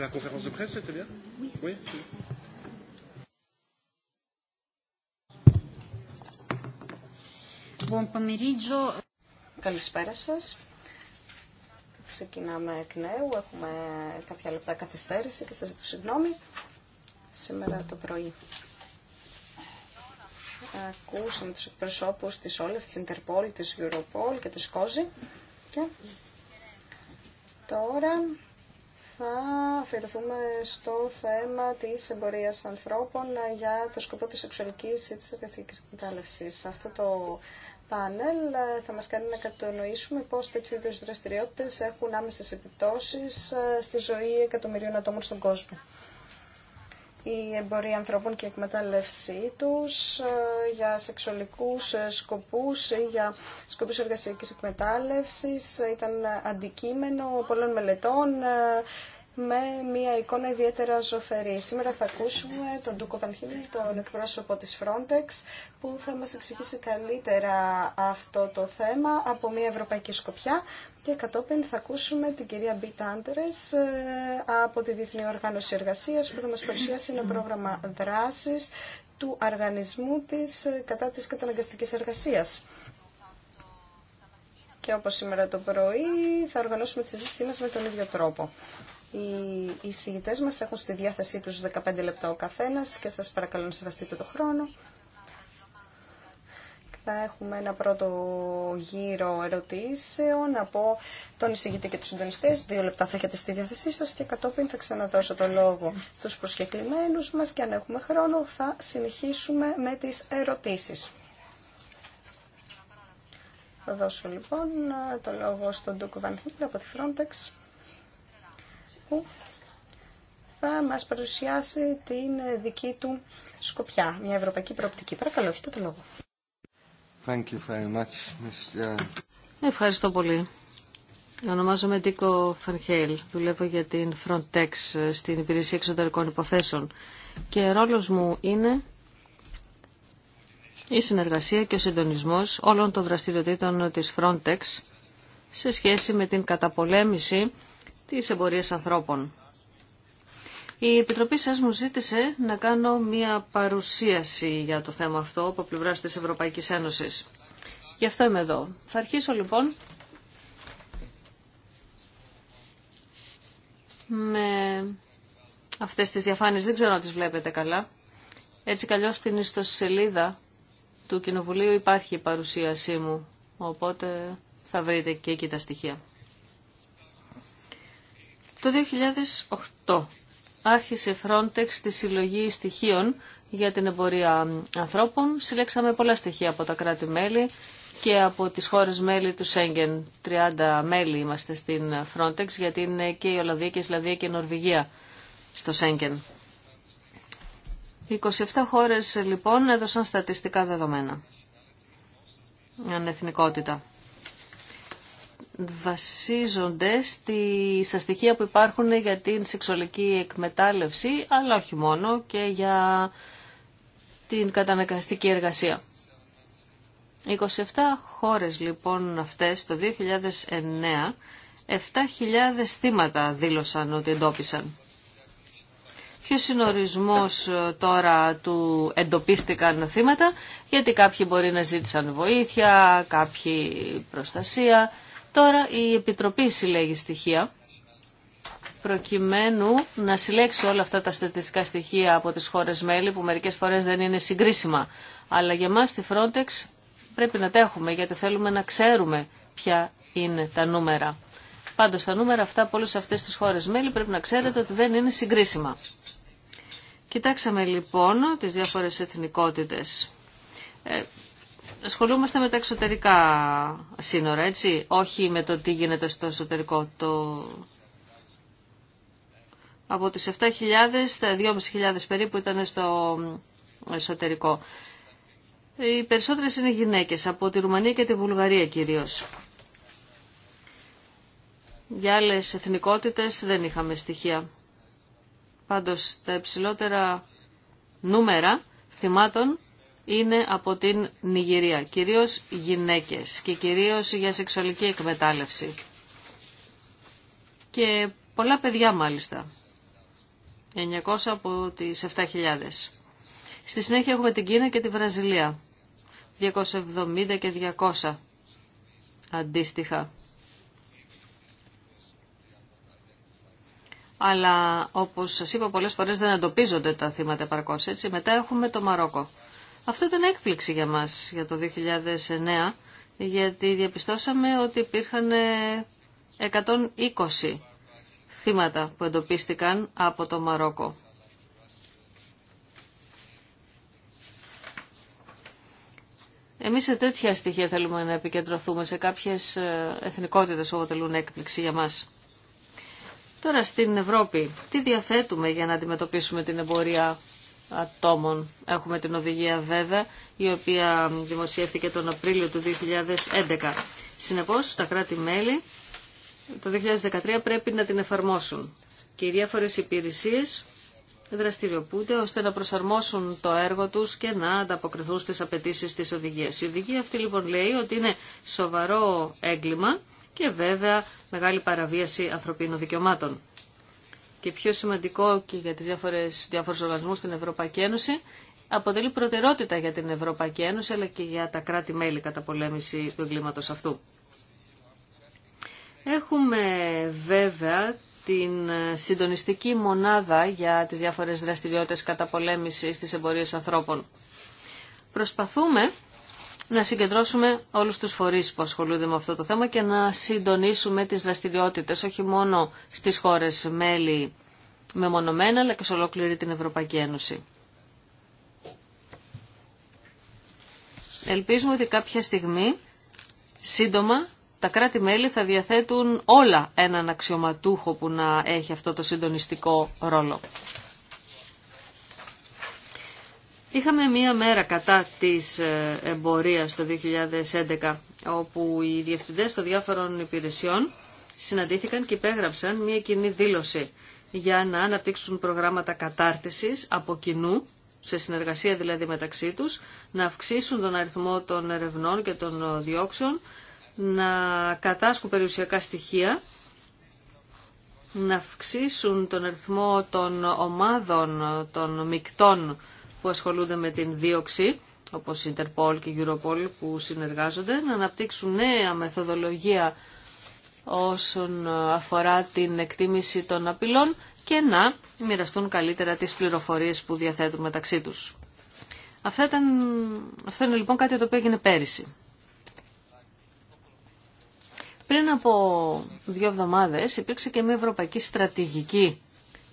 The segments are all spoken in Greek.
La conférence de presse, c'était bien Oui. Καλησπέρα σας. Ξεκινάμε εκ νέου. Έχουμε κάποια λεπτά καθυστέρηση και σας ζητώ συγγνώμη. Σήμερα το πρωί ακούσαμε τους εκπροσώπους της Όλευ, της Ιντερπόλ, της Europol και της Κόζη. και τώρα θα αφιερωθούμε στο θέμα της εμπορίας ανθρώπων για το σκοπό της σεξουαλικής ή της εκμετάλλευσης. Αυτό το πάνελ θα μας κάνει να κατανοήσουμε πώς τέτοιου είδους δραστηριότητες έχουν άμεσες επιπτώσεις στη ζωή εκατομμυρίων ατόμων στον κόσμο. Η εμπορία ανθρώπων και η εκμετάλλευσή τους για σεξουαλικούς σκοπούς ή για σκοπούς εργασιακής εκμετάλλευσης ήταν αντικείμενο πολλών μελετών με μια εικόνα ιδιαίτερα ζωφερή. Σήμερα θα ακούσουμε τον Ντούκο Βανχίλη, τον εκπρόσωπο της Frontex, που θα μας εξηγήσει καλύτερα αυτό το θέμα από μια ευρωπαϊκή σκοπιά και κατόπιν θα ακούσουμε την κυρία Μπίτ Άντερες ε, από τη Διεθνή Οργάνωση Εργασίας που θα μας παρουσιάσει ένα πρόγραμμα δράσης του οργανισμού της ε, κατά της καταναγκαστικής εργασίας. Και όπως σήμερα το πρωί θα οργανώσουμε τη συζήτησή μας με τον ίδιο τρόπο. Οι εισηγητέ μα θα έχουν στη διάθεσή του 15 λεπτά ο καθένα και σα παρακαλώ να σεβαστείτε το χρόνο. Θα έχουμε ένα πρώτο γύρο ερωτήσεων από τον εισηγητή και του συντονιστέ. Δύο λεπτά θα έχετε στη διάθεσή σα και κατόπιν θα ξαναδώσω το λόγο στου προσκεκλημένου μα και αν έχουμε χρόνο θα συνεχίσουμε με τι ερωτήσει. Θα δώσω λοιπόν το λόγο στον Ντούκ Βαν από τη Frontex που θα μας παρουσιάσει την δική του σκοπιά, μια ευρωπαϊκή προοπτική. Παρακαλώ, έχετε το λόγο. Thank you very Ευχαριστώ πολύ. Ονομάζομαι Τίκο Φανχέιλ, δουλεύω για την Frontex ε, στην Υπηρεσία Εξωτερικών Υποθέσεων και ρόλος μου είναι η συνεργασία και ο συντονισμός όλων των δραστηριοτήτων της Frontex σε σχέση με την καταπολέμηση τις εμπορίας ανθρώπων. Η Επιτροπή σας μου ζήτησε να κάνω μία παρουσίαση για το θέμα αυτό από πλευρά της Ευρωπαϊκής Ένωσης. Γι' αυτό είμαι εδώ. Θα αρχίσω λοιπόν με αυτές τις διαφάνειες. Δεν ξέρω αν τις βλέπετε καλά. Έτσι καλλιώς στην ιστοσελίδα του Κοινοβουλίου υπάρχει η παρουσίασή μου. Οπότε θα βρείτε και εκεί τα στοιχεία. Το 2008 άρχισε Frontex τη συλλογή στοιχείων για την εμπορία ανθρώπων. Συλλέξαμε πολλά στοιχεία από τα κράτη-μέλη και από τις χώρες μέλη του Σέγγεν. 30 μέλη είμαστε στην Frontex γιατί είναι και η Ολλανδία και η Ισλανδία και η Νορβηγία στο Σέγγεν. 27 χώρες λοιπόν έδωσαν στατιστικά δεδομένα. Ανεθνικότητα βασίζονται στη, στα στοιχεία που υπάρχουν για την σεξουαλική εκμετάλλευση, αλλά όχι μόνο και για την καταναγκαστική εργασία. 27 χώρες λοιπόν αυτές το 2009, 7.000 θύματα δήλωσαν ότι εντόπισαν. Ποιος είναι ο ορισμός ε, τώρα του εντοπίστηκαν θύματα, γιατί κάποιοι μπορεί να ζήτησαν βοήθεια, κάποιοι προστασία, Τώρα η Επιτροπή συλλέγει στοιχεία προκειμένου να συλλέξει όλα αυτά τα στατιστικά στοιχεία από τις χώρες μέλη που μερικές φορές δεν είναι συγκρίσιμα. Αλλά για μας τη Frontex πρέπει να τα έχουμε γιατί θέλουμε να ξέρουμε ποια είναι τα νούμερα. Πάντως τα νούμερα αυτά από όλες αυτές τις χώρες μέλη πρέπει να ξέρετε ότι δεν είναι συγκρίσιμα. Κοιτάξαμε λοιπόν τις διάφορες εθνικότητες. Ε, ασχολούμαστε με τα εξωτερικά σύνορα, έτσι, όχι με το τι γίνεται στο εσωτερικό. Από τις 7.000, τα 2.500 περίπου ήταν στο εσωτερικό. Οι περισσότερες είναι γυναίκες, από τη Ρουμανία και τη Βουλγαρία κυρίως. Για άλλε εθνικότητες δεν είχαμε στοιχεία. Πάντως τα υψηλότερα νούμερα θυμάτων είναι από την Νιγηρία, κυρίως γυναίκες και κυρίως για σεξουαλική εκμετάλλευση. Και πολλά παιδιά μάλιστα, 900 από τις 7.000. Στη συνέχεια έχουμε την Κίνα και τη Βραζιλία, 270 και 200 αντίστοιχα. Αλλά όπως σας είπα πολλές φορές δεν εντοπίζονται τα θύματα παρκώς έτσι. Μετά έχουμε το Μαρόκο. Αυτό ήταν έκπληξη για μας για το 2009, γιατί διαπιστώσαμε ότι υπήρχαν 120 ε, θύματα που εντοπίστηκαν από το Μαρόκο. Εμείς σε τέτοια στοιχεία θέλουμε να επικεντρωθούμε, σε κάποιες ε, εθνικότητες που αποτελούν έκπληξη για μας. Τώρα στην Ευρώπη, τι διαθέτουμε για να αντιμετωπίσουμε την εμπορία ατόμων. Έχουμε την οδηγία βέβαια, η οποία δημοσιεύθηκε τον Απρίλιο του 2011. Συνεπώς, τα κράτη-μέλη το 2013 πρέπει να την εφαρμόσουν και οι διάφορες υπηρεσίες δραστηριοποιούνται ώστε να προσαρμόσουν το έργο τους και να ανταποκριθούν στις απαιτήσεις της οδηγίας. Η οδηγία αυτή λοιπόν λέει ότι είναι σοβαρό έγκλημα και βέβαια μεγάλη παραβίαση ανθρωπίνων δικαιωμάτων και πιο σημαντικό και για τις διάφορες, διάφορους οργανισμούς στην Ευρωπαϊκή Ένωση, αποτελεί προτεραιότητα για την Ευρωπαϊκή Ένωση αλλά και για τα κράτη-μέλη κατά πολέμηση του εγκλήματος αυτού. Έχουμε βέβαια την συντονιστική μονάδα για τις διάφορες δραστηριότητες κατά πολέμηση στις εμπορίες ανθρώπων. Προσπαθούμε να συγκεντρώσουμε όλους τους φορείς που ασχολούνται με αυτό το θέμα και να συντονίσουμε τις δραστηριότητες όχι μόνο στις χώρες μέλη μεμονωμένα αλλά και σε ολόκληρη την Ευρωπαϊκή Ένωση. Ελπίζουμε ότι κάποια στιγμή σύντομα τα κράτη-μέλη θα διαθέτουν όλα έναν αξιωματούχο που να έχει αυτό το συντονιστικό ρόλο. Είχαμε μία μέρα κατά της ε, εμπορίας το 2011, όπου οι διευθυντές των διάφορων υπηρεσιών συναντήθηκαν και υπέγραψαν μία κοινή δήλωση για να αναπτύξουν προγράμματα κατάρτισης από κοινού, σε συνεργασία δηλαδή μεταξύ τους, να αυξήσουν τον αριθμό των ερευνών και των διώξεων, να κατάσκουν περιουσιακά στοιχεία, να αυξήσουν τον αριθμό των ομάδων των μεικτών, που ασχολούνται με την δίωξη, όπως η Interpol και η Europol που συνεργάζονται, να αναπτύξουν νέα μεθοδολογία όσον αφορά την εκτίμηση των απειλών και να μοιραστούν καλύτερα τις πληροφορίες που διαθέτουν μεταξύ τους. Αυτό, αυτό είναι λοιπόν κάτι το οποίο έγινε πέρυσι. Πριν από δύο εβδομάδες υπήρξε και μια ευρωπαϊκή στρατηγική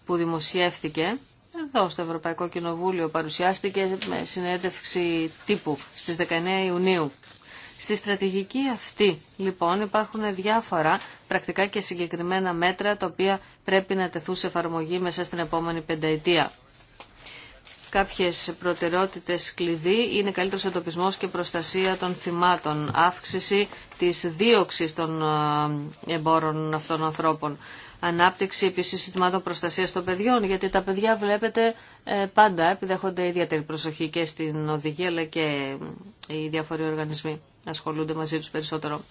που δημοσιεύθηκε εδώ στο Ευρωπαϊκό Κοινοβούλιο παρουσιάστηκε με συνέντευξη τύπου στις 19 Ιουνίου. Στη στρατηγική αυτή, λοιπόν, υπάρχουν διάφορα πρακτικά και συγκεκριμένα μέτρα τα οποία πρέπει να τεθούν σε εφαρμογή μέσα στην επόμενη πενταετία. Κάποιες προτεραιότητες κλειδί είναι καλύτερος εντοπισμός και προστασία των θυμάτων, αύξηση της δίωξης των ε, εμπόρων αυτών ανθρώπων ανάπτυξη επίσης συστημάτων προστασίας των παιδιών, γιατί τα παιδιά βλέπετε ε, πάντα επιδέχονται ιδιαίτερη προσοχή και στην οδηγία, αλλά και ε, οι διάφοροι οργανισμοί ασχολούνται μαζί τους περισσότερο.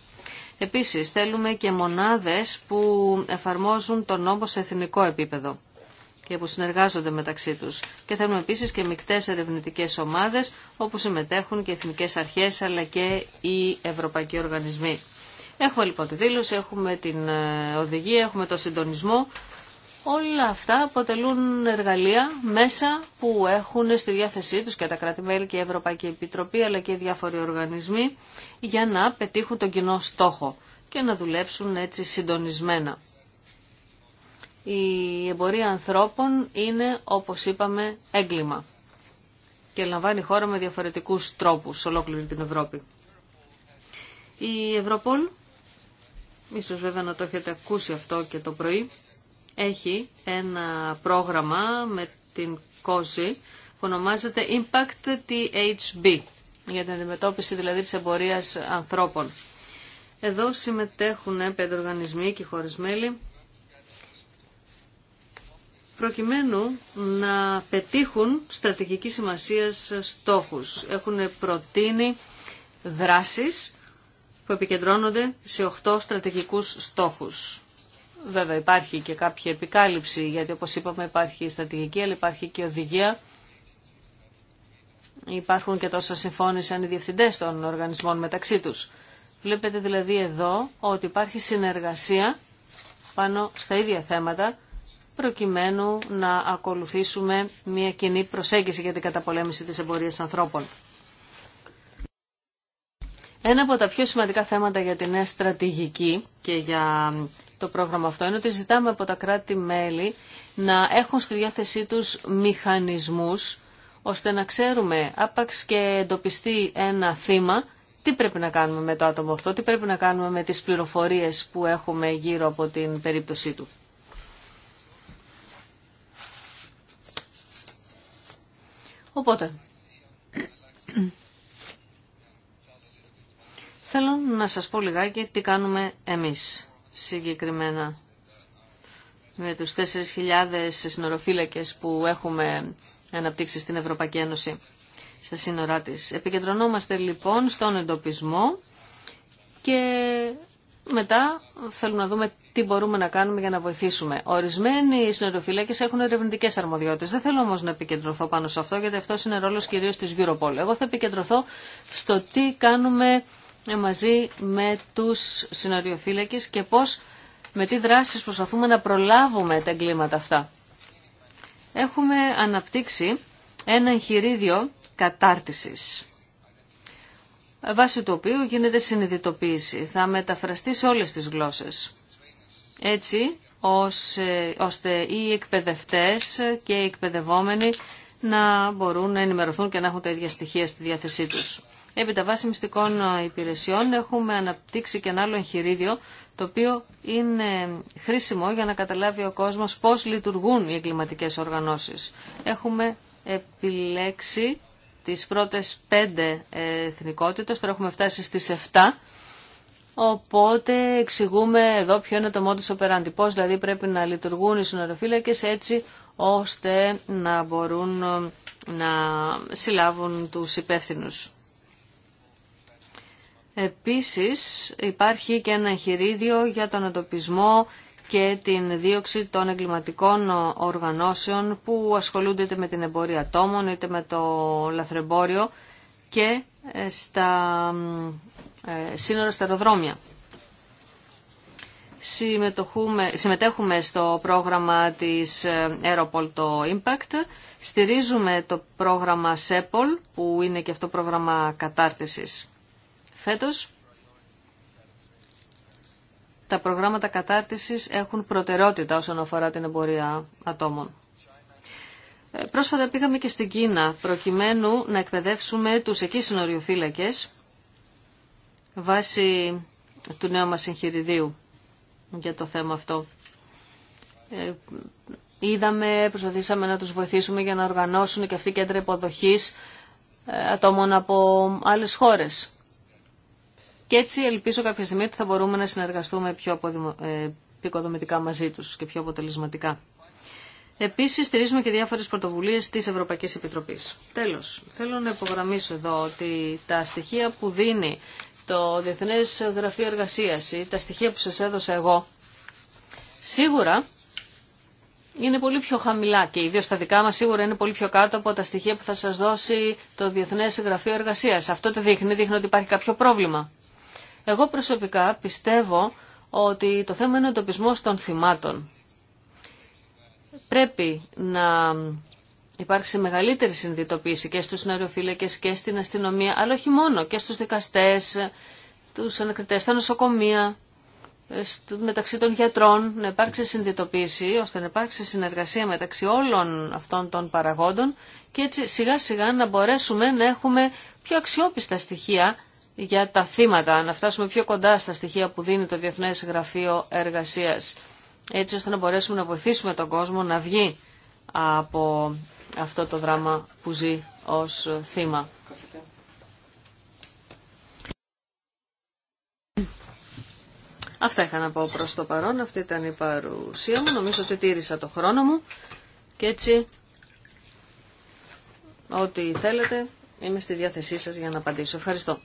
Επίσης, θέλουμε και μονάδες που εφαρμόζουν τον νόμο σε εθνικό επίπεδο και που συνεργάζονται μεταξύ τους. Και θέλουμε επίσης και μικτές ερευνητικές ομάδες όπου συμμετέχουν και εθνικές αρχές αλλά και οι ευρωπαϊκοί οργανισμοί. Έχουμε λοιπόν τη δήλωση, έχουμε την ε, οδηγία, έχουμε το συντονισμό. Όλα αυτά αποτελούν εργαλεία μέσα που έχουν στη διάθεσή τους και τα κράτη-μέλη και η Ευρωπαϊκή Επιτροπή αλλά και οι διάφοροι οργανισμοί για να πετύχουν τον κοινό στόχο και να δουλέψουν έτσι συντονισμένα. Η εμπορία ανθρώπων είναι, όπως είπαμε, έγκλημα και λαμβάνει χώρα με διαφορετικούς τρόπους σε ολόκληρη την Ευρώπη. Η Ευρωπόλ ίσως βέβαια να το έχετε ακούσει αυτό και το πρωί, έχει ένα πρόγραμμα με την COSI που ονομάζεται Impact THB, για την αντιμετώπιση δηλαδή της εμπορίας ανθρώπων. Εδώ συμμετέχουν πέντε οργανισμοί και χώρες μέλη, προκειμένου να πετύχουν στρατηγική σημασίας στόχους. Έχουν προτείνει δράσεις που επικεντρώνονται σε 8 στρατηγικούς στόχους. Βέβαια υπάρχει και κάποια επικάλυψη, γιατί όπως είπαμε υπάρχει η στρατηγική, αλλά υπάρχει και οδηγία. Υπάρχουν και τόσα συμφώνησαν οι διευθυντές των οργανισμών μεταξύ τους. Βλέπετε δηλαδή εδώ ότι υπάρχει συνεργασία πάνω στα ίδια θέματα, προκειμένου να ακολουθήσουμε μια κοινή προσέγγιση για την καταπολέμηση της εμπορίας ανθρώπων. Ένα από τα πιο σημαντικά θέματα για τη νέα στρατηγική και για το πρόγραμμα αυτό είναι ότι ζητάμε από τα κράτη-μέλη να έχουν στη διάθεσή τους μηχανισμούς ώστε να ξέρουμε άπαξ και εντοπιστεί ένα θύμα τι πρέπει να κάνουμε με το άτομο αυτό, τι πρέπει να κάνουμε με τις πληροφορίες που έχουμε γύρω από την περίπτωσή του. Οπότε, Θέλω να σας πω λιγάκι τι κάνουμε εμείς συγκεκριμένα με τους 4.000 συνοροφύλακες που έχουμε αναπτύξει στην Ευρωπαϊκή Ένωση στα σύνορά της. Επικεντρωνόμαστε λοιπόν στον εντοπισμό και μετά θέλουμε να δούμε τι μπορούμε να κάνουμε για να βοηθήσουμε. Ορισμένοι συνεροφυλάκε έχουν ερευνητικέ αρμοδιότητε. Δεν θέλω όμω να επικεντρωθώ πάνω σε αυτό, γιατί αυτό είναι ρόλο κυρίω τη Europol. Εγώ θα επικεντρωθώ στο τι κάνουμε ε, μαζί με τους συνοριοφύλακες και πώς με τι δράσεις προσπαθούμε να προλάβουμε τα εγκλήματα αυτά. Έχουμε αναπτύξει ένα εγχειρίδιο κατάρτισης βάσει του οποίου γίνεται συνειδητοποίηση. Θα μεταφραστεί σε όλες τις γλώσσες. Έτσι, ώστε οι εκπαιδευτές και οι εκπαιδευόμενοι να μπορούν να ενημερωθούν και να έχουν τα ίδια στοιχεία στη διάθεσή τους τα βάση μυστικών υπηρεσιών έχουμε αναπτύξει και ένα άλλο εγχειρίδιο το οποίο είναι χρήσιμο για να καταλάβει ο κόσμος πώς λειτουργούν οι εγκληματικές οργανώσεις. Έχουμε επιλέξει τις πρώτες πέντε εθνικότητες, τώρα έχουμε φτάσει στις 7, οπότε εξηγούμε εδώ ποιο είναι το modus operandi, πώς δηλαδή πρέπει να λειτουργούν οι συνοροφύλακες έτσι ώστε να μπορούν να συλλάβουν τους υπεύθυνους. Επίσης υπάρχει και ένα εγχειρίδιο για τον εντοπισμό και την δίωξη των εγκληματικών οργανώσεων που ασχολούνται είτε με την εμπορία ατόμων είτε με το λαθρεμπόριο και ε, στα ε, σύνορα στα αεροδρόμια. Συμμετέχουμε στο πρόγραμμα της ε, Aeropol το Impact. Στηρίζουμε το πρόγραμμα SEPOL που είναι και αυτό πρόγραμμα κατάρτισης. Φέτος τα προγράμματα κατάρτισης έχουν προτεραιότητα όσον αφορά την εμπορία ατόμων. Ε, πρόσφατα πήγαμε και στην Κίνα προκειμένου να εκπαιδεύσουμε τους εκεί συνοριοφύλακες βάσει του νέου μας εγχειριδίου για το θέμα αυτό. Ε, είδαμε, προσπαθήσαμε να τους βοηθήσουμε για να οργανώσουν και αυτοί κέντρα υποδοχής ε, ατόμων από άλλες χώρες. Και έτσι ελπίζω κάποια στιγμή ότι θα μπορούμε να συνεργαστούμε πιο αποδομητικά ε, μαζί τους και πιο αποτελεσματικά. Επίσης, στηρίζουμε και διάφορες πρωτοβουλίες της Ευρωπαϊκής Επιτροπής. Τέλος, θέλω να υπογραμμίσω εδώ ότι τα στοιχεία που δίνει το Διεθνές Γραφείο Εργασίας ή τα στοιχεία που σας έδωσα εγώ, σίγουρα είναι πολύ πιο χαμηλά και ιδίω τα δικά μα σίγουρα είναι πολύ πιο κάτω από τα στοιχεία που θα σα δώσει το Διεθνέ Γραφείο Εργασία. Αυτό το δείχνει, δείχνει ότι υπάρχει κάποιο πρόβλημα. Εγώ προσωπικά πιστεύω ότι το θέμα είναι ο εντοπισμό των θυμάτων. Πρέπει να υπάρξει μεγαλύτερη συνδυτοποίηση και στους νεροφύλακες και στην αστυνομία, αλλά όχι μόνο, και στους δικαστές, τους ανακριτές, στα νοσοκομεία, μεταξύ των γιατρών, να υπάρξει συνδυτοποίηση, ώστε να υπάρξει συνεργασία μεταξύ όλων αυτών των παραγόντων και έτσι σιγά σιγά να μπορέσουμε να έχουμε πιο αξιόπιστα στοιχεία για τα θύματα, να φτάσουμε πιο κοντά στα στοιχεία που δίνει το Διεθνές Γραφείο Εργασίας, έτσι ώστε να μπορέσουμε να βοηθήσουμε τον κόσμο να βγει από αυτό το δράμα που ζει ως θύμα. Αυτά είχα να πω προς το παρόν, αυτή ήταν η παρουσία μου, νομίζω ότι τήρησα το χρόνο μου και έτσι ό,τι θέλετε είμαι στη διάθεσή σας για να απαντήσω. Ευχαριστώ.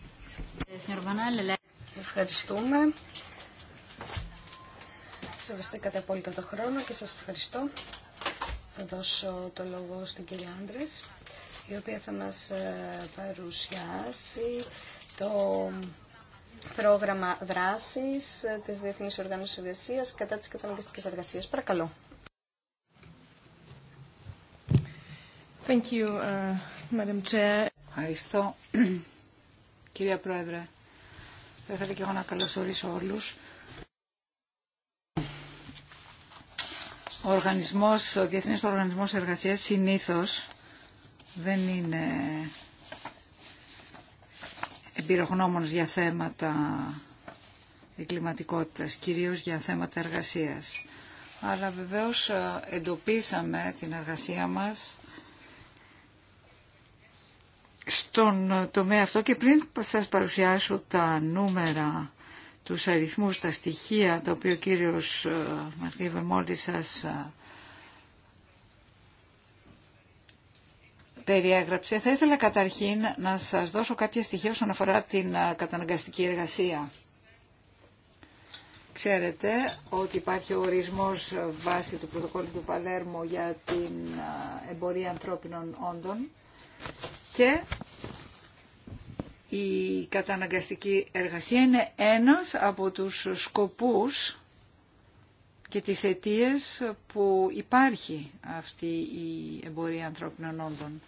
Ευχαριστούμε. Σεβαστήκατε απόλυτα το χρόνο και σας ευχαριστώ. Θα δώσω το λόγο στην κυρία Άντρες, η οποία θα μας ε, παρουσιάσει το πρόγραμμα δράσης ε, της Διεθνής Οργάνωσης Εργασίας κατά της καταναγκαστικής εργασίας. Παρακαλώ. Thank you, uh, Madam Chair. Ευχαριστώ, Κυρία Πρόεδρε, θα ήθελα και εγώ να καλωσορίσω όλους. Ο, οργανισμός, ο Διεθνής Οργανισμός Εργασίας συνήθως δεν είναι εμπειρογνώμονος για θέματα εγκληματικότητας, κυρίως για θέματα εργασίας. Αλλά βεβαίως ε, εντοπίσαμε την εργασία μας στον τομέα αυτό και πριν σας παρουσιάσω τα νούμερα, τους αριθμούς, τα στοιχεία τα οποία ο κύριος ε, Μαρτίβε μόλις σας ε, περιέγραψε, θα ήθελα καταρχήν να σας δώσω κάποια στοιχεία όσον αφορά την ε, καταναγκαστική εργασία. Ξέρετε ότι υπάρχει ο ορισμός βάσει του πρωτοκόλλου του Παλέρμο για την εμπορία ανθρώπινων όντων και η καταναγκαστική εργασία είναι ένας από τους σκοπούς και τις αιτίες που υπάρχει αυτή η εμπορία ανθρώπινων όντων.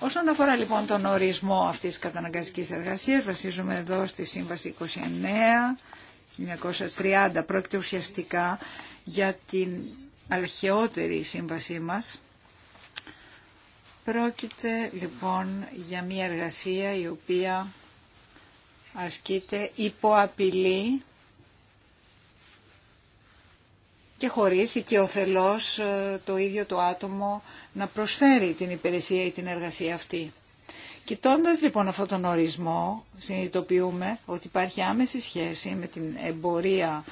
Όσον αφορά λοιπόν τον ορισμό αυτής της καταναγκαστικής εργασίας, βασίζουμε εδώ στη Σύμβαση 29, 1930, πρόκειται ουσιαστικά για την αρχαιότερη σύμβασή μας. Πρόκειται λοιπόν για μια εργασία η οποία ασκείται υπό απειλή και χωρίς οικειοθελώς ε, το ίδιο το άτομο να προσφέρει την υπηρεσία ή την εργασία αυτή. Κοιτώντα λοιπόν αυτόν τον ορισμό, συνειδητοποιούμε ότι υπάρχει άμεση σχέση με την εμπορία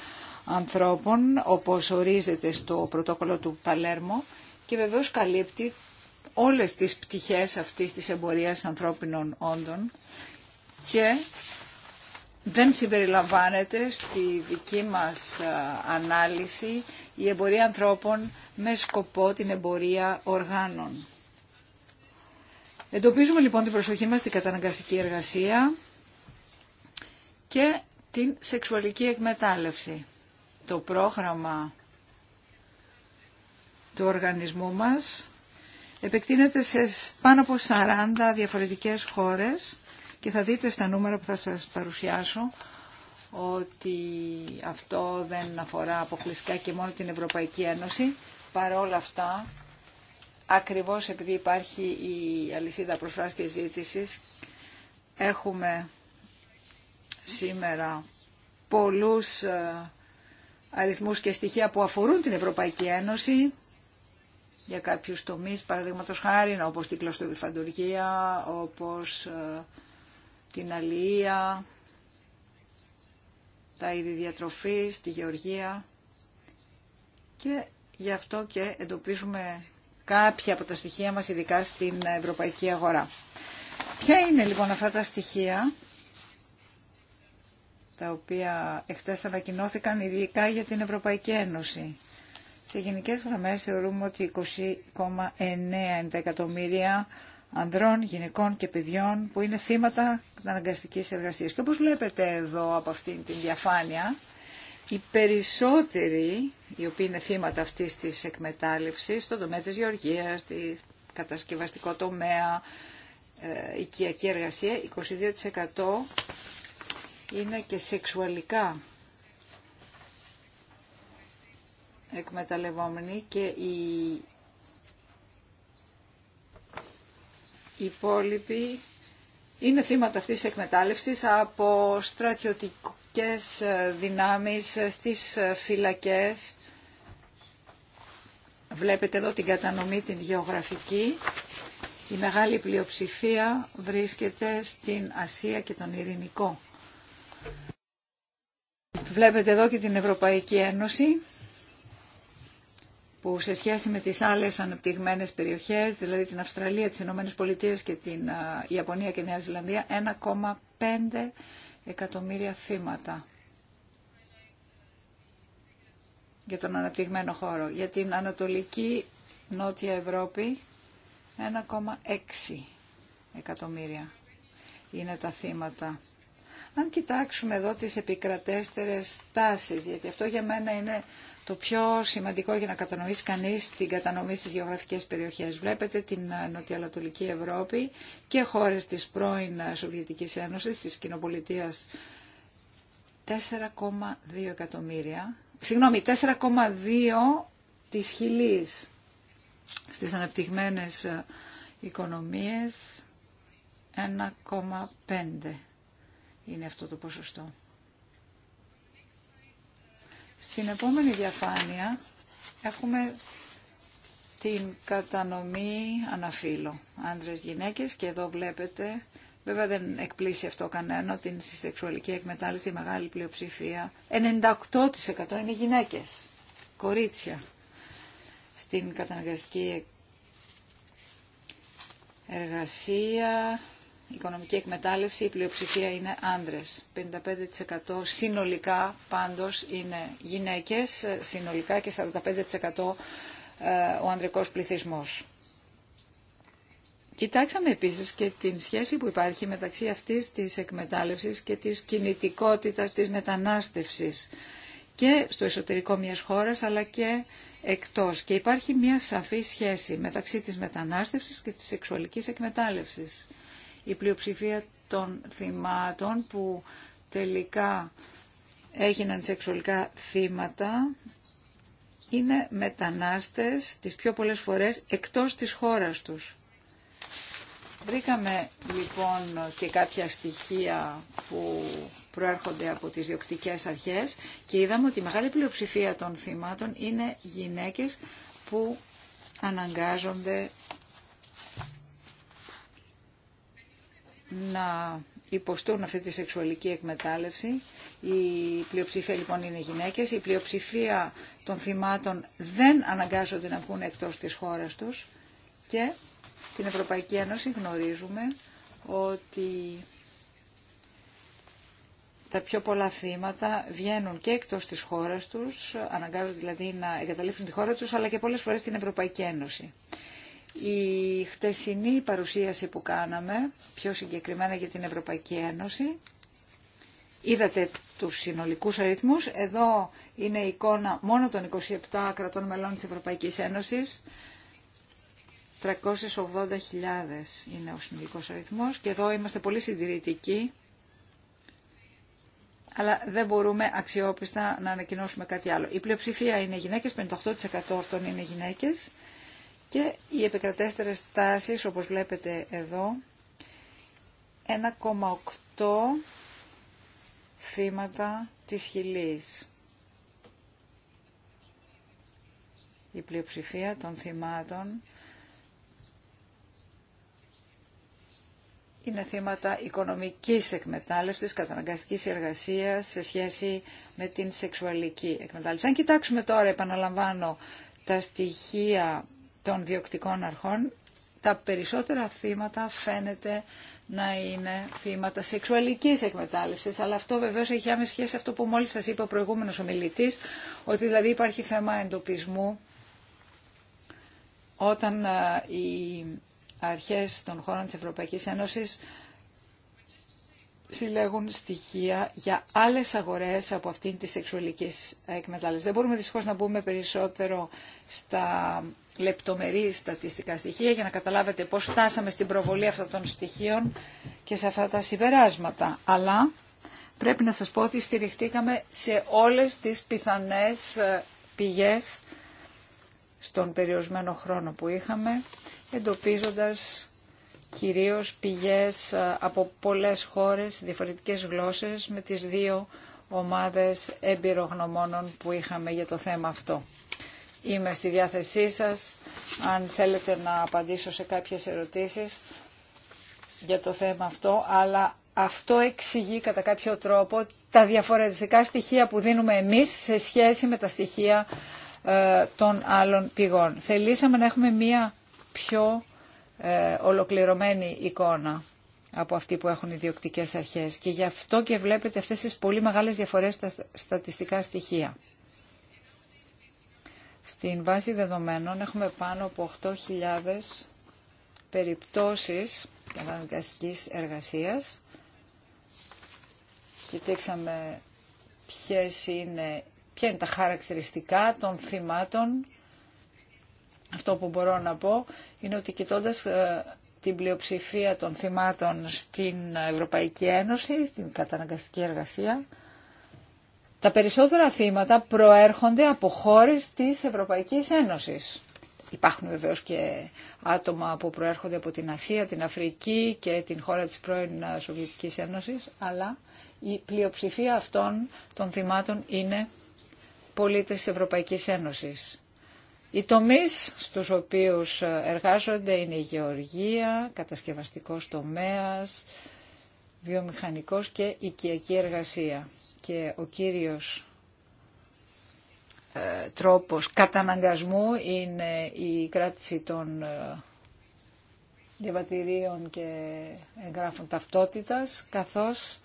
ανθρώπων, όπως ορίζεται στο πρωτόκολλο του Παλέρμο, και βεβαίως καλύπτει όλες τις πτυχές αυτής της εμπορίας ανθρώπινων όντων και δεν συμπεριλαμβάνεται στη δική μας ανάλυση η εμπορία ανθρώπων με σκοπό την εμπορία οργάνων. Εντοπίζουμε λοιπόν την προσοχή μας στην καταναγκαστική εργασία και την σεξουαλική εκμετάλλευση. Το πρόγραμμα του οργανισμού μας επεκτείνεται σε πάνω από 40 διαφορετικές χώρες και θα δείτε στα νούμερα που θα σας παρουσιάσω ότι αυτό δεν αφορά αποκλειστικά και μόνο την Ευρωπαϊκή Ένωση παρόλα αυτά, ακριβώς επειδή υπάρχει η αλυσίδα προσφράση και ζήτησης, έχουμε σήμερα πολλούς ε, αριθμούς και στοιχεία που αφορούν την Ευρωπαϊκή Ένωση για κάποιους τομείς, παραδείγματο χάρη, όπως την κλωστοδιφαντουργία, όπως ε, την αλληλεία, τα είδη διατροφής, τη γεωργία και Γι' αυτό και εντοπίζουμε κάποια από τα στοιχεία μας, ειδικά στην ευρωπαϊκή αγορά. Ποια είναι λοιπόν αυτά τα στοιχεία τα οποία εχθές ανακοινώθηκαν ειδικά για την Ευρωπαϊκή Ένωση. Σε γενικές γραμμές θεωρούμε ότι 20,9 εκατομμύρια ανδρών, γυναικών και παιδιών που είναι θύματα αναγκαστικής εργασίας. Και όπως βλέπετε εδώ από αυτήν την διαφάνεια, οι περισσότεροι οι οποίοι είναι θύματα αυτής της εκμετάλλευσης στον τομέα της γεωργίας, τη κατασκευαστικό τομέα, ε, οικιακή εργασία, 22% είναι και σεξουαλικά εκμεταλλευόμενοι και οι υπόλοιποι είναι θύματα αυτής της εκμετάλλευσης από στρατιωτικό ε, δυνάμεις, ε, στις ε, φυλακές. Βλέπετε εδώ την κατανομή την γεωγραφική. Η μεγάλη πλειοψηφία βρίσκεται στην Ασία και τον Ειρηνικό. Βλέπετε εδώ και την Ευρωπαϊκή Ένωση που σε σχέση με τις άλλες αναπτυγμένες περιοχές, δηλαδή την Αυστραλία, τις Ηνωμένες Πολιτείες και την Ιαπωνία και Νέα Ζηλανδία, 1,5 εκατομμύρια θύματα για τον αναπτυγμένο χώρο. Για την Ανατολική Νότια Ευρώπη 1,6 εκατομμύρια είναι τα θύματα. Αν κοιτάξουμε εδώ τις επικρατέστερες τάσεις, γιατί αυτό για μένα είναι το πιο σημαντικό για να κατανοήσει κανείς την κατανομή στις γεωγραφικές περιοχές. Βλέπετε την ε, Νοτιοανατολική Ευρώπη και χώρες της πρώην ε, Σοβιετικής Ένωσης, της Κοινοπολιτείας 4,2 εκατομμύρια, συγγνώμη, 4,2 της χιλής στις αναπτυγμένες ε, οικονομίες 1,5 είναι αυτό το ποσοστό. Στην επόμενη διαφάνεια έχουμε την κατανομή αναφύλου. Άνδρες, γυναίκες και εδώ βλέπετε, βέβαια δεν εκπλήσει αυτό κανένα, την στη σεξουαλική εκμετάλλευση η μεγάλη πλειοψηφία, 98% είναι γυναίκες, κορίτσια. Στην καταναγκαστική εργασία οικονομική εκμετάλλευση η πλειοψηφία είναι άνδρες. 55% συνολικά πάντως είναι γυναίκες, συνολικά και 45% ε, ο ανδρικός πληθυσμός. Κοιτάξαμε επίσης και την σχέση που υπάρχει μεταξύ αυτής της εκμετάλλευσης και της κινητικότητας της μετανάστευσης και στο εσωτερικό μιας χώρας αλλά και εκτός. Και υπάρχει μια σαφή σχέση μεταξύ της μετανάστευσης και της σεξουαλικής εκμετάλλευσης η πλειοψηφία των θυμάτων που τελικά έγιναν σεξουαλικά θύματα είναι μετανάστες τις πιο πολλές φορές εκτός της χώρας τους. Βρήκαμε λοιπόν και κάποια στοιχεία που προέρχονται από τις διοκτικές αρχές και είδαμε ότι η μεγάλη πλειοψηφία των θυμάτων είναι γυναίκες που αναγκάζονται να υποστούν αυτή τη σεξουαλική εκμετάλλευση. Η πλειοψηφία λοιπόν είναι γυναίκες. Η πλειοψηφία των θυμάτων δεν αναγκάζονται να βγουν εκτός της χώρας τους. Και στην Ευρωπαϊκή Ένωση γνωρίζουμε ότι τα πιο πολλά θύματα βγαίνουν και εκτός της χώρας τους, αναγκάζονται δηλαδή να εγκαταλείψουν τη χώρα τους, αλλά και πολλές φορές την Ευρωπαϊκή Ένωση. Η χτεσινή παρουσίαση που κάναμε, πιο συγκεκριμένα για την Ευρωπαϊκή Ένωση, είδατε τους συνολικούς αριθμούς. Εδώ είναι η εικόνα μόνο των 27 κρατών μελών της Ευρωπαϊκής Ένωσης. 380.000 είναι ο συνολικός αριθμός και εδώ είμαστε πολύ συντηρητικοί αλλά δεν μπορούμε αξιόπιστα να ανακοινώσουμε κάτι άλλο. Η πλειοψηφία είναι γυναίκες, 58% αυτών είναι γυναίκες και οι επικρατέστερες τάσεις, όπως βλέπετε εδώ, 1,8 θύματα της χιλής. Η πλειοψηφία των θυμάτων είναι θύματα οικονομικής εκμετάλλευσης, καταναγκαστικής εργασίας σε σχέση με την σεξουαλική εκμετάλλευση. Αν κοιτάξουμε τώρα, επαναλαμβάνω, τα στοιχεία των διοκτικών αρχών, τα περισσότερα θύματα φαίνεται να είναι θύματα σεξουαλικής εκμετάλλευσης, αλλά αυτό βεβαίως έχει άμεση σχέση αυτό που μόλις σας είπε ο προηγούμενος ομιλητής, ότι δηλαδή υπάρχει θέμα εντοπισμού όταν ε, οι αρχές των χώρων της Ευρωπαϊκής Ένωσης συλλέγουν στοιχεία για άλλες αγορές από αυτήν τη σεξουαλική εκμετάλλευση. Δεν μπορούμε δυστυχώς να μπούμε περισσότερο στα λεπτομερή στατιστικά στοιχεία για να καταλάβετε πώς φτάσαμε στην προβολή αυτών των στοιχείων και σε αυτά τα συμπεράσματα. Αλλά πρέπει να σας πω ότι στηριχτήκαμε σε όλες τις πιθανές ε, πηγές στον περιορισμένο χρόνο που είχαμε, εντοπίζοντας κυρίως πηγές ε, από πολλές χώρες, διαφορετικές γλώσσες, με τις δύο ομάδες εμπειρογνωμόνων που είχαμε για το θέμα αυτό. Είμαι στη διάθεσή σας αν θέλετε να απαντήσω σε κάποιες ερωτήσεις για το θέμα αυτό, αλλά αυτό εξηγεί κατά κάποιο τρόπο τα διαφορετικά στοιχεία που δίνουμε εμείς σε σχέση με τα στοιχεία ε, των άλλων πηγών. Θελήσαμε να έχουμε μία πιο ε, ολοκληρωμένη εικόνα από αυτή που έχουν οι διοκτικές αρχές και γι' αυτό και βλέπετε αυτές τις πολύ μεγάλες διαφορές στα στατιστικά στοιχεία. Στην βάση δεδομένων έχουμε πάνω από 8.000 περιπτώσεις καταναγκαστικής εργασίας. Κοιτήξαμε ποιες είναι, είναι τα χαρακτηριστικά των θυμάτων. Αυτό που μπορώ να πω είναι ότι κοιτώντας ε, την πλειοψηφία των θυμάτων στην Ευρωπαϊκή Ένωση, την καταναγκαστική εργασία, τα περισσότερα θύματα προέρχονται από χώρες της Ευρωπαϊκής Ένωσης. Υπάρχουν βεβαίως και άτομα που προέρχονται από την Ασία, την Αφρική και την χώρα της πρώην Σοβιετικής Ένωσης, αλλά η πλειοψηφία αυτών των θυμάτων είναι πολίτες της Ευρωπαϊκής Ένωσης. Οι τομείς στους οποίους εργάζονται είναι η γεωργία, κατασκευαστικός τομέας, βιομηχανικός και οικιακή εργασία και ο κύριος ε, τρόπος καταναγκασμού είναι η κράτηση των ε, διαβατηρίων και εγγράφων ταυτότητας, καθώς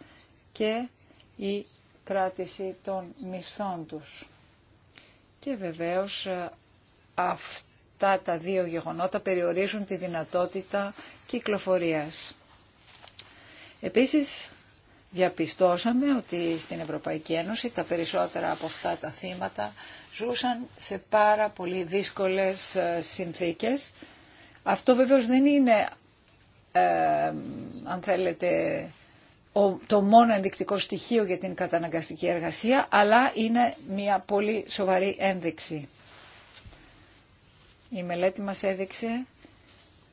και η κράτηση των μισθών τους. Και βεβαίως ε, αυτά τα δύο γεγονότα περιορίζουν τη δυνατότητα κυκλοφορίας. Επίσης, διαπιστώσαμε ότι στην Ευρωπαϊκή Ένωση τα περισσότερα από αυτά τα θύματα ζούσαν σε πάρα πολύ δύσκολες ε, συνθήκες. Αυτό βεβαίως δεν είναι, ε, αν θέλετε, το μόνο ενδεικτικό στοιχείο για την καταναγκαστική εργασία, αλλά είναι μια πολύ σοβαρή ένδειξη. Η μελέτη μας έδειξε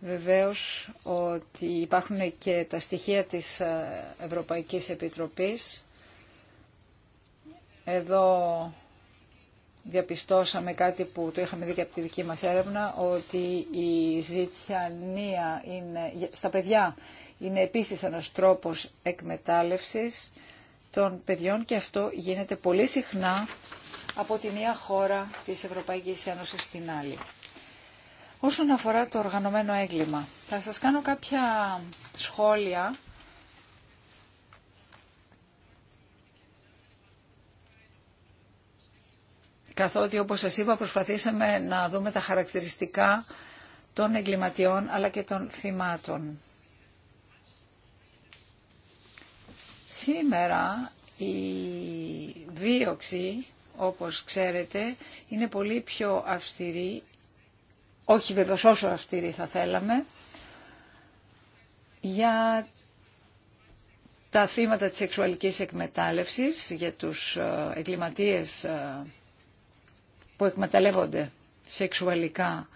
βεβαίως ότι υπάρχουν και τα στοιχεία της ε, Ευρωπαϊκής Επιτροπής. Εδώ διαπιστώσαμε κάτι που το είχαμε δει και από τη δική μας έρευνα, ότι η ζητιανία είναι, στα παιδιά είναι επίσης ένας τρόπος εκμετάλλευσης των παιδιών και αυτό γίνεται πολύ συχνά από τη μία χώρα της Ευρωπαϊκής Ένωσης στην άλλη. Όσον αφορά το οργανωμένο έγκλημα, θα σας κάνω κάποια σχόλια καθότι όπως σας είπα προσπαθήσαμε να δούμε τα χαρακτηριστικά των εγκληματιών αλλά και των θυμάτων. Σήμερα η δίωξη, όπως ξέρετε, είναι πολύ πιο αυστηρή όχι βέβαια όσο αυστηρή θα θέλαμε, για τα θύματα της σεξουαλικής εκμετάλλευσης, για τους ε, εγκληματίες ε, που εκμεταλλεύονται σεξουαλικά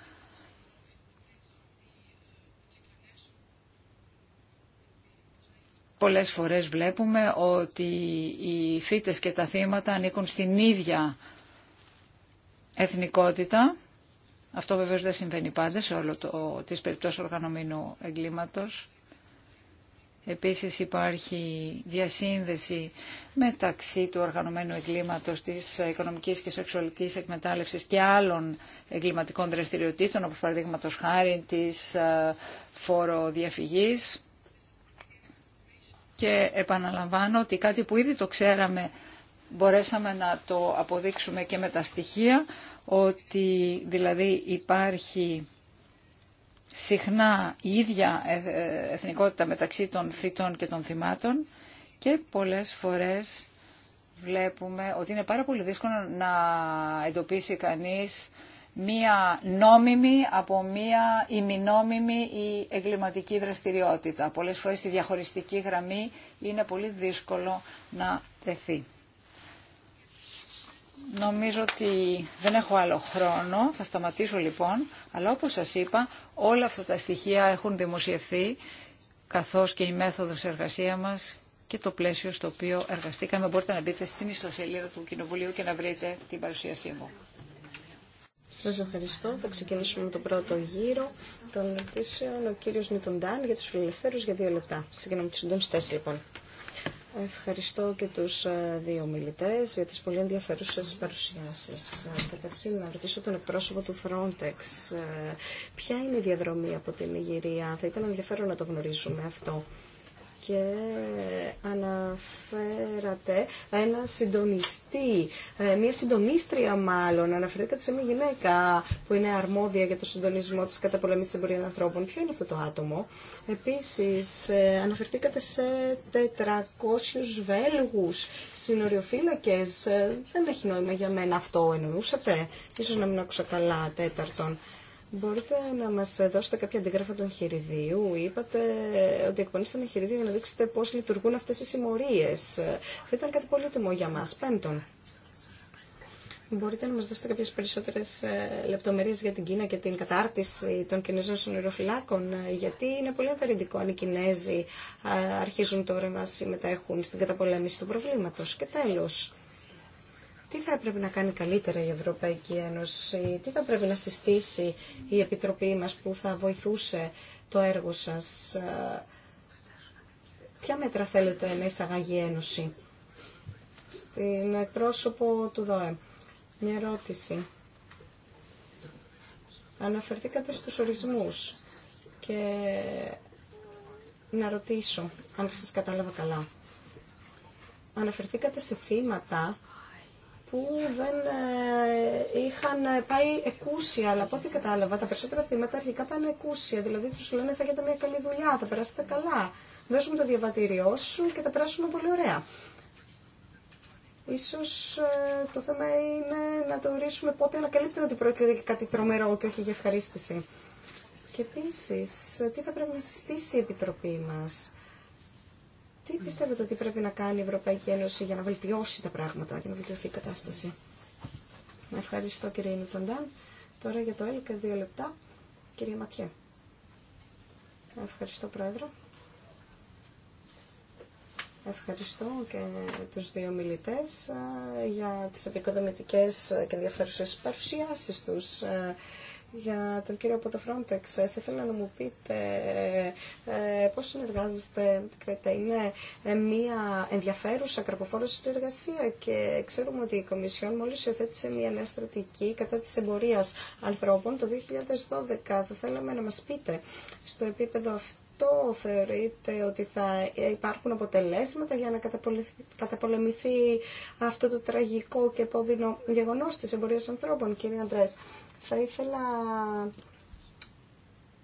Πολλές φορές βλέπουμε ότι οι θύτες και τα θύματα ανήκουν στην ίδια εθνικότητα αυτό βεβαίως δεν συμβαίνει πάντα σε όλο το, τις περιπτώσεις οργανωμένου εγκλήματος. Επίσης υπάρχει διασύνδεση μεταξύ του οργανωμένου εγκλήματος, της οικονομικής και σεξουαλικής εκμετάλλευσης και άλλων εγκληματικών δραστηριοτήτων, όπως παραδείγματο χάρη της ε, φοροδιαφυγής. Και επαναλαμβάνω ότι κάτι που ήδη το ξέραμε μπορέσαμε να το αποδείξουμε και με τα στοιχεία, ότι δηλαδή υπάρχει συχνά η ίδια ε, ε, εθνικότητα μεταξύ των θητών και των θυμάτων και πολλές φορές βλέπουμε ότι είναι πάρα πολύ δύσκολο να εντοπίσει κανείς μία νόμιμη από μία ημινόμιμη ή εγκληματική δραστηριότητα. Πολλές φορές στη διαχωριστική γραμμή είναι πολύ δύσκολο να τεθεί. Νομίζω ότι δεν έχω άλλο χρόνο, θα σταματήσω λοιπόν, αλλά όπως σας είπα όλα αυτά τα στοιχεία έχουν δημοσιευθεί καθώς και η μέθοδος εργασία μας και το πλαίσιο στο οποίο εργαστήκαμε. Μπορείτε να μπείτε στην ιστοσελίδα του Κοινοβουλίου και να βρείτε την παρουσίασή μου. Σας ευχαριστώ. Θα ξεκινήσουμε το πρώτο γύρο των ερωτήσεων. Ο κύριος Νιτοντάν για τους φιλελευθέρους για δύο λεπτά. Ξεκινάμε τους συντόνιστές λοιπόν. Ευχαριστώ και τους ε, δύο μιλητές για τις πολύ ενδιαφέρουσες παρουσιάσεις. Ε, καταρχήν να ρωτήσω τον εκπρόσωπο του Frontex. Ε, ποια είναι η διαδρομή από την Ιγυρία. Θα ήταν ενδιαφέρον να το γνωρίσουμε αυτό και αναφέρατε ένα συντονιστή, ε, μία συντονίστρια μάλλον, αναφερθήκατε σε μία γυναίκα που είναι αρμόδια για το συντονισμό της της εμπορίας ανθρώπων. Ποιο είναι αυτό το άτομο. Επίσης, ε, αναφερθήκατε σε 400 Βέλγους συνοριοφύλακες. Ε, δεν έχει νόημα για μένα αυτό εννοούσατε. Ίσως να μην άκουσα καλά τέταρτον. Μπορείτε να μα δώσετε κάποια αντίγραφα του εγχειριδίου. Είπατε ότι εκπονήσατε ένα εγχειριδίο για να δείξετε πώ λειτουργούν αυτέ οι συμμορίε. Θα ήταν κάτι πολύτιμο για μα. Πέμπτον, μπορείτε να μα δώσετε κάποιε περισσότερε λεπτομέρειε για την Κίνα και την κατάρτιση των Κινέζων συνοριοφυλάκων. Ε, γιατί είναι πολύ ενθαρρυντικό αν οι Κινέζοι ε, αρχίζουν τώρα να συμμετέχουν στην καταπολέμηση του προβλήματο. Και τέλο, τι θα έπρεπε να κάνει καλύτερα η Ευρωπαϊκή Ένωση, τι θα πρέπει να συστήσει η Επιτροπή μας που θα βοηθούσε το έργο σας. Ε, ποια μέτρα θέλετε να εισαγάγει η Ένωση στην εκπρόσωπο του ΔΟΕ. Μια ερώτηση. Αναφερθήκατε στους ορισμούς και να ρωτήσω αν σας κατάλαβα καλά. Αναφερθήκατε σε θύματα που δεν ε, είχαν ε, πάει εκούσια, αλλά από ό,τι κατάλαβα τα περισσότερα θύματα αρχικά πάνε εκούσια, δηλαδή του λένε θα έχετε μια καλή δουλειά, θα περάσετε καλά, δώσουμε το διαβατήριό σου και θα περάσουμε πολύ ωραία. Ίσως ε, το θέμα είναι να το ορίσουμε πότε ανακαλύπτουν ότι πρόκειται για κάτι τρομερό και όχι για ευχαρίστηση. Και επίση, τι θα πρέπει να συστήσει η Επιτροπή μας τι πιστεύετε ότι πρέπει να κάνει η Ευρωπαϊκή Ένωση για να βελτιώσει τα πράγματα, για να βελτιωθεί η κατάσταση. Ευχαριστώ κύριε Νιτοντάν. Τώρα για το έλεγχο δύο λεπτά. Κύριε Ματιέ. Ευχαριστώ Πρόεδρε. Ευχαριστώ και τους δύο μιλητές ε, για τις επικοδομητικές και ενδιαφέρουσες παρουσιάσεις τους. Ε, για τον κύριο από το Frontex. Ε, θα ήθελα να μου πείτε ε, πώς συνεργάζεστε. Είναι ε, μια ενδιαφέρουσα κραποφόρα συνεργασία και ξέρουμε ότι η Κομισιόν μόλις υιοθέτησε μια νέα στρατηγική κατά της εμπορίας ανθρώπων το 2012. Θα θέλαμε να μας πείτε στο επίπεδο αυτό θεωρείτε ότι θα ε, υπάρχουν αποτελέσματα για να καταπολεμηθεί αυτό το τραγικό και πόδινο γεγονός της εμπορίας ανθρώπων, κύριε Αντρέας θα ήθελα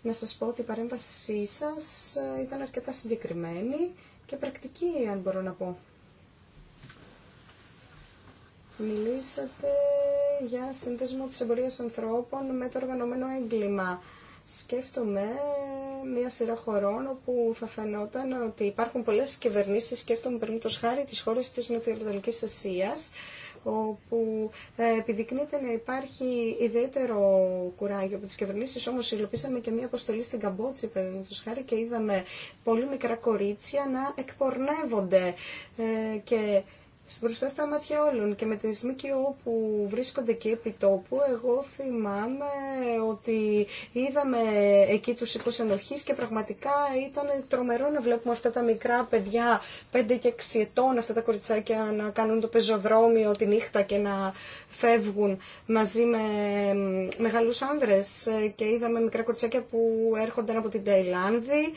να σας πω ότι η παρέμβασή σας ήταν αρκετά συγκεκριμένη και πρακτική, αν μπορώ να πω. Μιλήσατε για σύνδεσμο της εμπορίας ανθρώπων με το οργανωμένο έγκλημα. Σκέφτομαι μια σειρά χωρών όπου θα φαινόταν ότι υπάρχουν πολλές κυβερνήσεις, σκέφτομαι περίπτωση χάρη τις χώρες της Νοτιοανατολικής Ασίας, όπου ε, επιδεικνύεται να υπάρχει ιδιαίτερο κουράγιο από τις κυβερνήσει, όμως υλοποίησαμε και μια αποστολή στην Καμπότση, παραδείγματο χάρη, και είδαμε πολύ μικρά κορίτσια να εκπορνεύονται ε, και μπροστά στα μάτια όλων και με την ΜΚΟ που βρίσκονται εκεί επί τόπου, εγώ θυμάμαι ότι είδαμε εκεί τους οίκους ενοχής και πραγματικά ήταν τρομερό να βλέπουμε αυτά τα μικρά παιδιά πέντε και εξι ετών, αυτά τα κοριτσάκια να κάνουν το πεζοδρόμιο τη νύχτα και να φεύγουν μαζί με μεγάλους άνδρες και είδαμε μικρά κοριτσάκια που έρχονταν από την Ταϊλάνδη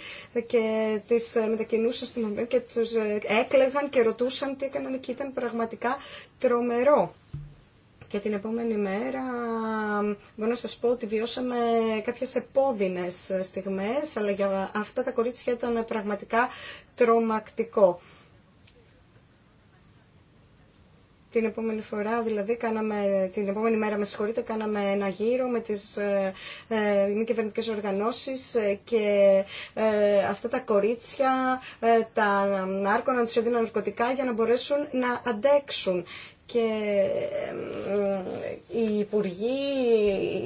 και τις μετακινούσαν στην και τους ε, έκλεγαν και ρωτούσαν τι έκαναν εκεί ήταν πραγματικά τρομερό. Και την επόμενη μέρα μπορώ να σας πω ότι βιώσαμε κάποιες επώδυνες στιγμές, αλλά για αυτά τα κορίτσια ήταν πραγματικά τρομακτικό. την επόμενη φορά, δηλαδή κάναμε, την επόμενη μέρα με συγχωρείτε, κάναμε ένα γύρο με τις ε, ε μη κυβερνητικές οργανώσεις ε, και ε, αυτά τα κορίτσια, τα νάρκο τους έδιναν ναρκωτικά για να μπορέσουν να αντέξουν και οι υπουργοί,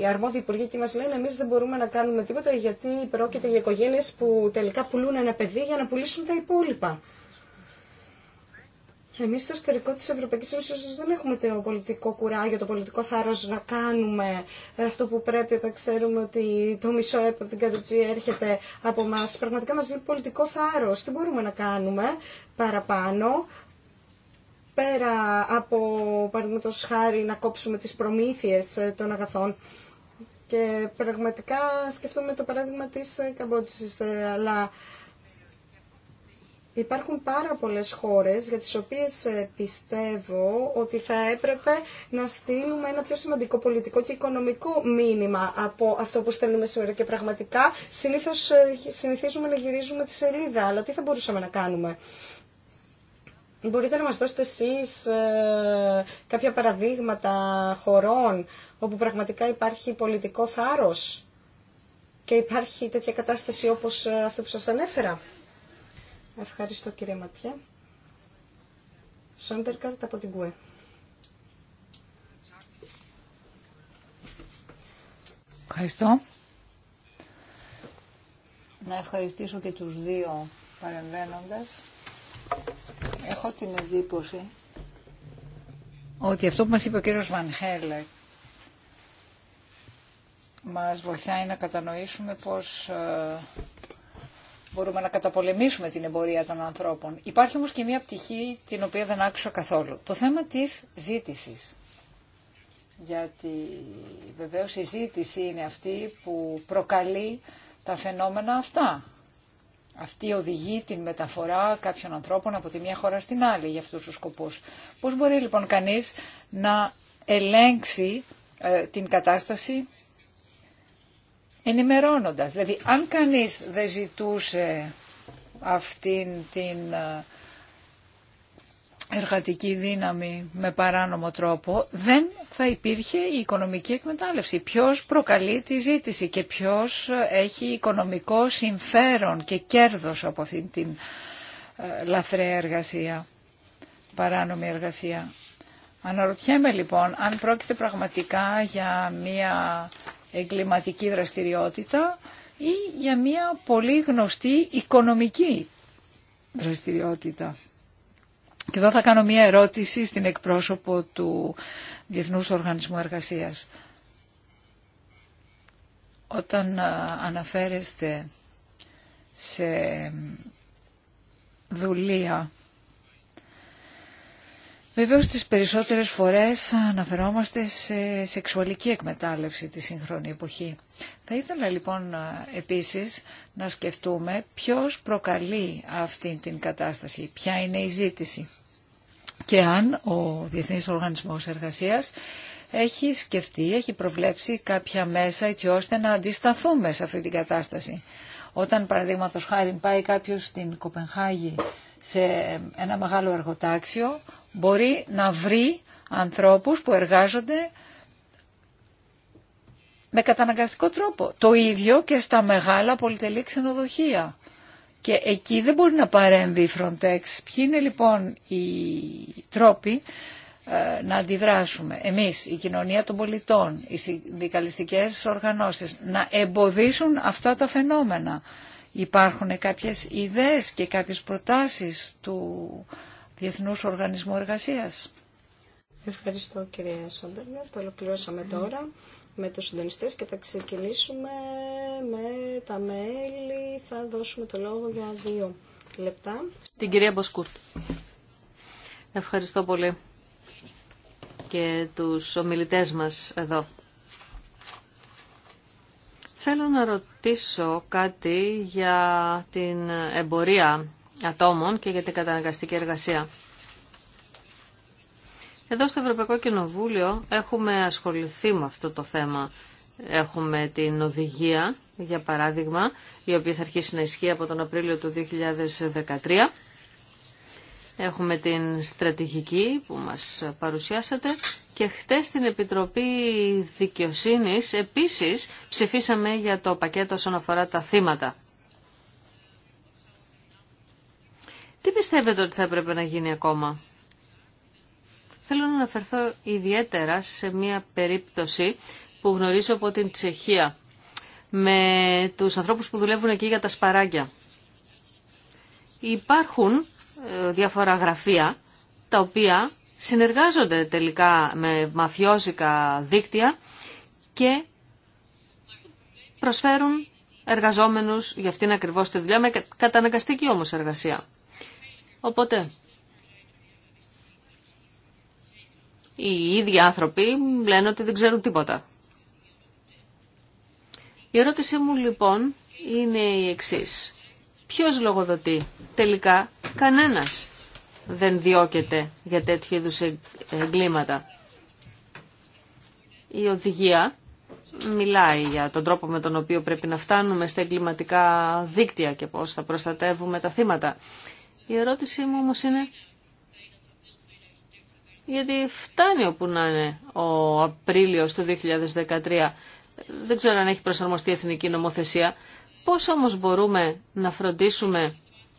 οι αρμόδιοι υπουργοί εκεί μας λένε εμείς δεν μπορούμε να κάνουμε τίποτα γιατί πρόκειται για οικογένειες που τελικά πουλούν ένα παιδί για να πουλήσουν τα υπόλοιπα. Εμείς στο ιστορικό της Ευρωπαϊκής Ένωση δεν έχουμε το πολιτικό κουράγιο, το πολιτικό θάρρος να κάνουμε αυτό που πρέπει όταν ξέρουμε ότι το μισό έπ την κατουτζή έρχεται από εμά. Πραγματικά μας λείπει πολιτικό θάρρος. Τι μπορούμε να κάνουμε παραπάνω πέρα από παραδείγματος χάρη να κόψουμε τις προμήθειες των αγαθών. Και πραγματικά σκεφτούμε το παράδειγμα της καμπότση, ε, αλλά Υπάρχουν πάρα πολλές χώρες για τις οποίες ε, πιστεύω ότι θα έπρεπε να στείλουμε ένα πιο σημαντικό πολιτικό και οικονομικό μήνυμα από αυτό που στέλνουμε σήμερα και πραγματικά συνήθως ε, συνηθίζουμε να γυρίζουμε τη σελίδα, αλλά τι θα μπορούσαμε να κάνουμε. Μπορείτε να μας δώσετε εσείς ε, κάποια παραδείγματα χωρών όπου πραγματικά υπάρχει πολιτικό θάρρος και υπάρχει τέτοια κατάσταση όπως αυτό που σας ανέφερα. Ευχαριστώ κύριε Ματιά. Σόντερκαρτ από την ΚΟΕ. Ευχαριστώ. Να ευχαριστήσω και τους δύο παρεμβαίνοντας. Έχω την εντύπωση ότι αυτό που μας είπε ο κύριος Βαν Χέλε μας βοηθάει να κατανοήσουμε πως ε, μπορούμε να καταπολεμήσουμε την εμπορία των ανθρώπων. Υπάρχει όμως και μια πτυχή την οποία δεν άκουσα καθόλου. Το θέμα της ζήτησης. Γιατί βεβαίως η ζήτηση είναι αυτή που προκαλεί τα φαινόμενα αυτά. Αυτή οδηγεί την μεταφορά κάποιων ανθρώπων από τη μια χώρα στην άλλη για αυτούς τους σκοπούς. Πώς μπορεί λοιπόν κανείς να ελέγξει ε, την κατάσταση ενημερώνοντας. Δηλαδή αν κανείς δεν ζητούσε αυτήν την ε, εργατική δύναμη με παράνομο τρόπο, δεν θα υπήρχε η οικονομική εκμετάλλευση. Ποιος προκαλεί τη ζήτηση και ποιος ε, έχει οικονομικό συμφέρον και κέρδος από αυτήν την ε, λαθρέα εργασία, παράνομη εργασία. Αναρωτιέμαι λοιπόν αν πρόκειται πραγματικά για μια εγκληματική δραστηριότητα ή για μια πολύ γνωστή οικονομική δραστηριότητα. Και εδώ θα κάνω μια ερώτηση στην εκπρόσωπο του Διεθνούς Οργανισμού Εργασίας. Όταν αναφέρεστε σε δουλεία Βεβαίω, τις περισσότερες φορές αναφερόμαστε σε σεξουαλική εκμετάλλευση τη σύγχρονη εποχή. Θα ήθελα λοιπόν επίσης να σκεφτούμε ποιος προκαλεί αυτή την κατάσταση, ποια είναι η ζήτηση και αν ο Διεθνής Οργανισμός Εργασίας έχει σκεφτεί, έχει προβλέψει κάποια μέσα έτσι ώστε να αντισταθούμε σε αυτή την κατάσταση. Όταν παραδείγματος χάρη πάει κάποιος στην Κοπενχάγη σε ένα μεγάλο εργοτάξιο μπορεί να βρει ανθρώπους που εργάζονται με καταναγκαστικό τρόπο. Το ίδιο και στα μεγάλα πολυτελή ξενοδοχεία. Και εκεί δεν μπορεί να παρέμβει η Frontex. Ποιοι είναι λοιπόν οι τρόποι ε, να αντιδράσουμε εμείς, η κοινωνία των πολιτών, οι συνδικαλιστικές οργανώσεις, να εμποδίσουν αυτά τα φαινόμενα. Υπάρχουν κάποιες ιδέες και κάποιες προτάσεις του Διεθνούς Οργανισμού Εργασίας. Ευχαριστώ κυρία Το Ολοκληρώσαμε τώρα με τους συντονιστές και θα ξεκινήσουμε με τα μέλη. Θα δώσουμε το λόγο για δύο λεπτά. Την κυρία Μποσκούρτ. Ευχαριστώ πολύ και τους ομιλητές μας εδώ. Θέλω να ρωτήσω κάτι για την εμπορία ατόμων και για την καταναγκαστική εργασία. Εδώ στο Ευρωπαϊκό Κοινοβούλιο έχουμε ασχοληθεί με αυτό το θέμα. Έχουμε την οδηγία, για παράδειγμα, η οποία θα αρχίσει να ισχύει από τον Απρίλιο του 2013 Έχουμε την στρατηγική που μας παρουσιάσατε και χτες στην Επιτροπή Δικαιοσύνης επίσης ψηφίσαμε για το πακέτο όσον αφορά τα θύματα. Τι πιστεύετε ότι θα έπρεπε να γίνει ακόμα. Θέλω να αναφερθώ ιδιαίτερα σε μια περίπτωση που γνωρίζω από την Τσεχία με τους ανθρώπους που δουλεύουν εκεί για τα σπαράγγια. Υπάρχουν ε, διάφορα γραφεία τα οποία συνεργάζονται τελικά με μαφιόζικα δίκτυα και προσφέρουν εργαζόμενους για αυτήν ακριβώς τη δουλειά, με καταναγκαστική όμως εργασία. Οπότε, οι ίδιοι άνθρωποι λένε ότι δεν ξέρουν τίποτα. Η ερώτησή μου λοιπόν είναι η εξής. Ποιος λογοδοτεί. Τελικά κανένας δεν διώκεται για τέτοιου είδους εγκλήματα. Η οδηγία μιλάει για τον τρόπο με τον οποίο πρέπει να φτάνουμε στα εγκληματικά δίκτυα και πώς θα προστατεύουμε τα θύματα. Η ερώτησή μου όμως είναι γιατί φτάνει όπου να είναι ο Απρίλιος του 2013. Δεν ξέρω αν έχει προσαρμοστεί η εθνική νομοθεσία. Πώς όμως μπορούμε να φροντίσουμε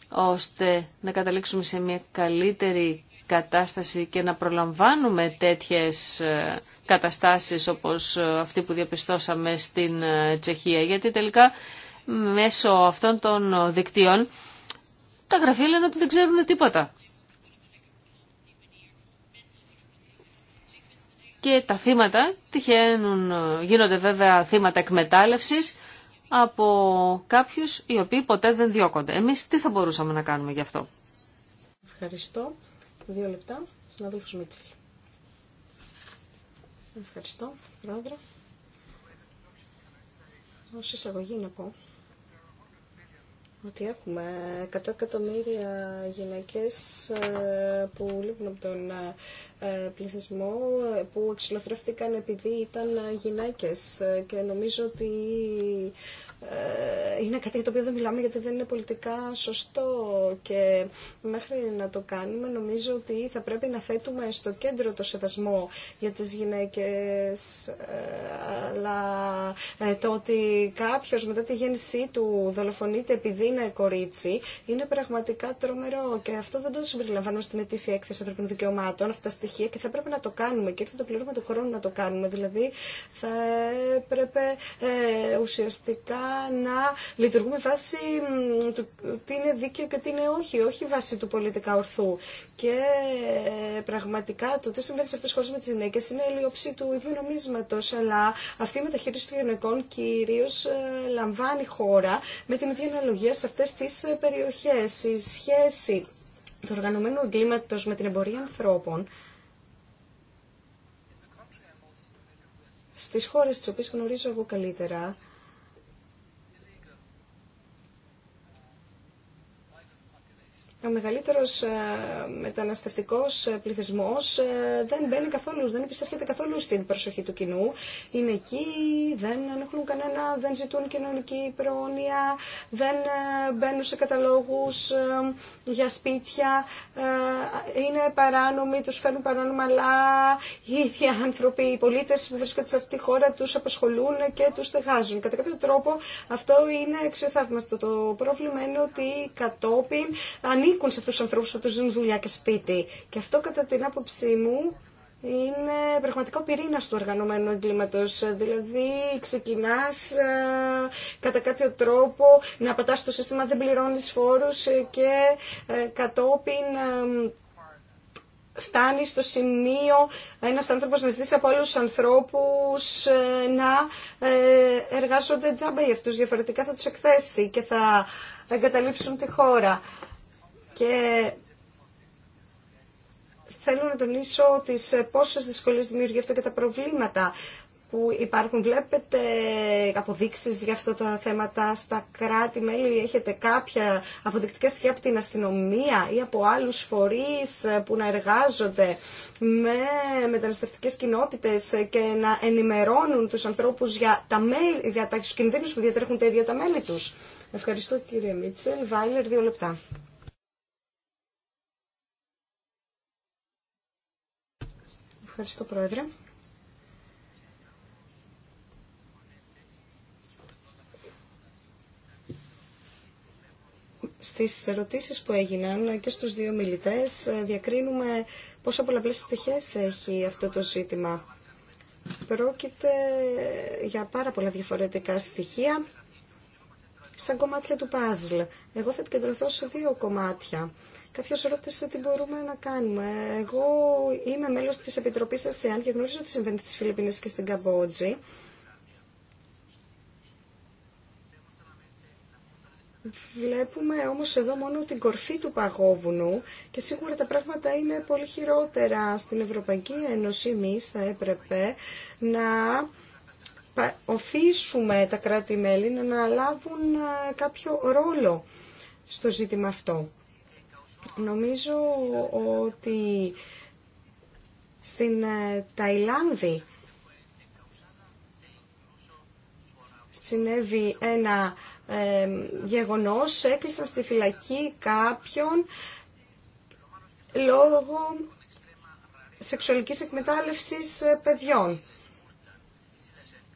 ώστε να καταλήξουμε σε μια καλύτερη κατάσταση και να προλαμβάνουμε τέτοιες ε, καταστάσεις όπως ε, αυτή που διαπιστώσαμε στην ε, Τσεχία. Γιατί τελικά μέσω αυτών των δικτύων τα γραφεία λένε ότι δεν ξέρουν τίποτα. Και τα θύματα τυχαίνουν, γίνονται βέβαια θύματα εκμετάλλευσης από κάποιους οι οποίοι ποτέ δεν διώκονται. Εμείς τι θα μπορούσαμε να κάνουμε γι' αυτό. Ευχαριστώ. Δύο λεπτά. Συνάδελφος Μίτσελ. Ευχαριστώ, Πρόεδρε. Ως εισαγωγή να πω ότι έχουμε 100 εκατομμύρια γυναίκες ε, που λείπουν από τον ε, πληθυσμό ε, που εξυλοθρεύτηκαν επειδή ήταν γυναίκες και νομίζω ότι ε, είναι κάτι για το οποίο δεν μιλάμε γιατί δεν είναι πολιτικά σωστό και μέχρι να το κάνουμε νομίζω ότι θα πρέπει να θέτουμε στο κέντρο το σεβασμό για τις γυναίκες ε, αλλά ε, το ότι κάποιος μετά τη γέννησή του δολοφονείται επειδή είναι κορίτσι είναι πραγματικά τρομερό και αυτό δεν το συμπεριλαμβάνουμε στην ετήσια έκθεση ανθρωπίνων δικαιωμάτων αυτά τα στοιχεία και θα πρέπει να το κάνουμε και ήρθε το πληρώμα του χρόνο να το κάνουμε δηλαδή θα έπρεπε ε, ουσιαστικά να λειτουργούμε βάσει του τι είναι δίκαιο και τι είναι όχι, όχι βάσει του πολιτικά ορθού. Και ε, πραγματικά το τι συμβαίνει σε αυτές τις χώρες με τι γυναίκε είναι η λιώψη του ίδιου αλλά αυτή η μεταχείριση των γυναικών κυρίω ε, λαμβάνει χώρα με την ίδια αναλογία σε αυτές τις ε, περιοχές. Η σχέση του οργανωμένου εγκλήματο με την εμπορία ανθρώπων στις χώρες τις οποίες γνωρίζω εγώ καλύτερα ο μεγαλύτερος ε, μεταναστευτικός ε, πληθυσμός ε, δεν μπαίνει καθόλου, δεν επισέρχεται καθόλου στην προσοχή του κοινού. Είναι εκεί, δεν ενοχλούν κανένα, δεν ζητούν κοινωνική πρόνοια, δεν μπαίνουν σε καταλόγους για σπίτια, είναι παράνομοι, τους φέρνουν παράνομα, αλλά οι ίδιοι άνθρωποι, οι πολίτες που βρίσκονται σε αυτή τη χώρα τους απασχολούν και τους στεγάζουν. Κατά κάποιο τρόπο αυτό είναι αξιοθαύμαστο. Το πρόβλημα είναι ότι κατόπιν ανήκουν σε αυτού του ανθρώπου που ζουν δουλειά και σπίτι. Και αυτό κατά την άποψή μου είναι πραγματικό πυρήνα του οργανωμένου εγκλήματο. Δηλαδή, ξεκινά ε, κατά κάποιο τρόπο να πατά το σύστημα, δεν πληρώνει φόρου και ε, κατόπιν ε, φτάνει στο σημείο ένα άνθρωπο να ζητήσει από του ανθρώπου να εργάζονται τζάμπα για αυτού. Διαφορετικά θα του εκθέσει και θα εγκαταλείψουν τη χώρα. Και θέλω να τονίσω τις πόσες δυσκολίες δημιουργεί αυτό και τα προβλήματα που υπάρχουν. Βλέπετε αποδείξεις για αυτό τα θέματα στα κράτη-μέλη. Έχετε κάποια αποδεικτικά στοιχεία από την αστυνομία ή από άλλους φορείς που να εργάζονται με μεταναστευτικές κοινότητες και να ενημερώνουν τους ανθρώπους για, τα μέλη, για τους κινδύνους που διατρέχουν τα ίδια τα μέλη τους. Ευχαριστώ κύριε Μίτσελ. Βάιλερ, δύο λεπτά. Ευχαριστώ, Πρόεδρε. Στις ερωτήσεις που έγιναν και στους δύο μιλητές διακρίνουμε πόσα πολλαπλές πτυχές έχει αυτό το ζήτημα. Πρόκειται για πάρα πολλά διαφορετικά στοιχεία σαν κομμάτια του παζλ. Εγώ θα επικεντρωθώ σε δύο κομμάτια. Κάποιο ρώτησε τι μπορούμε να κάνουμε. Εγώ είμαι μέλο τη Επιτροπή ΑΣΕΑΝ και γνωρίζω τι συμβαίνει στι Φιλιππίνε και στην Καμπότζη. Βλέπουμε όμως εδώ μόνο την κορφή του παγόβουνου και σίγουρα τα πράγματα είναι πολύ χειρότερα. Στην Ευρωπαϊκή Ένωση εμείς θα έπρεπε να οφείσουμε τα κράτη-μέλη να αναλάβουν ε, κάποιο ρόλο στο ζήτημα αυτό. Νομίζω ότι στην ε, Ταϊλάνδη συνέβη ένα ε, γεγονός, έκλεισαν στη φυλακή κάποιον λόγω σεξουαλικής εκμετάλλευσης ε, παιδιών.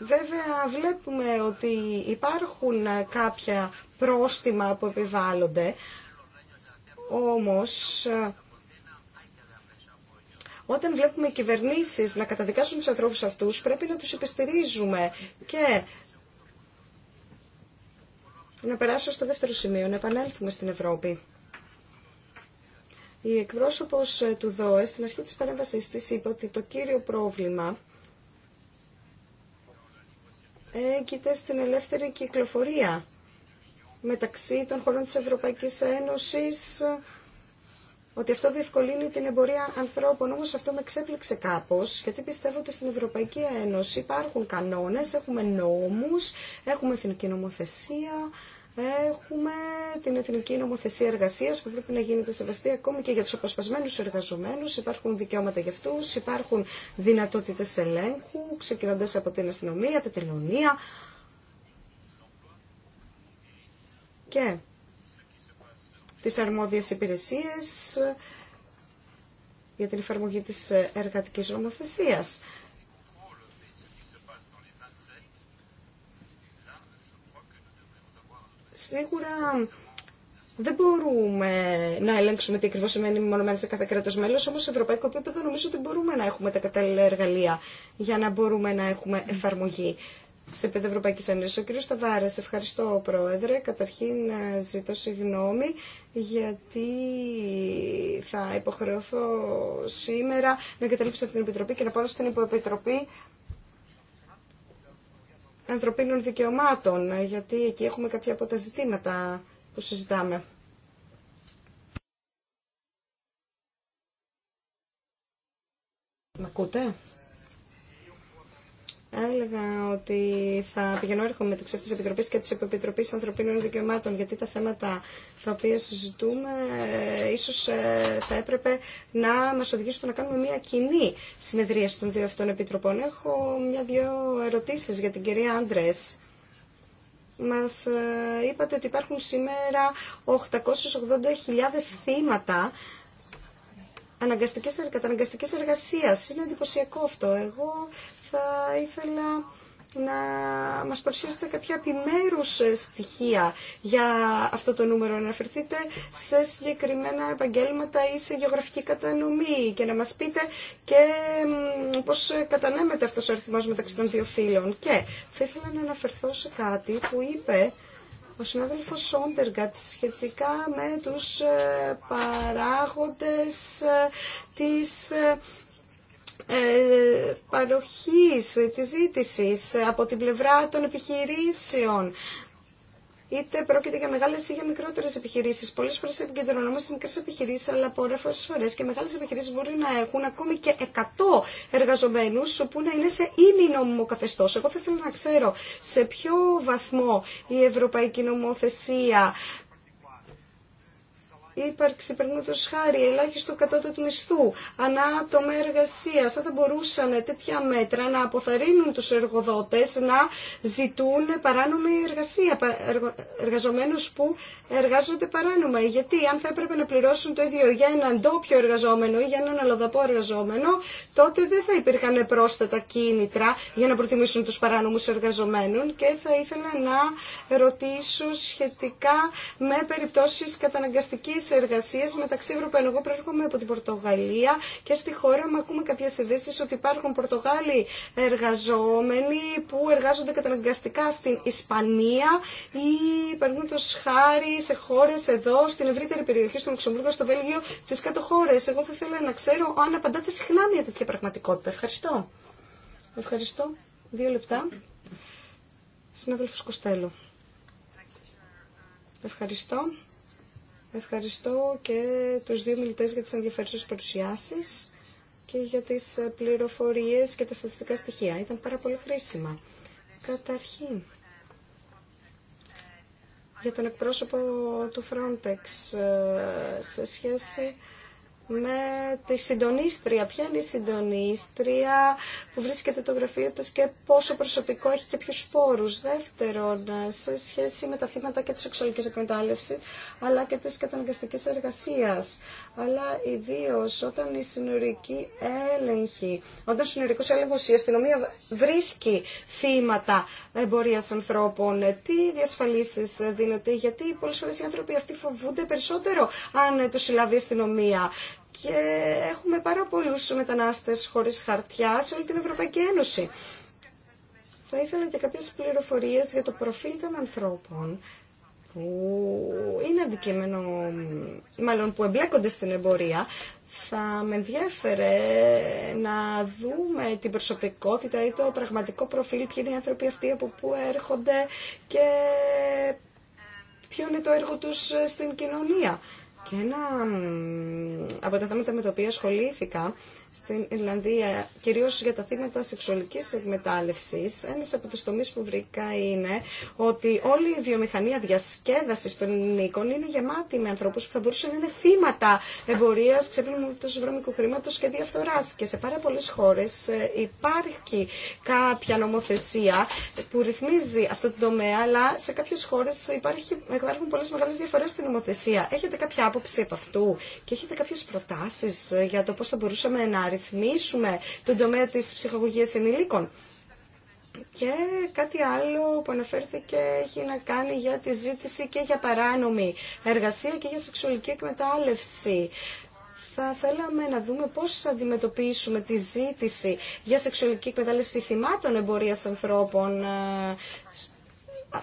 Βέβαια βλέπουμε ότι υπάρχουν κάποια πρόστιμα που επιβάλλονται, όμως όταν βλέπουμε οι κυβερνήσεις να καταδικάσουν τους ανθρώπους αυτούς πρέπει να τους επιστηρίζουμε και να περάσω στο δεύτερο σημείο, να επανέλθουμε στην Ευρώπη. Η εκπρόσωπος του ΔΟΕ στην αρχή της παρέμβασής της είπε ότι το κύριο πρόβλημα Κοίτα στην ελεύθερη κυκλοφορία μεταξύ των χωρών της Ευρωπαϊκής Ένωσης ότι αυτό διευκολύνει την εμπορία ανθρώπων. Όμως αυτό με ξέπληξε κάπως, γιατί πιστεύω ότι στην Ευρωπαϊκή Ένωση υπάρχουν κανόνες, έχουμε νόμους, έχουμε εθνική νομοθεσία, έχουμε την Εθνική Νομοθεσία Εργασίας που πρέπει να γίνεται σεβαστή ακόμη και για τους αποσπασμένους εργαζομένους. Υπάρχουν δικαιώματα για αυτούς, υπάρχουν δυνατότητες ελέγχου, ξεκινώντας από την αστυνομία, τα τελωνία. Και τις αρμόδιες υπηρεσίες ε, για την εφαρμογή της ε, εργατικής νομοθεσίας. Σίγουρα δεν μπορούμε να ελέγξουμε τι ακριβώ σημαίνει μεμονωμένα σε κάθε κράτο μέλο, όμω σε ευρωπαϊκό επίπεδο νομίζω ότι μπορούμε να έχουμε τα κατάλληλα εργαλεία για να μπορούμε να έχουμε εφαρμογή σε επίπεδο Ευρωπαϊκή Ένωση. Ο κ. Σταβάρε, ευχαριστώ Πρόεδρε. Καταρχήν ε, ζητώ συγγνώμη γιατί θα υποχρεωθώ σήμερα να εγκαταλείψω αυτή την Επιτροπή και να πάω στην Υποεπιτροπή ανθρωπίνων δικαιωμάτων, ε, γιατί εκεί έχουμε κάποια από τα ζητήματα που συζητάμε. Μ' ακούτε? Έλεγα ότι θα πηγαίνω έρχομαι μεταξύ αυτή τη Επιτροπής και τη Επιτροπή Ανθρωπίνων Δικαιωμάτων, γιατί τα θέματα τα οποία συζητούμε ε, ίσω ε, θα έπρεπε να μας οδηγήσουν να κάνουμε μια κοινή συνεδρία των δύο αυτών επιτροπών. Έχω μια-δυο ερωτήσεις για την κυρία Άντρε. Μα ε, είπατε ότι υπάρχουν σήμερα 880.000 θύματα αναγκαστικής, καταναγκαστικής εργασίας. Είναι εντυπωσιακό αυτό. Εγώ θα ήθελα να μας παρουσιάσετε κάποια επιμέρους ε, στοιχεία για αυτό το νούμερο. Να αναφερθείτε σε συγκεκριμένα επαγγέλματα ή σε γεωγραφική κατανομή και να μας πείτε και πώς κατανέμεται αυτός ο αριθμός μεταξύ των δύο φίλων. Και θα ήθελα να αναφερθώ σε κάτι που είπε ο συνάδελφος Σόντεργατ σχετικά με τους ε, παράγοντες ε, της ε, παροχής, ε, της ζήτησης ε, από την πλευρά των επιχειρήσεων. Είτε πρόκειται για μεγάλε ή για μικρότερε επιχειρήσει. Πολλέ φορέ επικεντρωνόμαστε σε μικρέ επιχειρήσει, αλλά πολλέ φορέ και μεγάλε επιχειρήσει μπορεί να έχουν ακόμη και 100 εργαζομένου οπού να είναι σε νόμιμο καθεστώ. Εγώ θα ήθελα να ξέρω σε ποιο βαθμό η ευρωπαϊκή νομοθεσία ύπαρξη, παραδείγματο χάρη, ελάχιστο του μισθού, ανάτομα εργασία. Αν θα μπορούσαν τέτοια μέτρα να αποθαρρύνουν του εργοδότε να ζητούν παράνομη εργασία, εργαζομένου που εργάζονται παράνομα. Γιατί αν θα έπρεπε να πληρώσουν το ίδιο για έναν ντόπιο εργαζόμενο ή για έναν αλλοδαπό εργαζόμενο, τότε δεν θα υπήρχαν πρόσθετα κίνητρα για να προτιμήσουν του παράνομου εργαζομένου. και θα ήθελα να ρωτήσω σχετικά με περιπτώσει καταναγκαστική τις εργασίες μεταξύ Ευρωπαίων. Εγώ προέρχομαι από την Πορτογαλία και στη χώρα μου ακούμε κάποιες ειδήσει ότι υπάρχουν Πορτογάλοι εργαζόμενοι που εργάζονται καταναγκαστικά στην Ισπανία ή παραδείγματο χάρη σε χώρε εδώ, στην ευρύτερη περιοχή, στο Λουξεμβούργο, στο Βέλγιο, στι κάτω χώρε. Εγώ θα ήθελα να ξέρω αν απαντάτε συχνά μια τέτοια πραγματικότητα. Ευχαριστώ. Ευχαριστώ. Δύο λεπτά. Συνάδελφος Κοστέλο. Ευχαριστώ. Ευχαριστώ και τους δύο μιλητές για τις ενδιαφέρουσες παρουσιάσεις και για τις πληροφορίες και τα στατιστικά στοιχεία. Ήταν πάρα πολύ χρήσιμα. Καταρχήν, για τον εκπρόσωπο του Frontex ε, σε σχέση με τη συντονίστρια. Ποια είναι η συντονίστρια που βρίσκεται το γραφείο της και πόσο προσωπικό έχει και ποιους σπόρους. Δεύτερον, σε σχέση με τα θύματα και τη σεξουαλική εκμετάλλευσης, αλλά και της καταναγκαστικής εργασίας. Αλλά ιδίω όταν η συνορική έλεγχη, όταν ο συνορικός έλεγχος η αστυνομία βρίσκει θύματα εμπορίας ανθρώπων, τι διασφαλίσεις δίνεται, γιατί πολλές φορές οι άνθρωποι αυτοί φοβούνται περισσότερο αν το συλλάβει η αστυνομία και έχουμε πάρα πολλούς μετανάστες χωρίς χαρτιά σε όλη την Ευρωπαϊκή Ένωση. Θα ήθελα και κάποιες πληροφορίες για το προφίλ των ανθρώπων που είναι αντικείμενο, μάλλον που εμπλέκονται στην εμπορία. Θα με ενδιαφέρε να δούμε την προσωπικότητα ή το πραγματικό προφίλ, ποιοι είναι οι άνθρωποι αυτοί, από πού έρχονται και ποιο είναι το έργο τους στην κοινωνία. Και ένα από τα θέματα με τα οποία ασχολήθηκα στην Ιρλανδία, κυρίω για τα θύματα σεξουαλικής εκμετάλλευση, Ένα από του τομεί που βρήκα είναι ότι όλη η βιομηχανία διασκέδασης των ελληνικών είναι γεμάτη με ανθρώπου που θα μπορούσαν να είναι θύματα εμπορίας, του βρώμικου χρήματο και διαφθοράς. Και σε πάρα πολλέ χώρε ε, υπάρχει κάποια νομοθεσία που ρυθμίζει αυτό το τομέα, αλλά σε κάποιε χώρε υπάρχουν πολλές μεγάλε διαφορές στην νομοθεσία. Έχετε κάποια άποψη από αυτού και έχετε κάποιε προτάσει ε, για το πώ θα μπορούσαμε να να τον τομέα της ψυχαγωγίας ενηλίκων. Και κάτι άλλο που αναφέρθηκε έχει να κάνει για τη ζήτηση και για παράνομη εργασία και για σεξουαλική εκμετάλλευση. Θα θέλαμε να δούμε πώς θα αντιμετωπίσουμε τη ζήτηση για σεξουαλική εκμετάλλευση θυμάτων εμπορίας ανθρώπων, ε,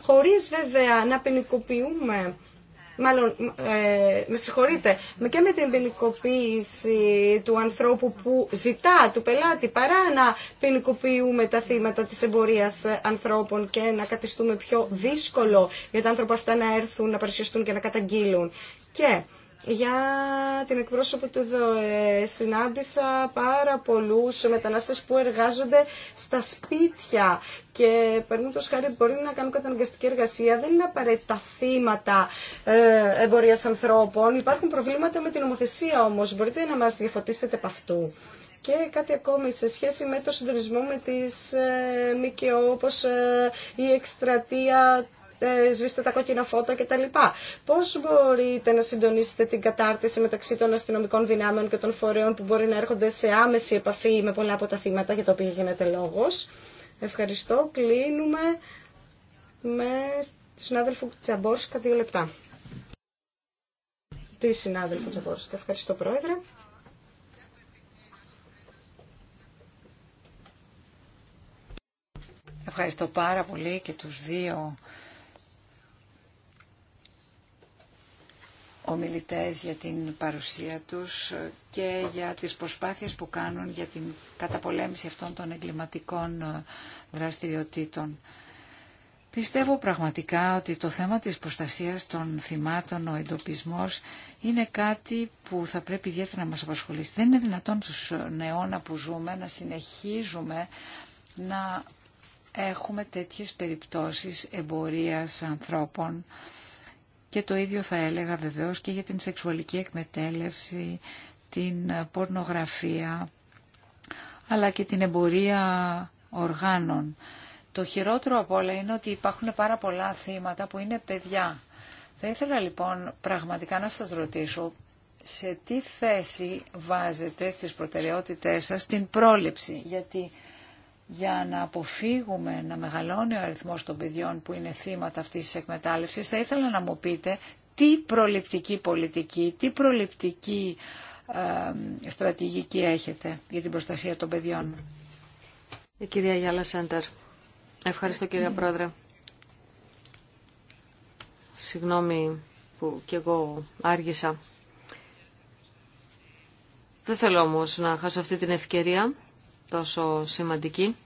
χωρίς βέβαια να ποινικοποιούμε μάλλον ε, με συγχωρείτε, και με την ποινικοποίηση του ανθρώπου που ζητά, του πελάτη, παρά να ποινικοποιούμε τα θύματα της εμπορίας ανθρώπων και να κατιστούμε πιο δύσκολο για τα άνθρωπα αυτά να έρθουν, να παρουσιαστούν και να καταγγείλουν. Και για την εκπρόσωπο του ΔΟΕ. Συνάντησα πάρα πολλούς μετανάστες που εργάζονται στα σπίτια και παίρνουν το σχάρι μπορεί να κάνουν καταναγκαστική εργασία. Δεν είναι απαραίτητα θύματα ε, εμπορία ανθρώπων. Υπάρχουν προβλήματα με την νομοθεσία όμως. Μπορείτε να μας διαφωτίσετε από αυτού. Και κάτι ακόμη σε σχέση με το συντονισμό με τις ε, ΜΚΟ, όπως ε, η εκστρατεία ε, σβήστε τα κόκκινα φώτα κτλ. Πώς μπορείτε να συντονίσετε την κατάρτιση μεταξύ των αστυνομικών δυνάμεων και των φορέων που μπορεί να έρχονται σε άμεση επαφή με πολλά από τα θύματα για τα οποία γίνεται λόγος. Ευχαριστώ. Κλείνουμε με τη συνάδελφο Τσαμπόρσκα δύο λεπτά. Τη συνάδελφο Τσαμπόρσκα. Ευχαριστώ πρόεδρε. Ευχαριστώ πάρα πολύ και τους δύο ομιλητές για την παρουσία τους και για τις προσπάθειες που κάνουν για την καταπολέμηση αυτών των εγκληματικών ε, δραστηριοτήτων. Πιστεύω πραγματικά ότι το θέμα της προστασίας των θυμάτων, ο εντοπισμός, είναι κάτι που θα πρέπει ιδιαίτερα να μας απασχολήσει. Δεν είναι δυνατόν στους νεώνα που ζούμε να συνεχίζουμε να έχουμε τέτοιες περιπτώσεις εμπορίας ανθρώπων, και το ίδιο θα έλεγα βεβαίως και για την σεξουαλική εκμετέλευση, την ε, πορνογραφία, αλλά και την εμπορία οργάνων. Το χειρότερο από όλα είναι ότι υπάρχουν πάρα πολλά θύματα που είναι παιδιά. Θα ήθελα λοιπόν πραγματικά να σας ρωτήσω σε τι θέση βάζετε στις προτεραιότητές σας την πρόληψη. Γιατί για να αποφύγουμε να μεγαλώνει ο αριθμός των παιδιών που είναι θύματα αυτής της εκμετάλλευσης, θα ήθελα να μου πείτε τι προληπτική πολιτική, τι προληπτική ε, στρατηγική έχετε για την προστασία των παιδιών. Η κυρία Γιάλα Σέντερ. Ευχαριστώ κυρία Πρόεδρε. Συγγνώμη που κι εγώ άργησα. Δεν θέλω όμως να χάσω αυτή την ευκαιρία τόσο σημαντική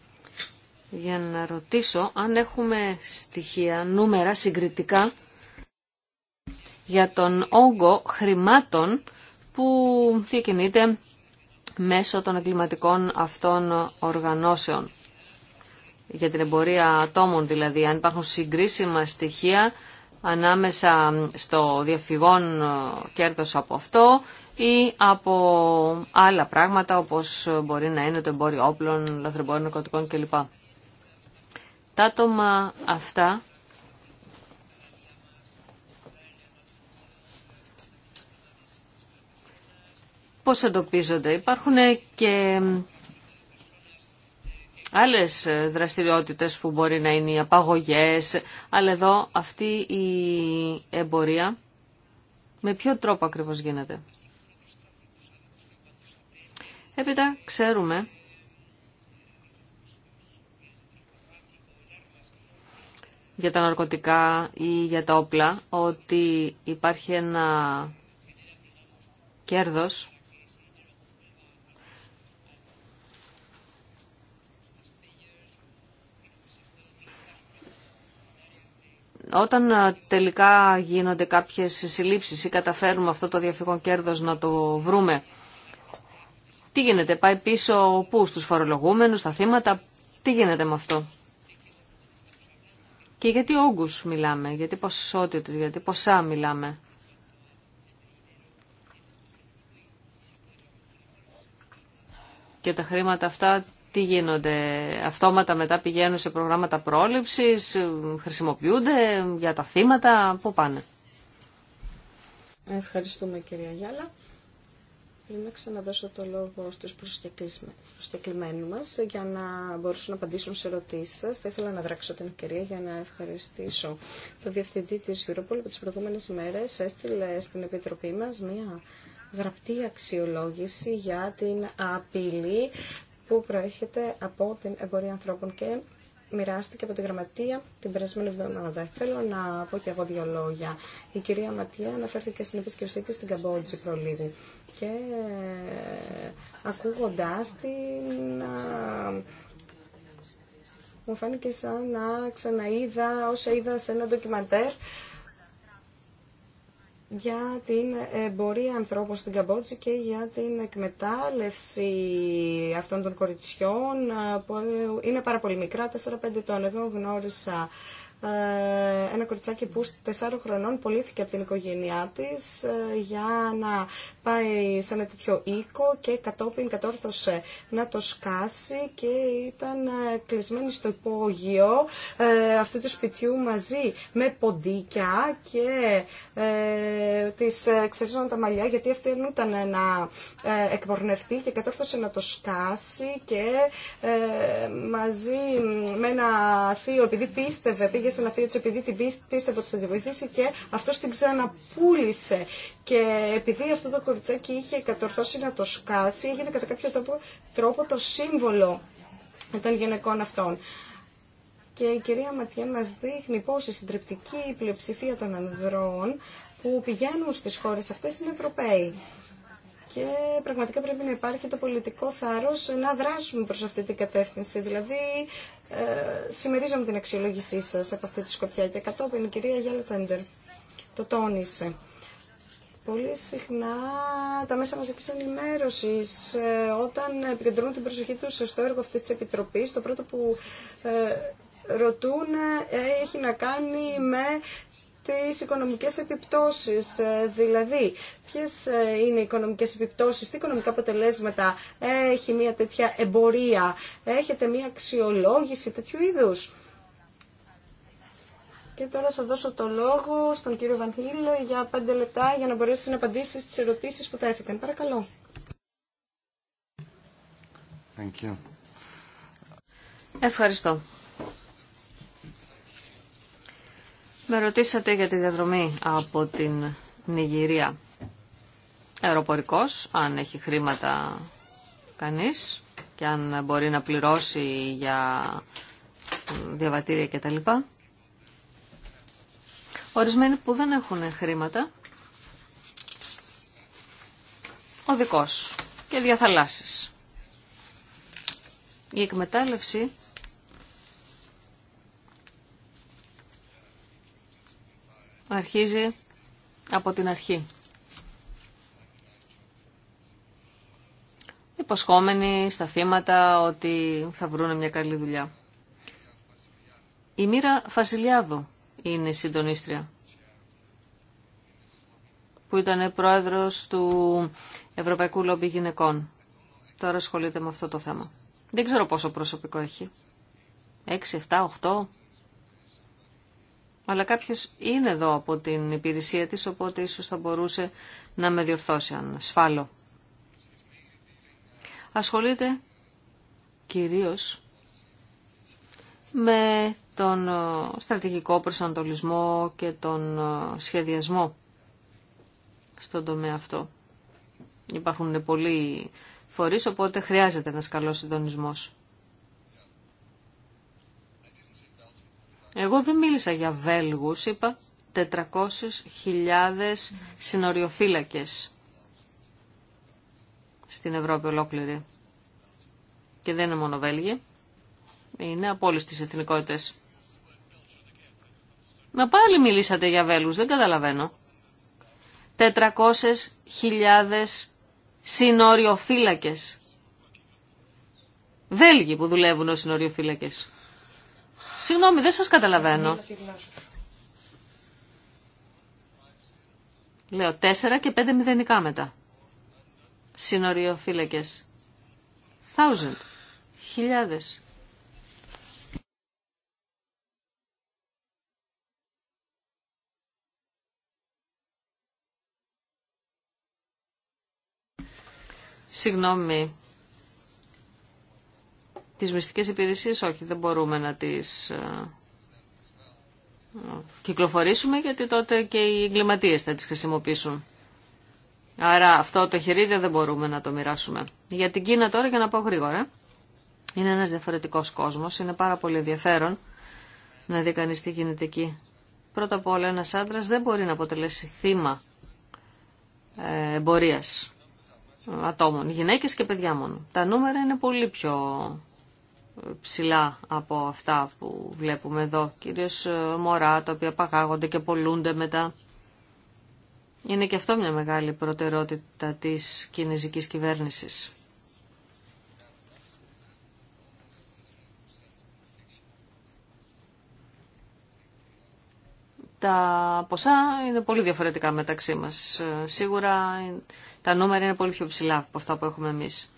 για να ρωτήσω αν έχουμε στοιχεία, νούμερα συγκριτικά για τον όγκο χρημάτων που διακινείται μέσω των εγκληματικών αυτών οργανώσεων. Για την εμπορία ατόμων δηλαδή, αν υπάρχουν συγκρίσιμα στοιχεία ανάμεσα στο διαφυγόν κέρδος από αυτό ή από άλλα πράγματα όπως μπορεί να είναι το εμπόριο όπλων, λαθρεμπόριο νοικοτικών κλπ. Τα άτομα αυτά πώς εντοπίζονται. Υπάρχουν και άλλες δραστηριότητες που μπορεί να είναι οι απαγωγές, αλλά εδώ αυτή η εμπορία με ποιο τρόπο ακριβώς γίνεται. Έπειτα ξέρουμε για τα ναρκωτικά ή για τα όπλα ότι υπάρχει ένα κέρδος όταν ε, τελικά γίνονται κάποιες συλλήψεις ή καταφέρουμε αυτό το διαφυγόν κέρδος να το βρούμε τι γίνεται, πάει πίσω πού, στους φορολογούμενους, στα θύματα, τι γίνεται με αυτό. Και γιατί όγκους μιλάμε, γιατί ποσότητες, γιατί ποσά μιλάμε. Και τα χρήματα αυτά τι γίνονται, αυτόματα μετά πηγαίνουν σε προγράμματα πρόληψης, χρησιμοποιούνται για τα θύματα, πού πάνε. Ευχαριστούμε κυρία Γιάλα να ξαναδώσω το λόγο στους προσκεκλημένους μας για να μπορούσαν να απαντήσουν σε ερωτήσεις σας. Θα ήθελα να δράξω την ευκαιρία για να ευχαριστήσω το Διευθυντή της Europol που τις προηγούμενες μέρες έστειλε στην Επιτροπή μας μία γραπτή αξιολόγηση για την απειλή που προέρχεται από την εμπορία ανθρώπων και μοιράστηκε από τη γραμματεία την περασμένη εβδομάδα. Θέλω να πω και εγώ δύο λόγια. Η κυρία Ματία αναφέρθηκε στην επίσκεψή της στην Καμπότζη προλίγου και ε, ακούγοντάς την μου φάνηκε σαν να ξαναείδα όσα είδα σε ένα ντοκιμαντέρ για την εμπορία ανθρώπων στην Καμπότζη και για την εκμετάλλευση αυτών των κοριτσιών που είναι πάρα πολύ μικρά, 4-5 ετών. Εγώ γνώρισα ε, ένα κοριτσάκι που 4 χρονών πολίθηκε από την οικογένειά της ε, για να πάει σε ένα τέτοιο οίκο και κατόπιν κατόρθωσε να το σκάσει και ήταν ε, κλεισμένη στο υπόγειο αυτού του σπιτιού μαζί με ποντίκια και ε, της ε, ξεριζόταν τα μαλλιά γιατί αυτή ήταν να ε, εκπορνευτεί και κατόρθωσε να το σκάσει και ε, μαζί με ένα θείο επειδή πίστευε, πήγε σε ένα θείο της επειδή την πίστευε ότι θα τη βοηθήσει και αυτός την ξαναπούλησε και επειδή αυτό το κοριτσάκι είχε κατορθώσει να το σκάσει έγινε κατά κάποιο τρόπο το σύμβολο των γυναικών αυτών και η κυρία Ματιέ μας δείχνει πως η συντριπτική πλειοψηφία των ανδρών που πηγαίνουν στις χώρες αυτές είναι Ευρωπαίοι. Και πραγματικά πρέπει να υπάρχει το πολιτικό θάρρος να δράσουμε προς αυτή την κατεύθυνση. Δηλαδή, ε, συμμερίζομαι την αξιολόγησή σας από αυτή τη σκοπιά και κατόπιν η κυρία Γιάννα το τόνισε. Πολύ συχνά τα μέσα μαζικής ενημέρωσης ε, όταν επικεντρώνουν την προσοχή τους στο έργο αυτής της Επιτροπής, το πρώτο που ε, ρωτούν ε, έχει να κάνει με τις οικονομικές επιπτώσεις, ε, δηλαδή ποιες ε, είναι οι οικονομικές επιπτώσεις, τι οικονομικά αποτελέσματα έχει μια τέτοια εμπορία, έχετε μια αξιολόγηση τέτοιου είδους. Και τώρα θα δώσω το λόγο στον κύριο Βανχίλ για πέντε λεπτά για να μπορέσει να απαντήσει στις ερωτήσεις που τέθηκαν. Παρακαλώ. Ευχαριστώ. Με ρωτήσατε για τη διαδρομή από την Νιγηρία. Αεροπορικός, αν έχει χρήματα κανείς και αν μπορεί να πληρώσει για διαβατήρια κτλ. Ορισμένοι που δεν έχουν χρήματα, οδικός και διαθαλάσσεις. Η εκμετάλλευση αρχίζει από την αρχή. Υποσχόμενοι στα θύματα ότι θα βρουν μια καλή δουλειά. Η Μοίρα Φασιλιάδου είναι συντονίστρια που ήταν πρόεδρος του Ευρωπαϊκού Λόμπι Γυναικών. Τώρα ασχολείται με αυτό το θέμα. Δεν ξέρω πόσο προσωπικό έχει. 6, 7, 8 αλλά κάποιο είναι εδώ από την υπηρεσία της, οπότε ίσως θα μπορούσε να με διορθώσει αν σφάλω. Ασχολείται κυρίως με τον ε, στρατηγικό προσανατολισμό και τον ε, σχεδιασμό στον τομέα αυτό. Υπάρχουν πολλοί φορείς, οπότε χρειάζεται ένας καλός συντονισμός. Εγώ δεν μίλησα για Βέλγους, είπα 400.000 συνοριοφύλακες στην Ευρώπη ολόκληρη. Και δεν είναι μόνο Βέλγοι, είναι από όλες τις εθνικότητες. Μα πάλι μιλήσατε για Βέλγους, δεν καταλαβαίνω. 400.000 συνοριοφύλακες. Βέλγοι που δουλεύουν ως συνοριοφύλακες. Συγγνώμη, δεν σας καταλαβαίνω. Λέω τέσσερα και πέντε μηδενικά μετά. Συνοριοφύλακες. Thousand. Χιλιάδες. Συγγνώμη, Τις μυστικές υπηρεσίες όχι, δεν μπορούμε να τις ε, κυκλοφορήσουμε γιατί τότε και οι εγκληματίε θα τις χρησιμοποιήσουν. Άρα αυτό το χειρίδιο δεν μπορούμε να το μοιράσουμε. Για την Κίνα τώρα για να πάω γρήγορα. Είναι ένας διαφορετικός κόσμος, είναι πάρα πολύ ενδιαφέρον να δει κανείς τι γίνεται εκεί. Πρώτα απ' όλα ένας άντρας δεν μπορεί να αποτελέσει θύμα ε, εμπορίας ατόμων, γυναίκες και παιδιά μόνο. Τα νούμερα είναι πολύ πιο ψηλά από αυτά που βλέπουμε εδώ, κυρίως ε, μωρά τα οποία παγάγονται και πολλούνται μετά. Είναι και αυτό μια μεγάλη προτερότητα της κινέζικης κυβέρνησης. Τα ποσά είναι πολύ διαφορετικά μεταξύ μας. Ε, σίγουρα ε, τα νούμερα είναι πολύ πιο ψηλά από αυτά που έχουμε εμείς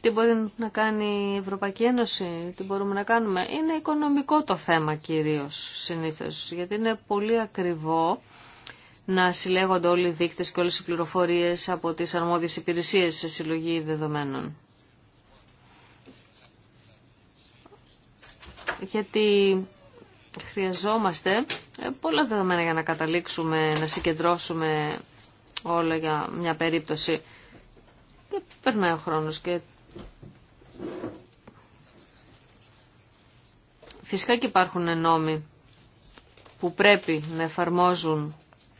τι μπορεί να κάνει η Ευρωπαϊκή Ένωση, τι μπορούμε να κάνουμε. Είναι οικονομικό το θέμα κυρίως συνήθως, γιατί είναι πολύ ακριβό να συλλέγονται όλοι οι δείκτες και όλες οι πληροφορίες από τις αρμόδιες υπηρεσίες σε συλλογή δεδομένων. Γιατί χρειαζόμαστε ε, πολλά δεδομένα για να καταλήξουμε, να συγκεντρώσουμε όλα για μια περίπτωση. Και ε, περνάει ο χρόνος και Φυσικά και υπάρχουν νόμοι που πρέπει να εφαρμόζουν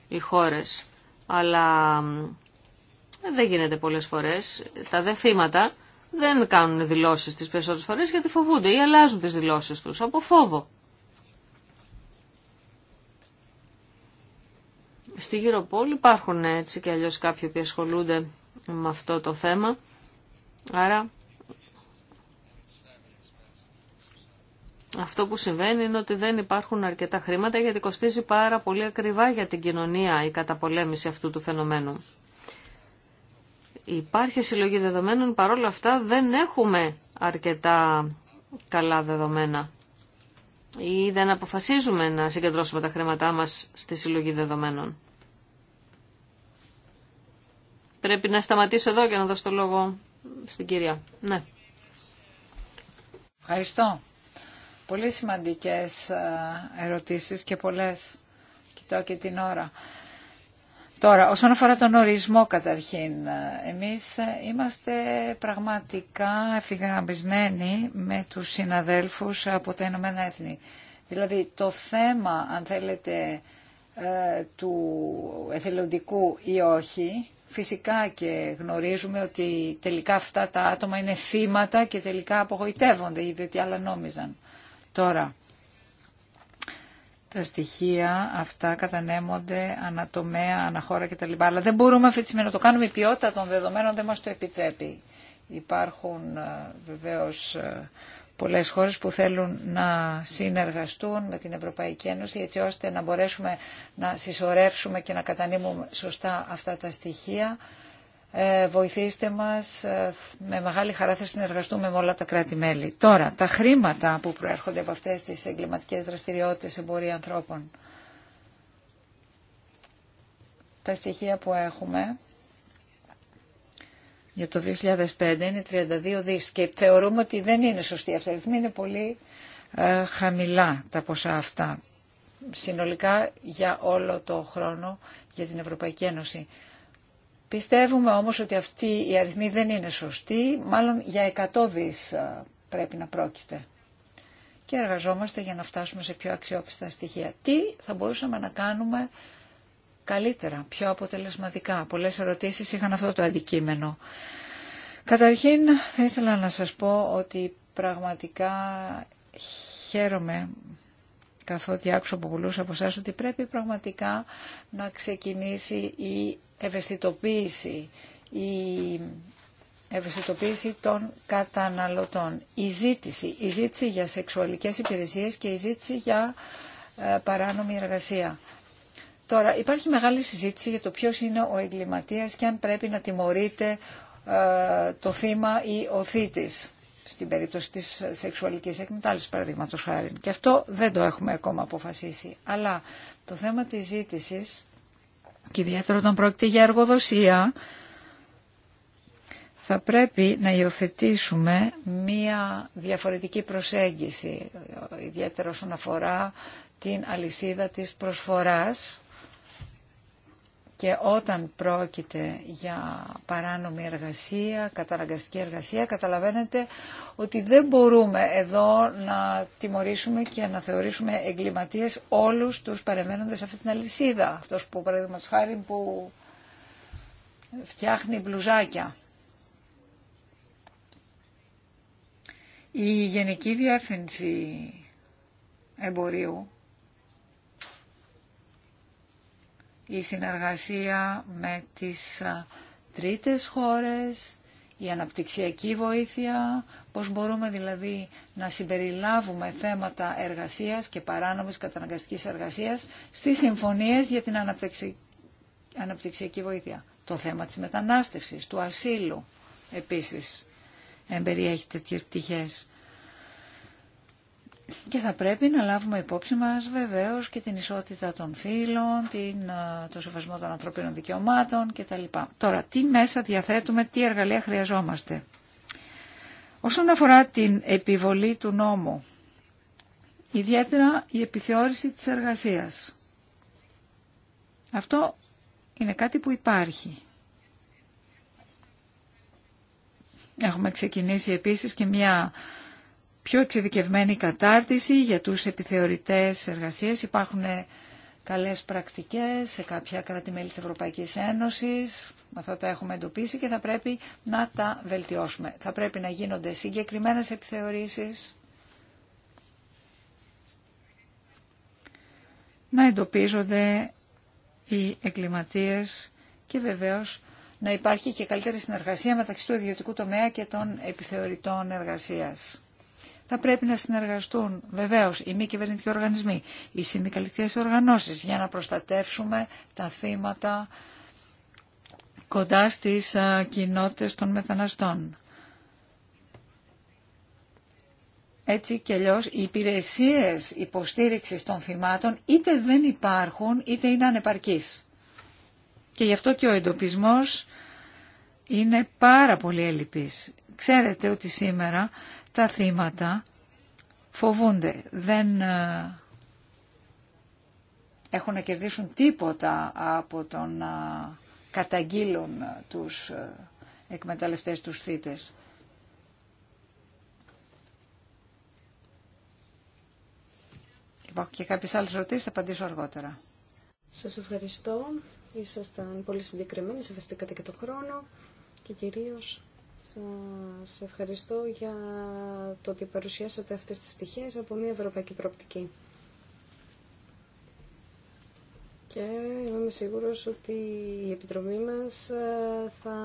οι χώρες, αλλά δεν γίνεται πολλές φορές. Τα δε δεν κάνουν δηλώσεις τις περισσότερες φορές γιατί φοβούνται ή αλλάζουν τις δηλώσεις τους από φόβο. Στη Γυροπόλη υπάρχουν έτσι και αλλιώς κάποιοι που ασχολούνται με αυτό το θέμα, άρα αυτό που συμβαίνει είναι ότι δεν υπάρχουν αρκετά χρήματα γιατί κοστίζει πάρα πολύ ακριβά για την κοινωνία η καταπολέμηση αυτού του φαινομένου. Υπάρχει συλλογή δεδομένων, παρόλα αυτά δεν έχουμε αρκετά καλά δεδομένα ή δεν αποφασίζουμε να συγκεντρώσουμε τα χρήματά μας στη συλλογή δεδομένων. Πρέπει να σταματήσω εδώ και να δώσω το λόγο στην κυρία. Ναι. Ευχαριστώ. Πολύ σημαντικές ε, ερωτήσεις και πολλές. Κοιτάω και την ώρα. Τώρα, όσον αφορά τον ορισμό καταρχήν, ε, εμείς ε, είμαστε πραγματικά ευθυγραμμισμένοι με τους συναδέλφους από τα Ηνωμένα Έθνη. Δηλαδή το θέμα, αν θέλετε, του εθελοντικού ή όχι, φυσικά και γνωρίζουμε ότι τελικά αυτά τα άτομα είναι θύματα και τελικά απογοητεύονται, διότι άλλα νόμιζαν. Τώρα, τα στοιχεία αυτά κατανέμονται ανατομέα, αναχώρα κτλ. Αλλά δεν μπορούμε αυτή τη στιγμή να το κάνουμε. Η ποιότητα των δεδομένων δεν μας το επιτρέπει. Υπάρχουν ε, βεβαίως ε, πολλές χώρες που θέλουν να συνεργαστούν με την Ευρωπαϊκή Ένωση έτσι ώστε να μπορέσουμε να συσσωρεύσουμε και να κατανείμουμε σωστά αυτά τα στοιχεία. Ε, βοηθήστε μας, ε, με μεγάλη χαρά θα συνεργαστούμε με όλα τα κράτη-μέλη. Τώρα, τα χρήματα που προέρχονται από αυτές τις εγκληματικές δραστηριότητες εμπορία ανθρώπων. Τα στοιχεία που έχουμε για το 2005 είναι 32 δις και θεωρούμε ότι δεν είναι σωστή αυτή η είναι πολύ ε, χαμηλά τα ποσά αυτά συνολικά για όλο το χρόνο για την Ευρωπαϊκή Ένωση. Πιστεύουμε όμως ότι αυτή η αριθμή δεν είναι σωστή, μάλλον για 100 δις πρέπει να πρόκειται. Και εργαζόμαστε για να φτάσουμε σε πιο αξιόπιστα στοιχεία. Τι θα μπορούσαμε να κάνουμε καλύτερα, πιο αποτελεσματικά. Πολλές ερωτήσεις είχαν αυτό το αντικείμενο. Καταρχήν θα ήθελα να σας πω ότι πραγματικά χαίρομαι καθότι άκουσα από πολλούς από εσάς ότι πρέπει πραγματικά να ξεκινήσει η ευαισθητοποίηση, η ευαισθητοποίηση των καταναλωτών, η ζήτηση, η ζήτηση για σεξουαλικές υπηρεσίες και η ζήτηση για ε, παράνομη εργασία. Τώρα, υπάρχει μεγάλη συζήτηση για το ποιος είναι ο εγκληματίας και αν πρέπει να τιμωρείται ε, το θύμα ή ο θήτης στην περίπτωση της σεξουαλικής εκμετάλλευσης παραδείγματο χάρη. Και αυτό δεν το έχουμε ακόμα αποφασίσει. Αλλά το θέμα της ζήτησης και ιδιαίτερα όταν πρόκειται για εργοδοσία θα πρέπει να υιοθετήσουμε μία διαφορετική προσέγγιση ιδιαίτερα όσον αφορά την αλυσίδα της προσφοράς και όταν πρόκειται για παράνομη εργασία, καταναγκαστική εργασία, καταλαβαίνετε ότι δεν μπορούμε εδώ να τιμωρήσουμε και να θεωρήσουμε εγκληματίες όλους τους παρεμένοντες σε αυτή την αλυσίδα. Αυτός που παραδείγματος χάρη που φτιάχνει μπλουζάκια. Η Γενική Διεύθυνση Εμπορίου η συνεργασία με τις τρίτες χώρες, η αναπτυξιακή βοήθεια, πώς μπορούμε δηλαδή να συμπεριλάβουμε θέματα εργασίας και παράνομης καταναγκαστικής εργασίας στις συμφωνίες για την αναπτυξιακή βοήθεια. Το θέμα της μετανάστευσης, του ασύλου επίσης εμπεριέχει τέτοιες πτυχές. Και θα πρέπει να λάβουμε υπόψη μας βεβαίως και την ισότητα των φύλων, την, το σεβασμό των ανθρωπίνων δικαιωμάτων κτλ. Τώρα, τι μέσα διαθέτουμε, τι εργαλεία χρειαζόμαστε. Όσον αφορά την επιβολή του νόμου, ιδιαίτερα η επιθεώρηση της εργασίας. Αυτό είναι κάτι που υπάρχει. Έχουμε ξεκινήσει επίσης και μια πιο εξειδικευμένη κατάρτιση για τους επιθεωρητές εργασίες. Υπάρχουν καλές πρακτικές σε κάποια κράτη-μέλη της Ευρωπαϊκής Ένωσης. Αυτά τα έχουμε εντοπίσει και θα πρέπει να τα βελτιώσουμε. Θα πρέπει να γίνονται συγκεκριμένες επιθεωρήσεις. Να εντοπίζονται οι εγκληματίες και βεβαίως να υπάρχει και καλύτερη συνεργασία μεταξύ του ιδιωτικού τομέα και των επιθεωρητών εργασίας θα πρέπει να συνεργαστούν βεβαίως οι μη κυβερνητικοί οργανισμοί, οι συνδικαλιστικές οργανώσεις για να προστατεύσουμε τα θύματα κοντά στις κοινότητες των μεθαναστών. Έτσι και αλλιώ οι υπηρεσίες υποστήριξης των θυμάτων είτε δεν υπάρχουν είτε είναι ανεπαρκεί. Και γι' αυτό και ο εντοπισμός είναι πάρα πολύ ελλειπή. Ξέρετε ότι σήμερα τα θύματα φοβούνται, δεν ε, έχουν να κερδίσουν τίποτα από το να καταγγείλουν τους ε, εκμεταλλευτές τους θύτες. Υπάρχουν και κάποιες άλλες ρωτήσεις. θα απαντήσω αργότερα. Σας ευχαριστώ. Ήσασταν πολύ συγκεκριμένοι, σεβαστήκατε και το χρόνο και κυρίως σας ευχαριστώ για το ότι παρουσιάσατε αυτές τις στοιχείες από μια ευρωπαϊκή προοπτική. Και είμαι σίγουρος ότι η Επιτροπή μας ε, θα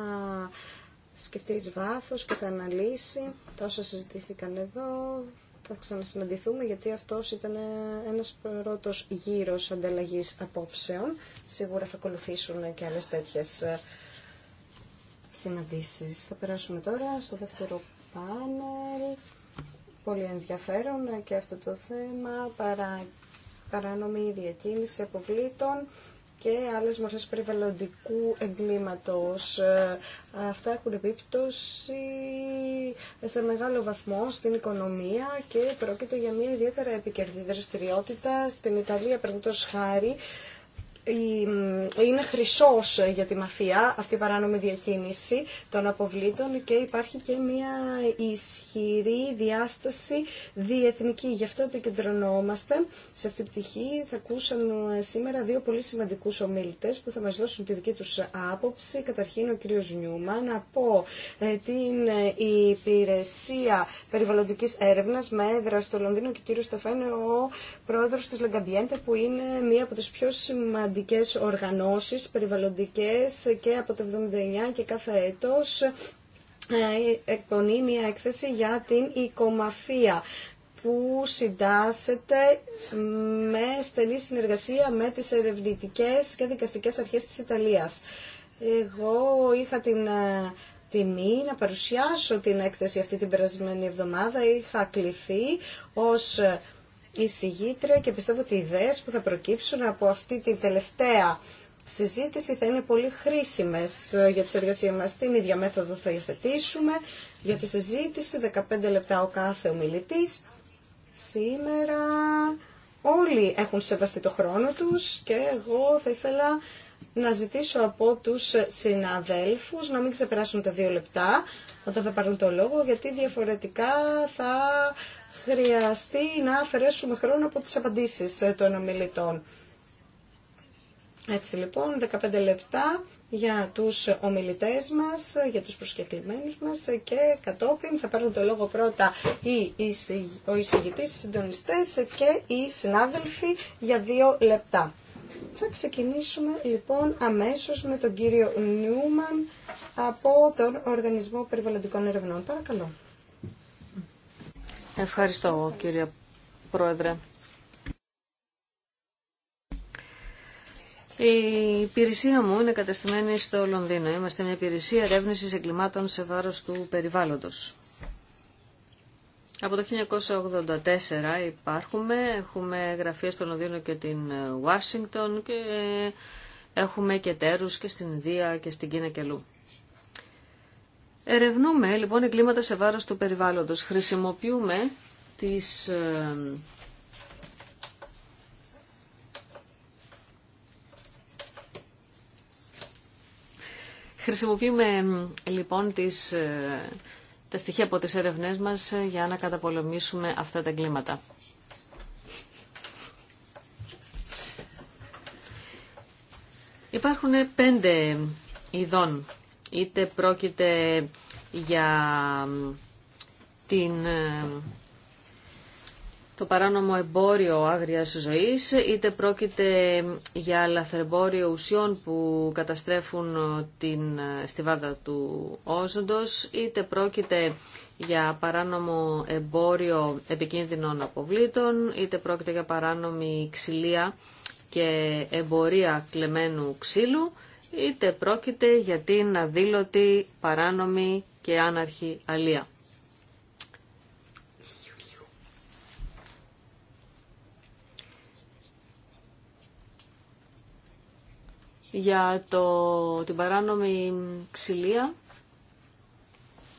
σκεφτεί εις βάθος και θα αναλύσει τα όσα συζητήθηκαν εδώ. Θα ξανασυναντηθούμε γιατί αυτός ήταν ένας πρώτος γύρος ανταλλαγής απόψεων. Σίγουρα θα ακολουθήσουν και άλλες τέτοιες ε, συναντήσεις. Θα περάσουμε τώρα στο δεύτερο πάνελ. Πολύ ενδιαφέρον και αυτό το θέμα παρά, παράνομη διακίνηση αποβλήτων και άλλες μορφές περιβαλλοντικού εγκλήματος. Ε, αυτά έχουν επίπτωση σε μεγάλο βαθμό στην οικονομία και πρόκειται για μια ιδιαίτερα επικερδή δραστηριότητα. Στην Ιταλία, παραδείγματος χάρη, είναι χρυσός για τη μαφία αυτή η παράνομη διακίνηση των αποβλήτων και υπάρχει και μια ισχυρή διάσταση διεθνική. Γι' αυτό επικεντρωνόμαστε σε αυτή τη πτυχή. Θα ακούσαν σήμερα δύο πολύ σημαντικούς ομίλητες που θα μας δώσουν τη δική τους άποψη. Καταρχήν ο κύριος Νιούμαν από ε, την ε, Υπηρεσία Περιβαλλοντικής Έρευνας με έδρα στο Λονδίνο και ο Σταφέν, ο πρόεδρος της Λαγκαμπιέντε που είναι μία από τις πιο σημαντικέ περιβαλλοντικές οργανώσεις, περιβαλλοντικές και από το 79 και κάθε έτος ε, εκπονεί μια έκθεση για την οικομαφία που συντάσσεται με στενή συνεργασία με τις ερευνητικές και δικαστικές αρχές της Ιταλίας. Εγώ είχα την ε, τιμή να παρουσιάσω την έκθεση αυτή την περασμένη εβδομάδα. Είχα κληθεί ως εισηγήτρια και πιστεύω ότι οι ιδέες που θα προκύψουν από αυτή την τελευταία συζήτηση θα είναι πολύ χρήσιμες ε, για τη συνεργασία μας. Την ίδια μέθοδο θα υιοθετήσουμε για τη συζήτηση, 15 λεπτά ο κάθε ομιλητής. Σήμερα όλοι έχουν σεβαστεί το χρόνο τους και εγώ θα ήθελα να ζητήσω από τους συναδέλφους να μην ξεπεράσουν τα δύο λεπτά όταν θα πάρουν το λόγο, γιατί διαφορετικά θα χρειαστεί να αφαιρέσουμε χρόνο από τις απαντήσεις ε, των ομιλητών. Έτσι λοιπόν, 15 λεπτά για τους ομιλητές μας, ε, για τους προσκεκλημένους μας ε, και κατόπιν θα παίρνουν το λόγο πρώτα οι, ο εισηγητής, οι συντονιστές και οι συνάδελφοι για δύο λεπτά. Θα ξεκινήσουμε λοιπόν αμέσως με τον κύριο Νιούμαν από τον Οργανισμό Περιβαλλοντικών Ερευνών. Παρακαλώ. Ευχαριστώ κύριε Πρόεδρε. Η υπηρεσία μου είναι καταστημένη στο Λονδίνο. Είμαστε μια υπηρεσία ερεύνησης εγκλημάτων σε βάρος του περιβάλλοντος. Από το 1984 υπάρχουμε, έχουμε γραφεία στο Λονδίνο και την Ουάσιγκτον και έχουμε και τέρους και στην Ινδία και στην Κίνα και αλλού. Ερευνούμε λοιπόν εγκλήματα σε βάρος του περιβάλλοντος. Χρησιμοποιούμε τις ε, Χρησιμοποιούμε λοιπόν τις, ε, τα στοιχεία από τις έρευνές μας για να καταπολεμήσουμε αυτά τα εγκλήματα. Υπάρχουν πέντε ειδών είτε πρόκειται για την, το παράνομο εμπόριο άγριας ζωής, είτε πρόκειται για λαθρεμπόριο ουσιών που καταστρέφουν την στιβάδα του όζοντος, είτε πρόκειται για παράνομο εμπόριο επικίνδυνων αποβλήτων, είτε πρόκειται για παράνομη ξυλία και εμπορία κλεμμένου ξύλου είτε πρόκειται για την αδήλωτη, παράνομη και άναρχη αλία. Για το, την παράνομη ξυλία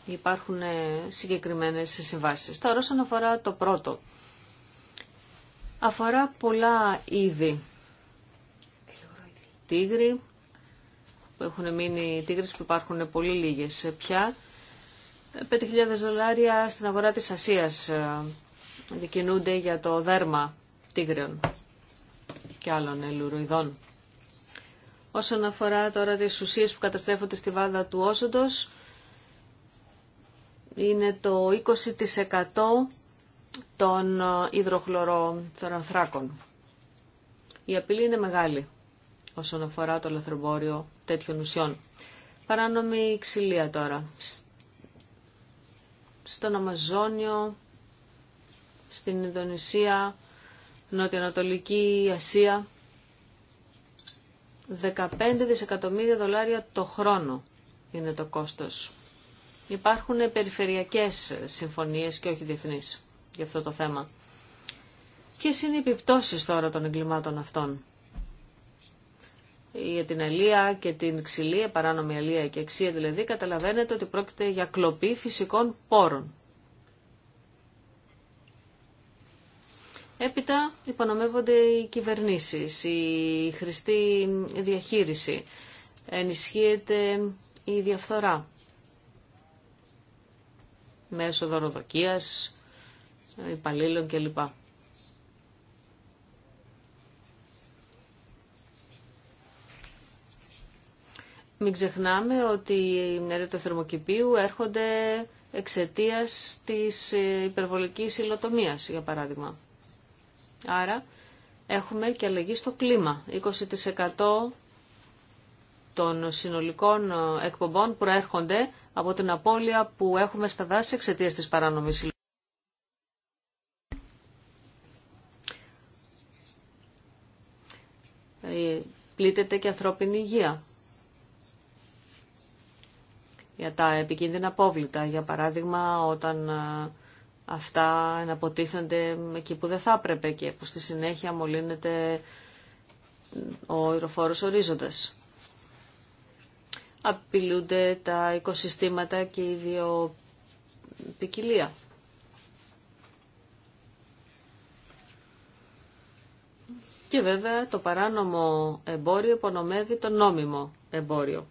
υπάρχουν συγκεκριμένες συμβάσεις. Τώρα όσον αφορά το πρώτο, αφορά πολλά είδη. Τίγρη, έχουν μείνει τίγρες που υπάρχουν πολύ λίγες πια. 5.000 δολάρια στην αγορά της Ασίας ε, δικαινούνται για το δέρμα τίγρεων και άλλων ελουροειδών. Όσον αφορά τώρα τις ουσίες που καταστρέφονται στη βάδα του όσοντος, είναι το 20% των θερανθράκων. Η απειλή είναι μεγάλη όσον αφορά το λαθρομπόριο τέτοιων ουσιών. Παράνομη ξυλία τώρα. Στον Αμαζόνιο, στην Ινδονησία, Νοτιοανατολική Ασία. 15 δισεκατομμύρια δολάρια το χρόνο είναι το κόστος. Υπάρχουν περιφερειακές συμφωνίες και όχι διεθνείς για αυτό το θέμα. Ποιες είναι οι επιπτώσεις τώρα των εγκλημάτων αυτών για την αλία και την ξυλία, παράνομη αλία και αξία δηλαδή, καταλαβαίνετε ότι πρόκειται για κλοπή φυσικών πόρων. Έπειτα υπονομεύονται οι κυβερνήσεις, η χρηστή διαχείριση, ενισχύεται η διαφθορά μέσω δωροδοκίας, υπαλλήλων κλπ. Μην ξεχνάμε ότι οι το του θερμοκηπίου έρχονται εξαιτίας της ε, υπερβολικής υλοτομίας, για παράδειγμα. Άρα έχουμε και αλλαγή στο κλίμα. 20% των συνολικών ε, εκπομπών προέρχονται από την απώλεια που έχουμε στα δάση εξαιτίας της παράνομης ε, Πλήττεται και ανθρώπινη υγεία για τα επικίνδυνα απόβλητα, για παράδειγμα όταν ε, αυτά εναποτίθενται εκεί που δεν θα έπρεπε και που στη συνέχεια μολύνεται ο υροφόρος ορίζοντας. Απειλούνται τα οικοσυστήματα και η βιοπικιλία. Και βέβαια το παράνομο εμπόριο υπονομεύει το νόμιμο εμπόριο.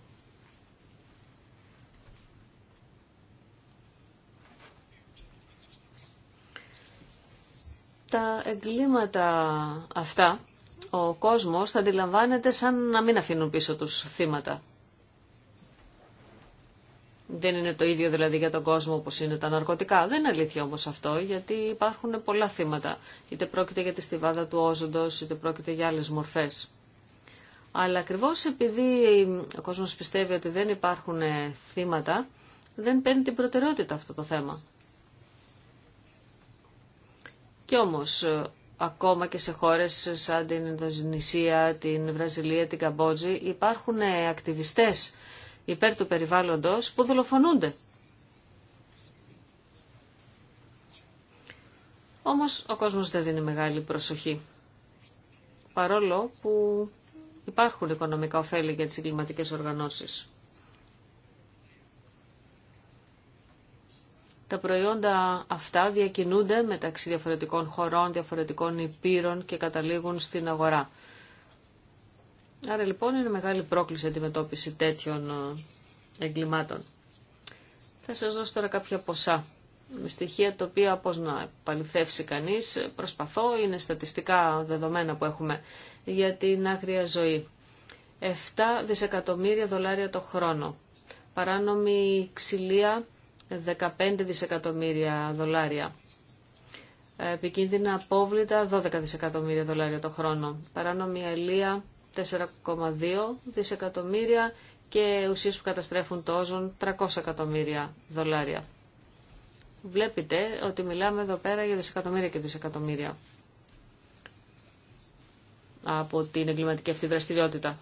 τα εγκλήματα αυτά ο κόσμος θα αντιλαμβάνεται σαν να μην αφήνουν πίσω τους θύματα. Δεν είναι το ίδιο δηλαδή για τον κόσμο όπως είναι τα ναρκωτικά. Δεν είναι αλήθεια όμως αυτό γιατί υπάρχουν πολλά θύματα. Είτε πρόκειται για τη στιβάδα του όζοντος, είτε πρόκειται για άλλες μορφές. Αλλά ακριβώ επειδή ο κόσμος πιστεύει ότι δεν υπάρχουν θύματα, δεν παίρνει την προτεραιότητα αυτό το θέμα. Κι όμως ε, ακόμα και σε χώρες σαν την Ινδονησία, την Βραζιλία, την Καμπότζη υπάρχουν ε, ακτιβιστές υπέρ του περιβάλλοντος που δολοφονούνται. Όμως ο κόσμος δεν δίνει μεγάλη προσοχή. Παρόλο που υπάρχουν οικονομικά ωφέλη για τις εγκληματικές οργανώσεις. Τα προϊόντα αυτά διακινούνται μεταξύ διαφορετικών χωρών, διαφορετικών υπήρων και καταλήγουν στην αγορά. Άρα λοιπόν είναι μεγάλη πρόκληση αντιμετώπιση τέτοιων ε, εγκλημάτων. Θα σας δώσω τώρα κάποια ποσά. Στοιχεία τα οποία πώς να παληθεύσει κανείς, προσπαθώ, είναι στατιστικά δεδομένα που έχουμε για την άγρια ζωή. 7 δισεκατομμύρια δολάρια το χρόνο. Παράνομη ξυλία 15 δισεκατομμύρια δολάρια. Επικίνδυνα απόβλητα 12 δισεκατομμύρια δολάρια το χρόνο. Παράνομη αλεία 4,2 δισεκατομμύρια και ουσίες που καταστρέφουν το όζον 300 εκατομμύρια δολάρια. Βλέπετε ότι μιλάμε εδώ πέρα για δισεκατομμύρια και δισεκατομμύρια από την εγκληματική αυτή δραστηριότητα.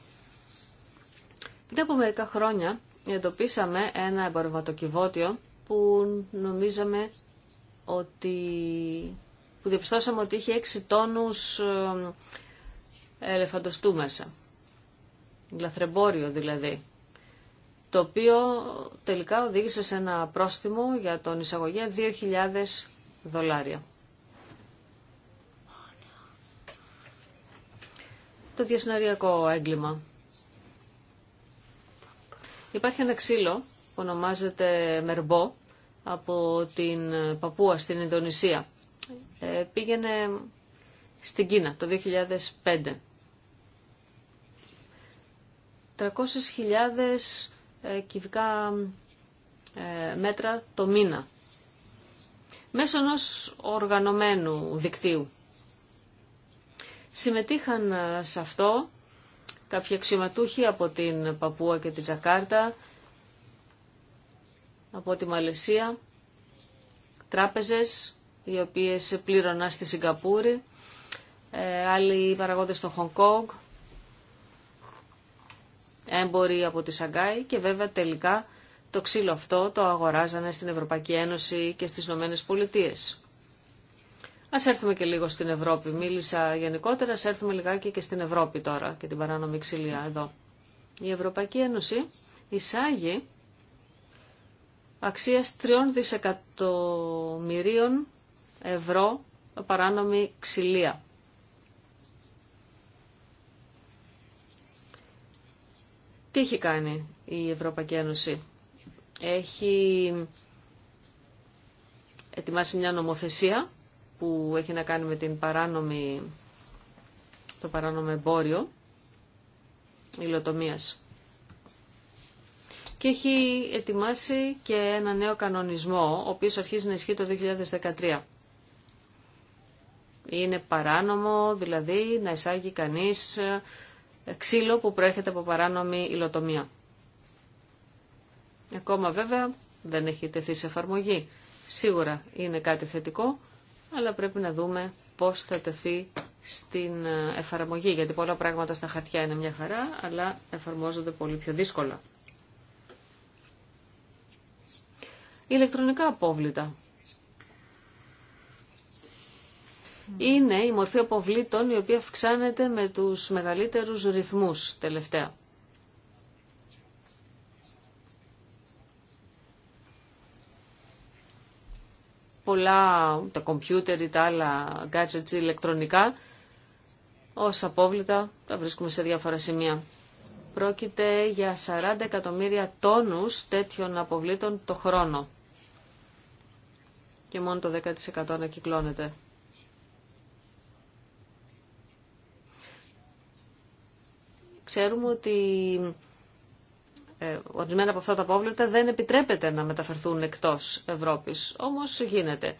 Πριν από μερικά χρόνια εντοπίσαμε ένα εμπορευματοκιβώτιο που νομίζαμε ότι που διαπιστώσαμε ότι είχε 6 τόνους ελεφαντοστού μέσα. Λαθρεμπόριο δηλαδή. Το οποίο τελικά οδήγησε σε ένα πρόστιμο για τον εισαγωγέα 2.000 δολάρια. Το διασυναριακό έγκλημα. Υπάρχει ένα ξύλο που ονομάζεται Μερμπό από την Παπούα στην Ινδονησία. Ε, πήγαινε στην Κίνα το 2005. 300.000 ε, κυβικά ε, μέτρα το μήνα. Μέσω ενό οργανωμένου δικτύου. Συμμετείχαν ε, σε αυτό κάποιοι αξιωματούχοι από την Παπούα και τη Τζακάρτα, από τη Μαλαισία, τράπεζες οι οποίες πλήρωναν στη Σιγκαπούρη, ε, άλλοι παραγόντες στο Χονγκ Κόγκ, έμποροι από τη Σαγκάη και βέβαια τελικά το ξύλο αυτό το αγοράζανε στην Ευρωπαϊκή Ένωση και στις Ηνωμένε Πολιτείες. Ας έρθουμε και λίγο στην Ευρώπη. Μίλησα γενικότερα, ας έρθουμε λιγάκι και στην Ευρώπη τώρα και την παράνομη ξυλία εδώ. Η Ευρωπαϊκή Ένωση εισάγει αξίας 3 δισεκατομμυρίων ευρώ παράνομη ξυλία. Τι έχει κάνει η Ευρωπαϊκή Ένωση. Έχει ετοιμάσει μια νομοθεσία που έχει να κάνει με την παράνομη, το παράνομο εμπόριο υλοτομίας και έχει ετοιμάσει και ένα νέο κανονισμό, ο οποίος αρχίζει να ισχύει το 2013. Είναι παράνομο, δηλαδή, να εισάγει κανείς ε, ξύλο που προέρχεται από παράνομη υλοτομία. Ακόμα βέβαια δεν έχει τεθεί σε εφαρμογή. Σίγουρα είναι κάτι θετικό, αλλά πρέπει να δούμε πώς θα τεθεί στην ε, εφαρμογή, γιατί πολλά πράγματα στα χαρτιά είναι μια χαρά, αλλά εφαρμόζονται πολύ πιο δύσκολα. ηλεκτρονικά απόβλητα. Είναι η μορφή αποβλήτων η οποία αυξάνεται με τους μεγαλύτερους ρυθμούς τελευταία. πολλά, τα κομπιούτερ ή τα άλλα gadgets ηλεκτρονικά, ως απόβλητα τα βρίσκουμε σε διάφορα σημεία. Πρόκειται για 40 εκατομμύρια τόνους τέτοιων αποβλήτων το χρόνο και μόνο το 10% ανακυκλώνεται. Ξέρουμε ότι ε, ορισμένα από αυτά τα απόβλεπτα δεν επιτρέπεται να μεταφερθούν εκτός Ευρώπης. Όμως γίνεται.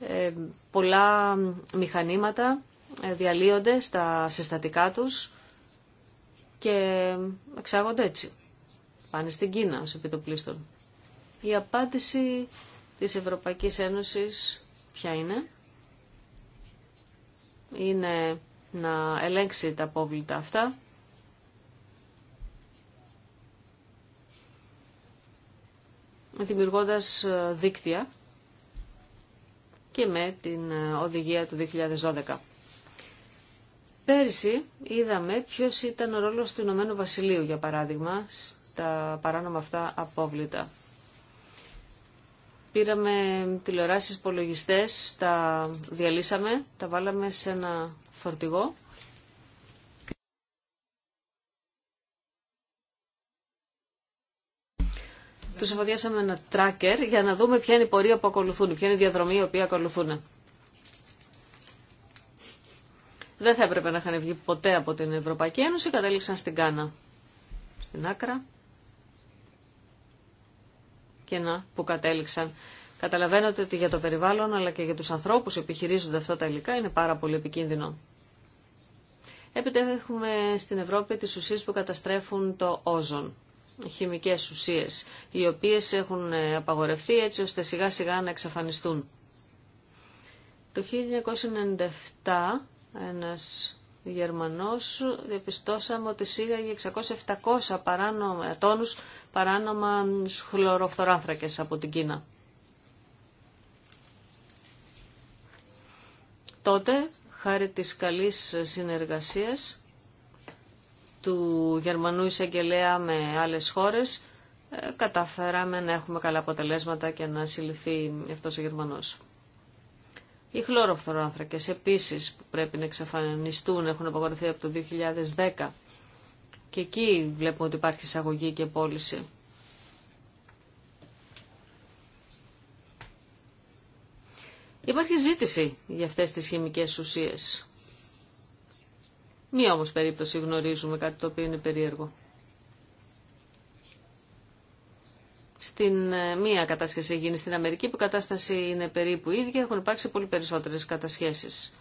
Ε, πολλά μηχανήματα ε, διαλύονται στα συστατικά τους και εξάγονται έτσι. Πάνε στην Κίνα, ως επιτοπλίστων. Η απάντηση της Ευρωπαϊκής Ένωσης ποια είναι. Είναι να ελέγξει τα απόβλητα αυτά. δημιουργώντας ε, δίκτυα και με την ε, οδηγία του 2012. Πέρσι είδαμε ποιος ήταν ο ρόλος του Ηνωμένου Βασιλείου, για παράδειγμα, στα παράνομα αυτά απόβλητα. Πήραμε τηλεοράσει υπολογιστέ, τα διαλύσαμε, τα βάλαμε σε ένα φορτηγό. Τους εφοδιάσαμε ένα tracker για να δούμε ποια είναι η πορεία που ακολουθούν, ποια είναι η διαδρομή η οποία ακολουθούν. Δεν θα έπρεπε να είχαν βγει ποτέ από την Ευρωπαϊκή Ένωση, κατέληξαν στην Κάνα, στην Άκρα. Και να, που κατέληξαν. Καταλαβαίνετε ότι για το περιβάλλον αλλά και για τους ανθρώπους που επιχειρίζονται αυτά τα υλικά είναι πάρα πολύ επικίνδυνο. Έπειτα έχουμε στην Ευρώπη τις ουσίες που καταστρέφουν το όζον, χημικές ουσίες, οι οποίες έχουν ε, απαγορευτεί έτσι ώστε σιγά σιγά να εξαφανιστούν. Το 1997 ένας Γερμανός διαπιστώσαμε ότι σίγαγε 600-700 παράνομα τόνους παράνομα χλωροφθοράνθρακες από την Κίνα. Τότε, χάρη της καλής συνεργασίας του Γερμανού εισαγγελέα με άλλες χώρες, ε, καταφέραμε να έχουμε καλά αποτελέσματα και να συλληφθεί αυτό ο Γερμανός. Οι χλωροφθοράνθρακες επίσης που πρέπει να εξαφανιστούν έχουν απαγορευτεί από το 2010 και εκεί βλέπουμε ότι υπάρχει εισαγωγή και πώληση. Υπάρχει ζήτηση για αυτές τις χημικές ουσίες. Μία όμως περίπτωση γνωρίζουμε κάτι το οποίο είναι περίεργο. Στην ε, μία κατάσχεση γίνει στην Αμερική που η κατάσταση είναι περίπου ίδια, έχουν υπάρξει πολύ περισσότερες κατασχέσεις.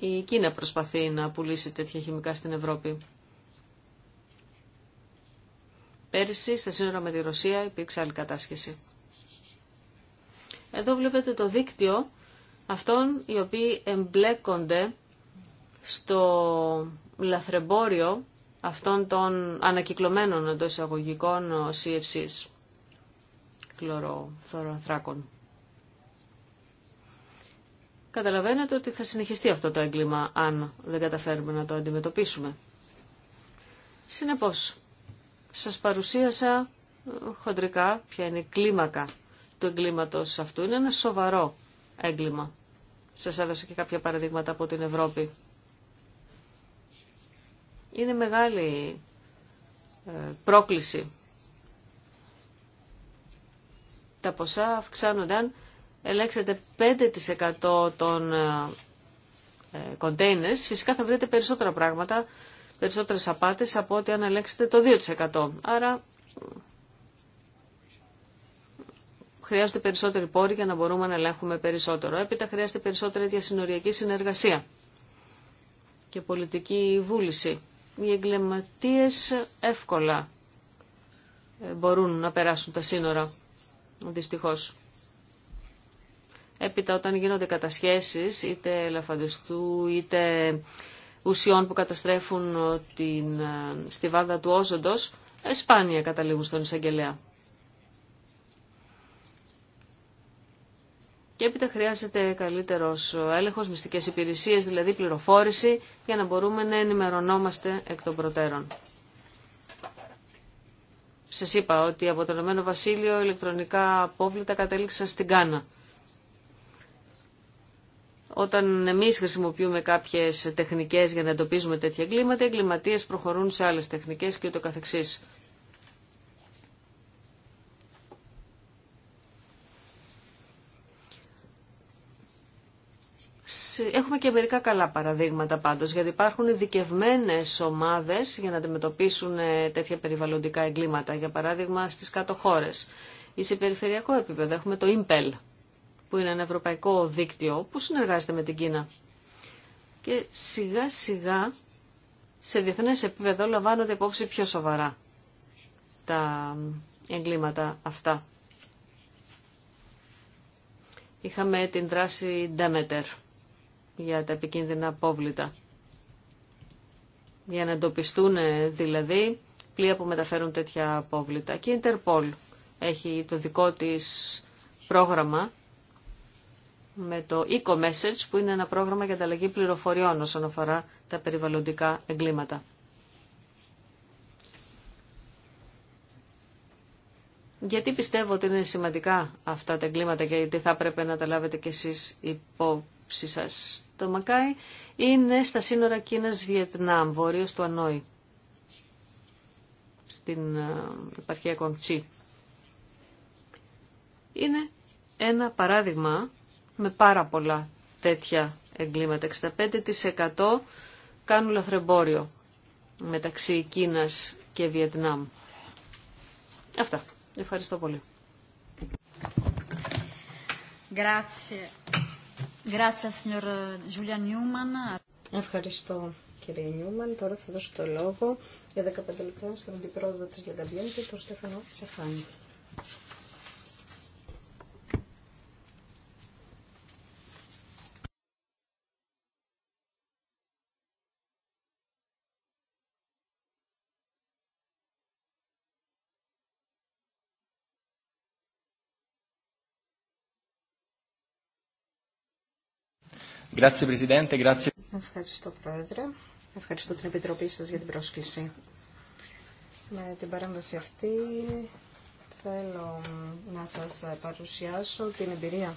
Η Κίνα προσπαθεί να πουλήσει τέτοια χημικά στην Ευρώπη. Πέρυσι, στα σύνορα με τη Ρωσία, υπήρξε άλλη κατάσχεση. Εδώ βλέπετε το δίκτυο αυτών οι οποίοι εμπλέκονται στο λαθρεμπόριο αυτών των ανακυκλωμένων εντό εισαγωγικών ε, CFCs, κλωροθωροανθράκων καταλαβαίνετε ότι θα συνεχιστεί αυτό το έγκλημα αν δεν καταφέρουμε να το αντιμετωπίσουμε. Συνεπώς, σας παρουσίασα ε, χοντρικά ποια είναι η κλίμακα του εγκλήματος αυτού. Είναι ένα σοβαρό έγκλημα. Σας έδωσα και κάποια παραδείγματα από την Ευρώπη. Είναι μεγάλη ε, πρόκληση. Τα ποσά αυξάνονταν ελέγξετε 5% των containers, ε, ε, φυσικά θα βρείτε περισσότερα πράγματα, περισσότερες απάτες από ότι αν ελέγξετε το 2%. Άρα χρειάζονται περισσότεροι πόροι για να μπορούμε να ελέγχουμε περισσότερο. Έπειτα χρειάζεται περισσότερη διασυνοριακή συνεργασία και πολιτική βούληση. Οι εγκληματίες εύκολα ε, μπορούν να περάσουν τα σύνορα, δυστυχώς. Έπειτα όταν γίνονται κατασχέσεις είτε ελαφαντιστού είτε ουσιών που καταστρέφουν ε, την ε, βάδα του όζοντος, ε, σπάνια καταλήγουν στον εισαγγελέα. Και έπειτα χρειάζεται καλύτερος έλεγχος, μυστικές υπηρεσίες, δηλαδή πληροφόρηση, για να μπορούμε να ενημερωνόμαστε εκ των προτέρων. Σας είπα ότι από το Ηνωμένο Βασίλειο ηλεκτρονικά απόβλητα κατέληξαν στην Κάνα. Όταν εμείς χρησιμοποιούμε κάποιες τεχνικές για να εντοπίζουμε τέτοια εγκλήματα, οι εγκληματίε προχωρούν σε άλλες τεχνικές και ούτω καθεξής. Έχουμε και μερικά καλά παραδείγματα πάντως, γιατί υπάρχουν ειδικευμένε ομάδες για να αντιμετωπίσουν ε, τέτοια περιβαλλοντικά εγκλήματα. Για παράδειγμα, στις κάτω χώρες ή σε περιφερειακό επίπεδο έχουμε το ΙΜΠΕΛ που είναι ένα ευρωπαϊκό δίκτυο που συνεργάζεται με την Κίνα. Και σιγά σιγά σε διεθνές επίπεδο λαμβάνονται υπόψη πιο σοβαρά τα εγκλήματα αυτά. Είχαμε την δράση Demeter για τα επικίνδυνα απόβλητα. Για να εντοπιστούν δηλαδή πλοία που μεταφέρουν τέτοια απόβλητα. Και η Interpol έχει το δικό της πρόγραμμα με το Eco-Message που είναι ένα πρόγραμμα για ανταλλαγή πληροφοριών όσον αφορά τα περιβαλλοντικά εγκλήματα. Γιατί πιστεύω ότι είναι σημαντικά αυτά τα εγκλήματα και γιατί θα έπρεπε να τα λάβετε κι εσείς υπόψη σας. Το Μακάι είναι στα σύνορα Κίνας-Βιετνάμ, βορείως του Ανόη, στην επαρχία Κονγκτσί. Είναι ένα παράδειγμα με πάρα πολλά τέτοια εγκλήματα. 65% κάνουν λαθρεμπόριο μεταξύ Κίνας και Βιετνάμ. Αυτά. Ευχαριστώ πολύ. Ευχαριστώ κύριε Νιούμαν. Τώρα θα δώσω το λόγο για 15 λεπτά στον αντιπρόεδρο της Λαγκαμπιέν και τον Στέφανο Σεφάνη. Ευχαριστώ, Πρόεδρε. Ευχαριστώ την Επιτροπή σας για την πρόσκληση. Με την παρέμβαση αυτή θέλω να σας παρουσιάσω την εμπειρία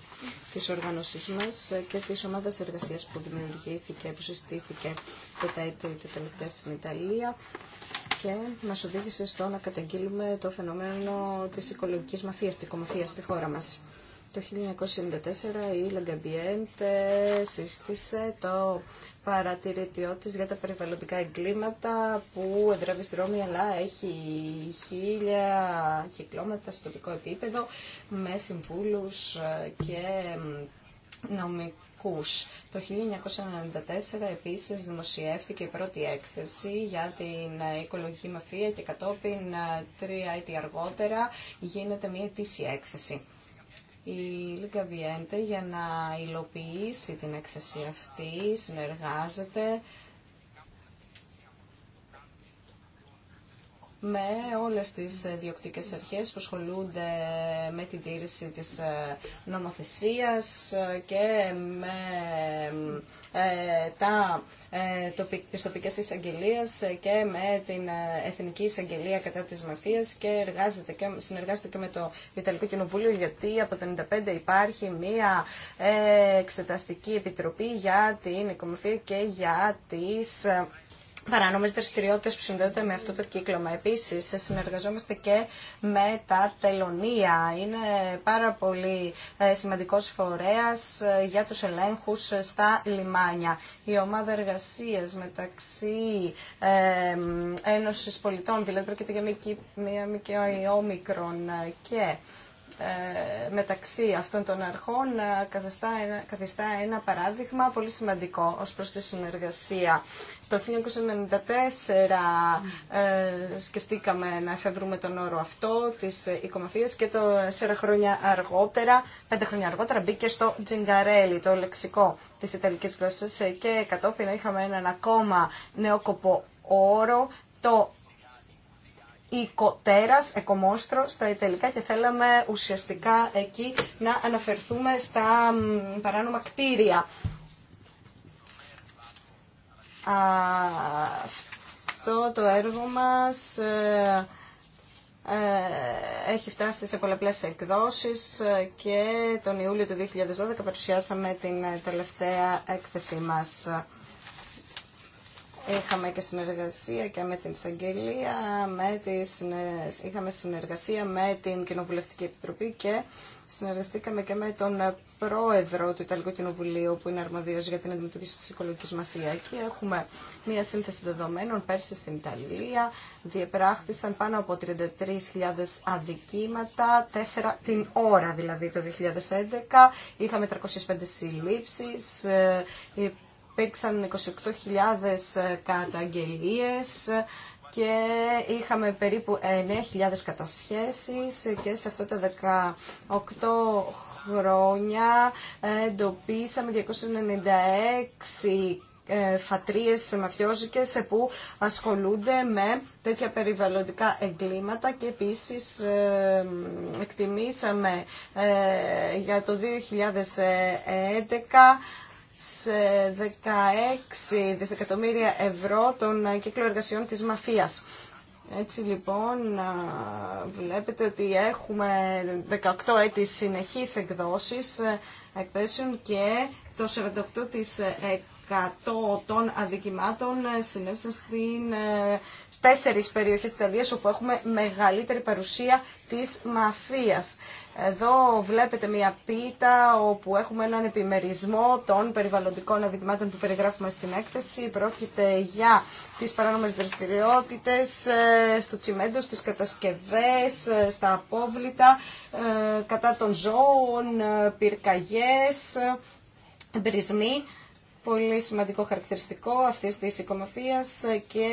της οργάνωσής μας και της ομάδας εργασίας που δημιουργήθηκε, που συστήθηκε τα τελευταία στην Ιταλία και μας οδήγησε στο να καταγγείλουμε το φαινόμενο της οικολογικής μαφίας, της οικομαφίας στη χώρα μας. Το 1994 η Λαγκαμπιέντε σύστησε το παρατηρητιό της για τα περιβαλλοντικά εγκλήματα που εδρεύει στη Ρώμη αλλά έχει χίλια κυκλώματα στο τοπικό επίπεδο με συμβούλους και νομικούς. Το 1994 επίσης δημοσιεύτηκε η πρώτη έκθεση για την οικολογική μαφία και κατόπιν ε, τρία έτη αργότερα γίνεται μια ετήσια έκθεση η Λίγκα Βιέντε για να υλοποιήσει την έκθεση αυτή συνεργάζεται με όλες τις διοκτικές αρχές που ασχολούνται με την τήρηση της ε, νομοθεσίας και με ε, τα, ε, τις τοπικές εισαγγελίες και με την Εθνική Εισαγγελία κατά της Μαφίας και, εργάζεται και συνεργάζεται και με το Ιταλικό Κοινοβούλιο γιατί από το 1995 υπάρχει μία εξεταστική επιτροπή για την Οικομοφία και για τις παράνομε δραστηριότητε που συνδέονται με αυτό το κύκλωμα. Επίση, συνεργαζόμαστε και με τα τελωνία. Είναι πάρα πολύ ε, σημαντικό φορέα ε, για τους ελέγχου ε, στα λιμάνια. Η ομάδα εργασία μεταξύ ε, Ένωσης Πολιτών, δηλαδή πρόκειται για μία μικρόν και μεταξύ αυτών των αρχών καθιστά ένα, καθιστά ένα παράδειγμα πολύ σημαντικό ως προς τη συνεργασία το 1994 ε, σκεφτήκαμε να εφεύρουμε τον όρο αυτό της οικομαθίας και το 4 χρόνια αργότερα, 5 χρόνια αργότερα μπήκε στο Τζιγκαρέλι, το λεξικό της Ιταλικής γλώσσας ε, και κατόπιν είχαμε έναν ακόμα νεόκοπο όρο, το οικοτέρας, εκομόστρο στα Ιταλικά και θέλαμε ουσιαστικά εκεί να αναφερθούμε στα παράνομα κτίρια αυτό το έργο μας ε, ε, έχει φτάσει σε πολλαπλές εκδόσεις ε, και τον Ιούλιο του 2012 παρουσιάσαμε την τελευταία έκθεσή μας. Είχαμε και συνεργασία και με την εισαγγελία, με είχαμε συνεργασία με την Κοινοβουλευτική Επιτροπή και Συνεργαστήκαμε και με τον πρόεδρο του Ιταλικού Κοινοβουλίου που είναι αρμοδίος για την αντιμετώπιση της οικολογικής μαφία και έχουμε μία σύνθεση δεδομένων πέρσι στην Ιταλία. Διεπράχθησαν πάνω από 33.000 αδικήματα, 4 την ώρα δηλαδή το 2011. Είχαμε 305 συλλήψεις, ε, υπήρξαν 28.000 καταγγελίες και είχαμε περίπου 9.000 κατασχέσεις και σε αυτά τα 18 χρόνια εντοπίσαμε 296 ε, φατρίες μαφιόζικες που ασχολούνται με τέτοια περιβαλλοντικά εγκλήματα και επίσης ε, εκτιμήσαμε ε, για το 2011 σε 16 δισεκατομμύρια ευρώ των κύκλο εργασιών της μαφίας. Έτσι λοιπόν βλέπετε ότι έχουμε 18 έτη συνεχής εκδόσεις ε, εκθέσεων και το 48% των αδικημάτων ε, συνέβησαν στην ε, τέσσερις περιοχές της Ιταλίας όπου έχουμε μεγαλύτερη παρουσία της μαφίας. Εδώ βλέπετε μια πίτα όπου έχουμε έναν επιμερισμό των περιβαλλοντικών αδειγμάτων που περιγράφουμε στην έκθεση. Πρόκειται για τις παράνομες δραστηριότητες ε, στο τσιμέντο, στις κατασκευές, ε, στα απόβλητα, ε, κατά των ζώων, πυρκαγιές, μπρισμοί. Πολύ σημαντικό χαρακτηριστικό αυτής της οικομοφίας και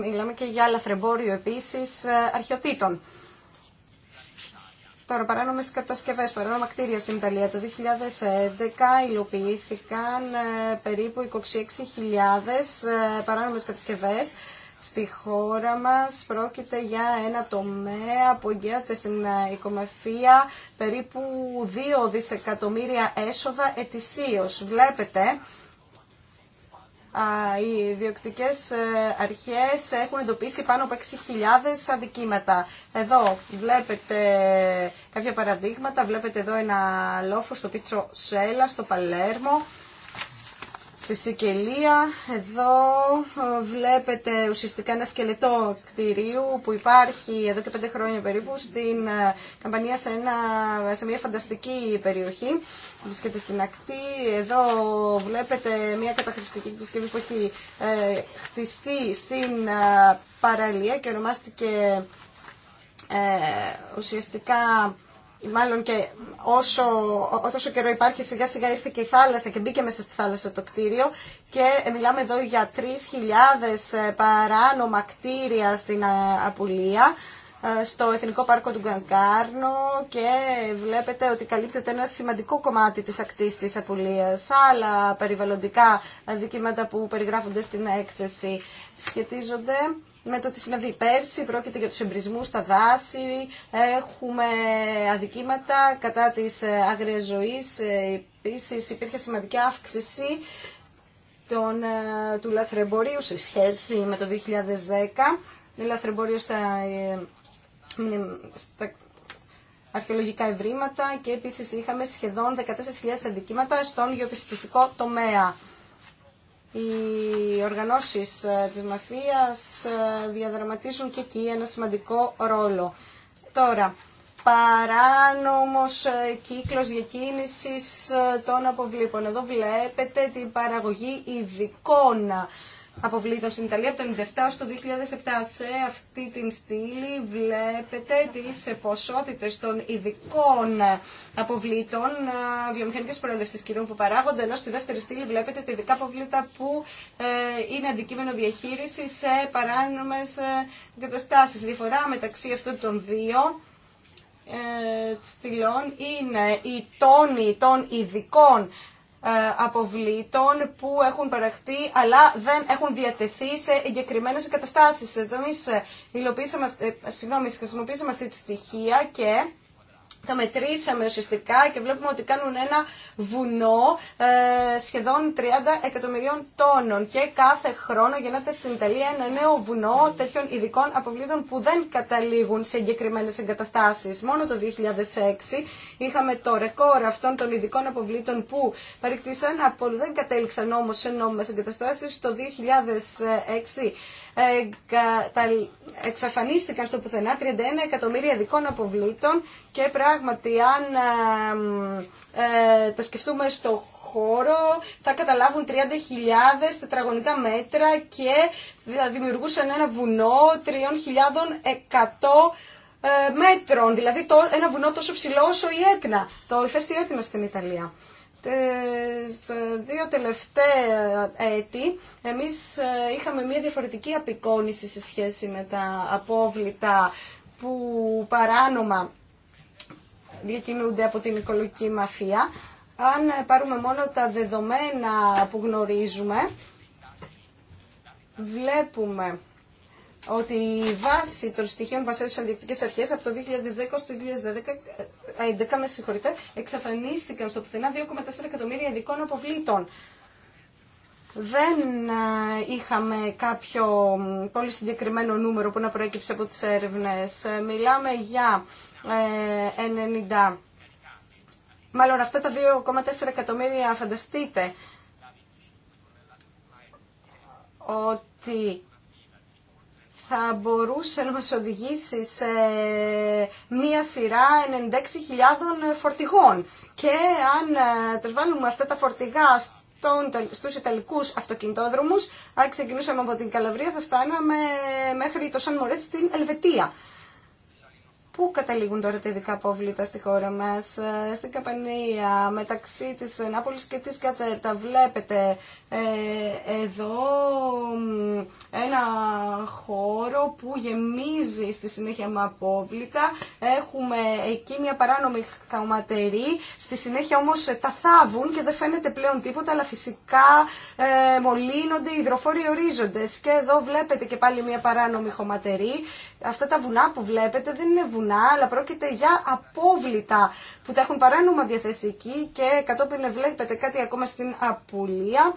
μιλάμε και για φρεμπόριο επίσης αρχαιοτήτων. Τώρα, παράνομε κατασκευέ, παράνομα κτίρια στην Ιταλία. Το 2011 υλοποιήθηκαν ε, περίπου 26.000 ε, παράνομε κατασκευέ. Στη χώρα μας πρόκειται για ένα τομέα που εγγυάται στην ε, οικομεφία περίπου 2 δισεκατομμύρια έσοδα ετησίως. Βλέπετε οι ιδιοκτικές ε, αρχές έχουν εντοπίσει πάνω από 6.000 αδικήματα. Εδώ βλέπετε κάποια παραδείγματα. Βλέπετε εδώ ένα λόφο στο Πίτσο Σέλα, στο Παλέρμο στη Σικελία. Εδώ ε, βλέπετε ουσιαστικά ένα σκελετό κτηρίου που υπάρχει εδώ και πέντε χρόνια περίπου στην ε, Καμπανία σε, ένα, σε μια φανταστική περιοχή. Βρίσκεται στην ακτή. Εδώ βλέπετε μια καταχρηστική τους που έχει ε, χτιστεί στην παραλία και ονομάστηκε ε, ουσιαστικά μάλλον και όσο, όσο καιρό υπάρχει σιγά σιγά ήρθε και η θάλασσα και μπήκε μέσα στη θάλασσα το κτίριο και ε, μιλάμε εδώ για 3.000 ε, παράνομα κτίρια στην ε, Απουλία στο Εθνικό Πάρκο του Γκανκάρνο και βλέπετε ότι καλύπτεται ένα σημαντικό κομμάτι της ακτής της Απουλίας. Άλλα περιβαλλοντικά δικήματα που περιγράφονται στην έκθεση σχετίζονται με το τι συνέβη πέρσι, πρόκειται για τους εμπρισμούς στα δάση, έχουμε αδικήματα κατά της ε, άγριας ζωής, ε, επίσης υπήρχε σημαντική αύξηση των, ε, του λαθρεμπορίου σε σχέση με το 2010, λαθρεμπορίο στα, στα αρχαιολογικά ευρήματα και επίσης είχαμε σχεδόν 14.000 αντικείμενα στον γεωπιστιστικό τομέα οι οργανώσεις ε, της μαφίας ε, διαδραματίζουν και εκεί ένα σημαντικό ρόλο. Τώρα, παράνομος ε, κύκλος διακίνησης των αποβλήπων. Εδώ βλέπετε την παραγωγή ειδικών αποβλήτων στην Ιταλία από το 1997 στο 2007. Σε αυτή την στήλη βλέπετε τις ποσότητες των ειδικών αποβλήτων ε, βιομηχανικής προέλευσης κυρίων που παράγονται, ενώ στη δεύτερη στήλη βλέπετε τα ειδικά αποβλήτα που ε, είναι αντικείμενο διαχείριση σε παράνομες ε, εγκαταστάσεις. Η διαφορά μεταξύ αυτών των δύο στυλών είναι η τόνη των ειδικών ε, αποβλήτων που έχουν παραχθεί αλλά δεν έχουν διατεθεί σε εγκεκριμένες εγκαταστάσεις. Εμείς ε, υλοποιήσαμε, ε, συγγνώμη, χρησιμοποιήσαμε αυτή τη στοιχεία και τα μετρήσαμε ουσιαστικά και βλέπουμε ότι κάνουν ένα βουνό ε, σχεδόν 30 εκατομμυρίων τόνων και κάθε χρόνο γεννάται στην Ιταλία ένα νέο βουνό τέτοιων ειδικών αποβλήτων που δεν καταλήγουν σε εγκεκριμένε εγκαταστάσει. Μόνο το 2006 είχαμε το ρεκόρ αυτών των ειδικών αποβλήτων που παρεκτήσαν από δεν κατέληξαν όμω σε νόμιμε εγκαταστάσει. Το 2006 εξαφανίστηκαν στο πουθενά 31 εκατομμύρια δικών αποβλήτων και πράγματι αν ε, τα σκεφτούμε στο χώρο θα καταλάβουν 30.000 τετραγωνικά μέτρα και θα δημιουργούσαν ένα βουνό 3.100 ε, μέτρων, δηλαδή ένα βουνό τόσο ψηλό όσο η Έτνα, το ηφαίστειο έτοιμα στην Ιταλία. Τις ε, δύο τελευταία έτη εμείς ε, είχαμε μια διαφορετική απεικόνηση σε σχέση με τα απόβλητα που παράνομα διακινούνται από την οικολογική μαφία. Αν πάρουμε μόνο τα δεδομένα που γνωρίζουμε, βλέπουμε ότι η βάση των στοιχείων που βασίζονται αντιεκτικές αρχές από το 2010 στο 2010 11 με συγχωρείτε, εξαφανίστηκαν στο πουθενά 2,4 εκατομμύρια ειδικών αποβλήτων. Δεν είχαμε κάποιο πολύ συγκεκριμένο νούμερο που να προέκυψε από τις έρευνες. Μιλάμε για 90. Ε, Μάλλον αυτά τα 2,4 εκατομμύρια φανταστείτε ότι θα μπορούσε να μας οδηγήσει σε μία σειρά 96.000 φορτηγών. Και αν ε, τα αυτά τα φορτηγά στους Ιταλικούς αυτοκινητόδρομους, αν ξεκινούσαμε από την Καλαβρία θα φτάναμε μέχρι το Σαν Μορέτ στην Ελβετία. Πού καταλήγουν τώρα τα ειδικά απόβλητα στη χώρα μας, ε, στην Καπανία, μεταξύ της Νάπολης και της Κατσέρτα. Βλέπετε ε, εδώ ένα χώρο που γεμίζει στη συνέχεια με απόβλητα. Έχουμε εκεί μια παράνομη χαματερή, στη συνέχεια όμως ε, τα θάβουν και δεν φαίνεται πλέον τίποτα, αλλά φυσικά ε, μολύνονται οι υδροφόροι ορίζοντες. Και εδώ βλέπετε και πάλι μια παράνομη χωματερή. Αυτά τα βουνά που βλέπετε δεν είναι βουνά, αλλά πρόκειται για απόβλητα που τα έχουν παράνομα διαθεσική και κατόπιν βλέπετε κάτι ακόμα στην Απουλία.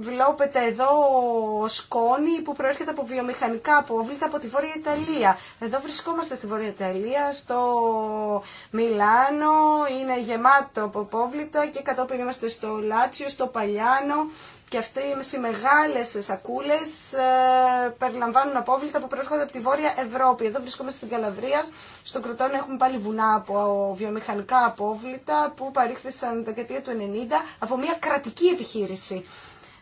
Βλέπετε εδώ σκόνη που προέρχεται από βιομηχανικά απόβλητα από τη Βόρεια Ιταλία. Εδώ βρισκόμαστε στη Βόρεια Ιταλία, στο Μιλάνο, είναι γεμάτο από απόβλητα και κατόπιν είμαστε στο Λάτσιο, στο Παλιάνο και αυτές οι μεγάλες σακούλες ε, περιλαμβάνουν απόβλητα που προέρχονται από τη Βόρεια Ευρώπη. Εδώ βρισκόμαστε στην Καλαβρία, Στο Κροτόνο έχουμε πάλι βουνά από βιομηχανικά απόβλητα που παρήχθησαν τα δεκαετία του 90 από μια κρατική επιχείρηση.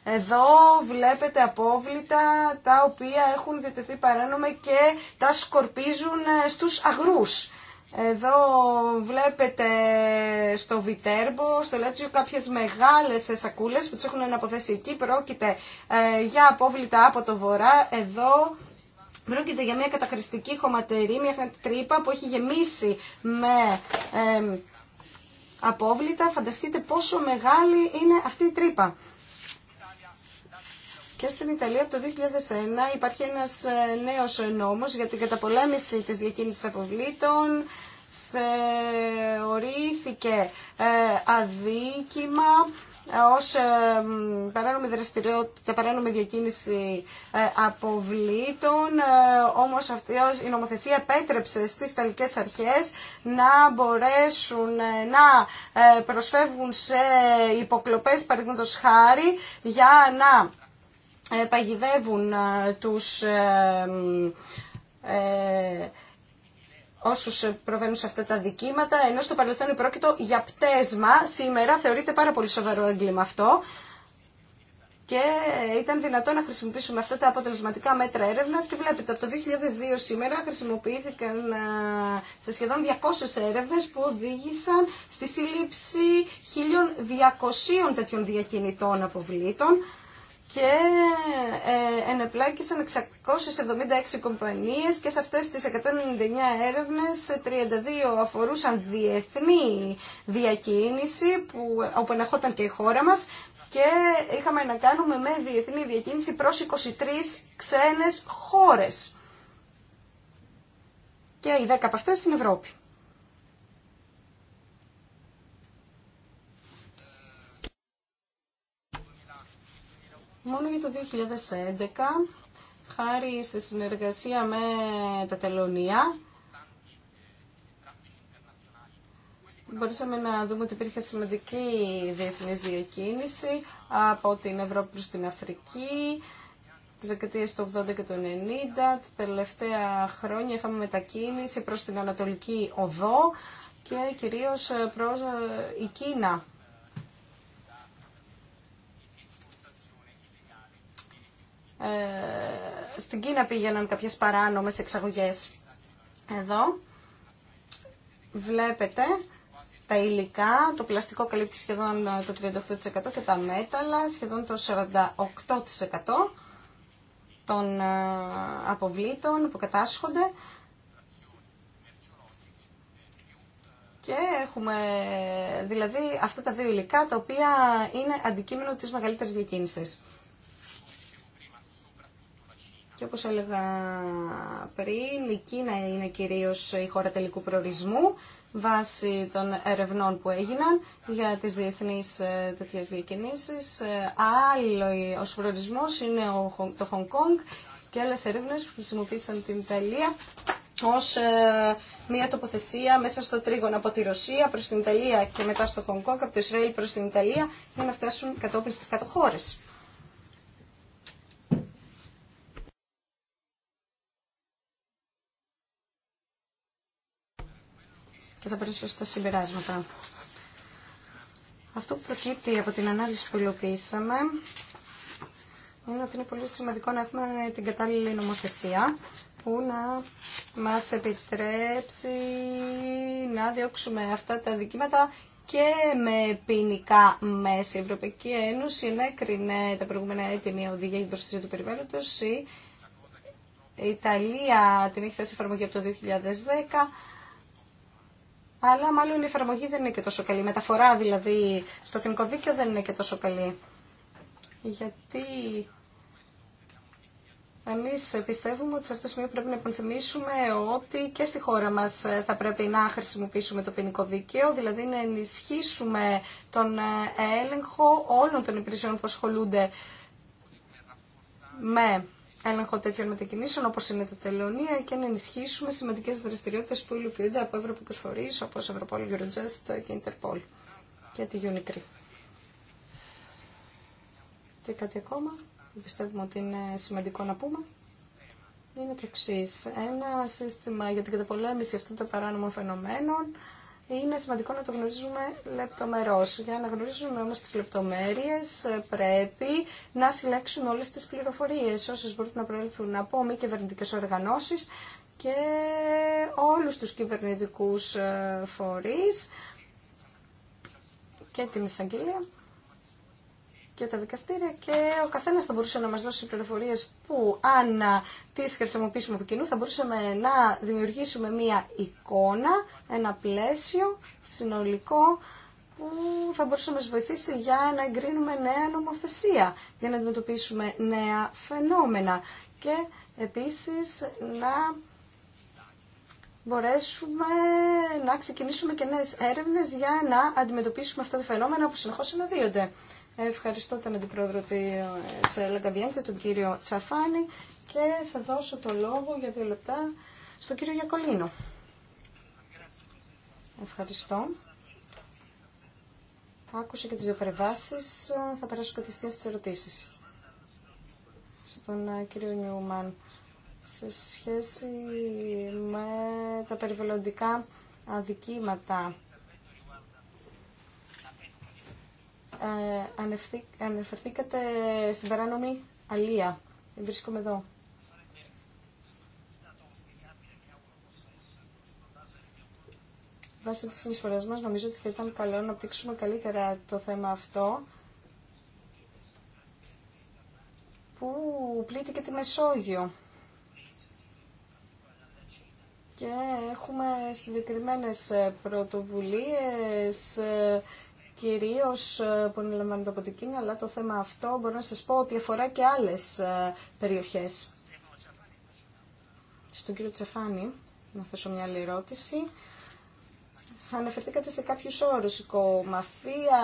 Εδώ βλέπετε απόβλητα τα οποία έχουν διατεθεί παράνομα και τα σκορπίζουν ε, στους αγρούς. Εδώ βλέπετε στο Βιτέρμπο, στο Λέτσιο, κάποιες μεγάλες ε, σακούλες που τις έχουν αναποθέσει εκεί. Πρόκειται ε, για απόβλητα από το βορρά. Εδώ πρόκειται για μια καταχρηστική χωματερή, μια τρύπα που έχει γεμίσει με απόβλητα. Φανταστείτε πόσο μεγάλη είναι αυτή η τρύπα. Και στην Ιταλία από το 2001 υπάρχει ένας ε, νέος νόμος για την καταπολέμηση της διακίνησης αποβλήτων. Θεωρήθηκε ε, αδίκημα ως ε, παράνομη δραστηριότητα, παράνομη διακίνηση αποβλήτων, όμως αυτή η νομοθεσία επέτρεψε στις ταλικές αρχές να μπορέσουν να προσφεύγουν σε υποκλοπές, παραδείγματος χάρη, για να ε, παγιδεύουν ε, τους ε, όσους προβαίνουν σε αυτά τα δικήματα, ενώ στο παρελθόν πρόκειτο για πτέσμα, σήμερα θεωρείται πάρα πολύ σοβαρό έγκλημα αυτό. Και ήταν δυνατό να χρησιμοποιήσουμε αυτά τα αποτελεσματικά μέτρα έρευνα και βλέπετε από το 2002 σήμερα χρησιμοποιήθηκαν σε σχεδόν 200 έρευνε που οδήγησαν στη σύλληψη 1200 τέτοιων διακινητών αποβλήτων και ε, ενεπλάκησαν 676 κομπανίες και σε αυτές τις 199 έρευνες 32 αφορούσαν διεθνή διακίνηση που όπου και η χώρα μας και είχαμε να κάνουμε με διεθνή διακίνηση προς 23 ξένες χώρες και οι 10 από αυτές στην Ευρώπη. Μόνο για το 2011, χάρη στη συνεργασία με τα τελωνία, μπορούσαμε να δούμε ότι υπήρχε σημαντική διεθνής διακίνηση από την Ευρώπη προς την Αφρική, τις δεκαετίες του 80 και του 90. Τα τελευταία χρόνια είχαμε μετακίνηση προς την Ανατολική Οδό και κυρίως προς ε, η Κίνα Ε, στην Κίνα πήγαιναν κάποιες παράνομες εξαγωγές. Εδώ βλέπετε τα υλικά, το πλαστικό καλύπτει σχεδόν ε, το 38% και τα μέταλλα σχεδόν το 48% των ε, αποβλήτων που κατάσχονται και έχουμε δηλαδή αυτά τα δύο υλικά τα οποία είναι αντικείμενο της μεγαλύτερης διακίνησης. Και όπως έλεγα πριν, η Κίνα είναι κυρίως η χώρα τελικού προορισμού βάσει των ερευνών που έγιναν για τις διεθνείς ε, τέτοιε διακινήσεις. Ε, άλλο ο προορισμός είναι το Χονγκ Κόνγκ και άλλες ερεύνες που χρησιμοποίησαν την Ιταλία ως ε, μια τοποθεσία μέσα στο τρίγωνο από τη Ρωσία προς την Ιταλία και μετά στο Χονγκ από το Ισραήλ προς την Ιταλία για να φτάσουν κατόπιν στις κάτω και θα περάσω στα συμπεράσματα. Αυτό που προκύπτει από την ανάλυση που υλοποιήσαμε είναι ότι είναι πολύ σημαντικό να έχουμε την κατάλληλη νομοθεσία που να μας επιτρέψει να διώξουμε αυτά τα δικήματα και με ποινικά μέσα. Η Ευρωπαϊκή Ένωση ενέκρινε τα προηγούμενα έτη μια οδηγία για την προστασία του περιβάλλοντο. Η Ιταλία την έχει θέσει εφαρμογή από το 2010 αλλά μάλλον η εφαρμογή δεν είναι και τόσο καλή. Η μεταφορά δηλαδή στο εθνικό δίκαιο δεν είναι και τόσο καλή. Γιατί εμεί πιστεύουμε ότι σε αυτό το σημείο πρέπει να υπενθυμίσουμε ότι και στη χώρα μας θα πρέπει να χρησιμοποιήσουμε το ποινικό δίκαιο, δηλαδή να ενισχύσουμε τον έλεγχο όλων των υπηρεσιών που ασχολούνται με έλεγχο τέτοιων μετακινήσεων όπως είναι τα τελωνία και να ενισχύσουμε σημαντικές δραστηριότητε που υλοποιούνται από ευρωπαϊκού φορείς όπως Ευρωπόλ, Eurojust και Interpol και τη Unicry. Και κάτι ακόμα που πιστεύουμε ότι είναι σημαντικό να πούμε είναι το εξή. Ένα σύστημα για την καταπολέμηση αυτών των παράνομων φαινομένων είναι σημαντικό να το γνωρίζουμε λεπτομερώς. Για να γνωρίζουμε όμως τις λεπτομέρειες πρέπει να συλλέξουμε όλες τις πληροφορίες όσες μπορούν να προέλθουν από μη κυβερνητικέ οργανώσεις και όλους τους κυβερνητικούς ε, φορείς και την εισαγγελία και τα δικαστήρια και ο καθένας θα μπορούσε να μας δώσει πληροφορίες που αν τις χρησιμοποιήσουμε από κοινού θα μπορούσαμε να δημιουργήσουμε μία εικόνα, ένα πλαίσιο συνολικό που θα μπορούσε να μας βοηθήσει για να εγκρίνουμε νέα νομοθεσία, για να αντιμετωπίσουμε νέα φαινόμενα και επίσης να μπορέσουμε να ξεκινήσουμε και νέες έρευνες για να αντιμετωπίσουμε αυτά τα φαινόμενα που συνεχώς αναδύονται. Ευχαριστώ τον Αντιπρόεδρο της Λαγκαμπιέκτη, τον κύριο Τσαφάνη και θα δώσω το λόγο για δύο λεπτά στον κύριο Γιακολίνο. Ευχαριστώ. Άκουσα και τις δύο Θα περάσω κατευθείαν στις ερωτήσεις. Στον ε, κύριο Νιούμαν, σε σχέση με τα περιβαλλοντικά αδικήματα Ε, αναφερθήκατε στην παράνομη αλία. Βρίσκομαι εδώ. Βάσει τη συνεισφορά μας νομίζω ότι θα ήταν καλό να πτύξουμε καλύτερα το θέμα αυτό που πλήθηκε και τη Μεσόγειο. Και έχουμε συγκεκριμένες πρωτοβουλίες ε, κυρίως ε, που ενελαμβάνονται από την Κίνα, αλλά το θέμα αυτό μπορώ να σα πω ότι αφορά και άλλε περιοχέ. Στον κύριο Τσεφάνη, να θέσω μια άλλη ερώτηση. Αναφερθήκατε σε κάποιους όρους, οικομαφία,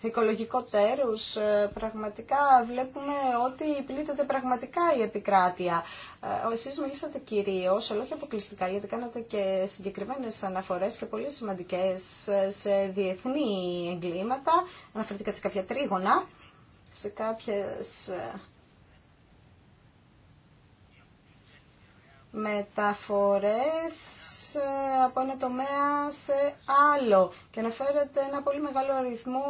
οικολογικό τέρους. Ε, πραγματικά βλέπουμε ότι πλήττεται πραγματικά η επικράτεια. Ε, εσείς μιλήσατε κυρίως, αλλά όχι αποκλειστικά, γιατί κάνατε και συγκεκριμένες αναφορές και πολύ σημαντικές ε, σε διεθνή εγκλήματα. Αναφερθήκατε σε κάποια τρίγωνα, σε κάποιες μεταφορές ε, από ένα τομέα σε άλλο και αναφέρεται ένα πολύ μεγάλο αριθμό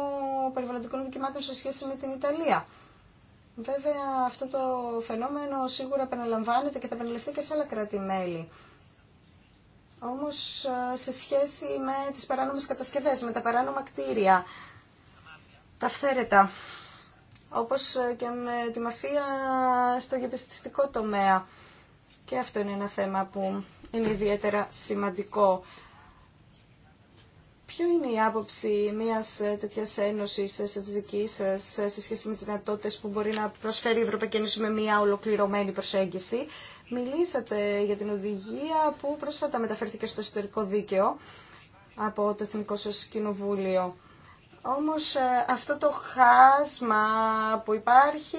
περιβαλλοντικών δικαιωμάτων σε σχέση με την Ιταλία. Βέβαια αυτό το φαινόμενο σίγουρα επαναλαμβάνεται και θα επαναληφθεί και σε άλλα κράτη-μέλη. Όμως ε, σε σχέση με τις παράνομες κατασκευές, με τα παράνομα κτίρια, τα φθαίρετα, όπως ε, και με τη μαφία στο γεπιστιστικό τομέα. Και αυτό είναι ένα θέμα που είναι ιδιαίτερα σημαντικό. Ποιο είναι η άποψη μιας ε, τέτοιας ένωσης ε, της δικής ε, σας σε σχέση με τις δυνατότητε που μπορεί να προσφέρει η Ευρωπαϊκή Ένωση με μια ολοκληρωμένη προσέγγιση. Μιλήσατε για την οδηγία που πρόσφατα μεταφέρθηκε στο ιστορικό δίκαιο από το Εθνικό σας Κοινοβούλιο. Όμως αυτό το χάσμα που υπάρχει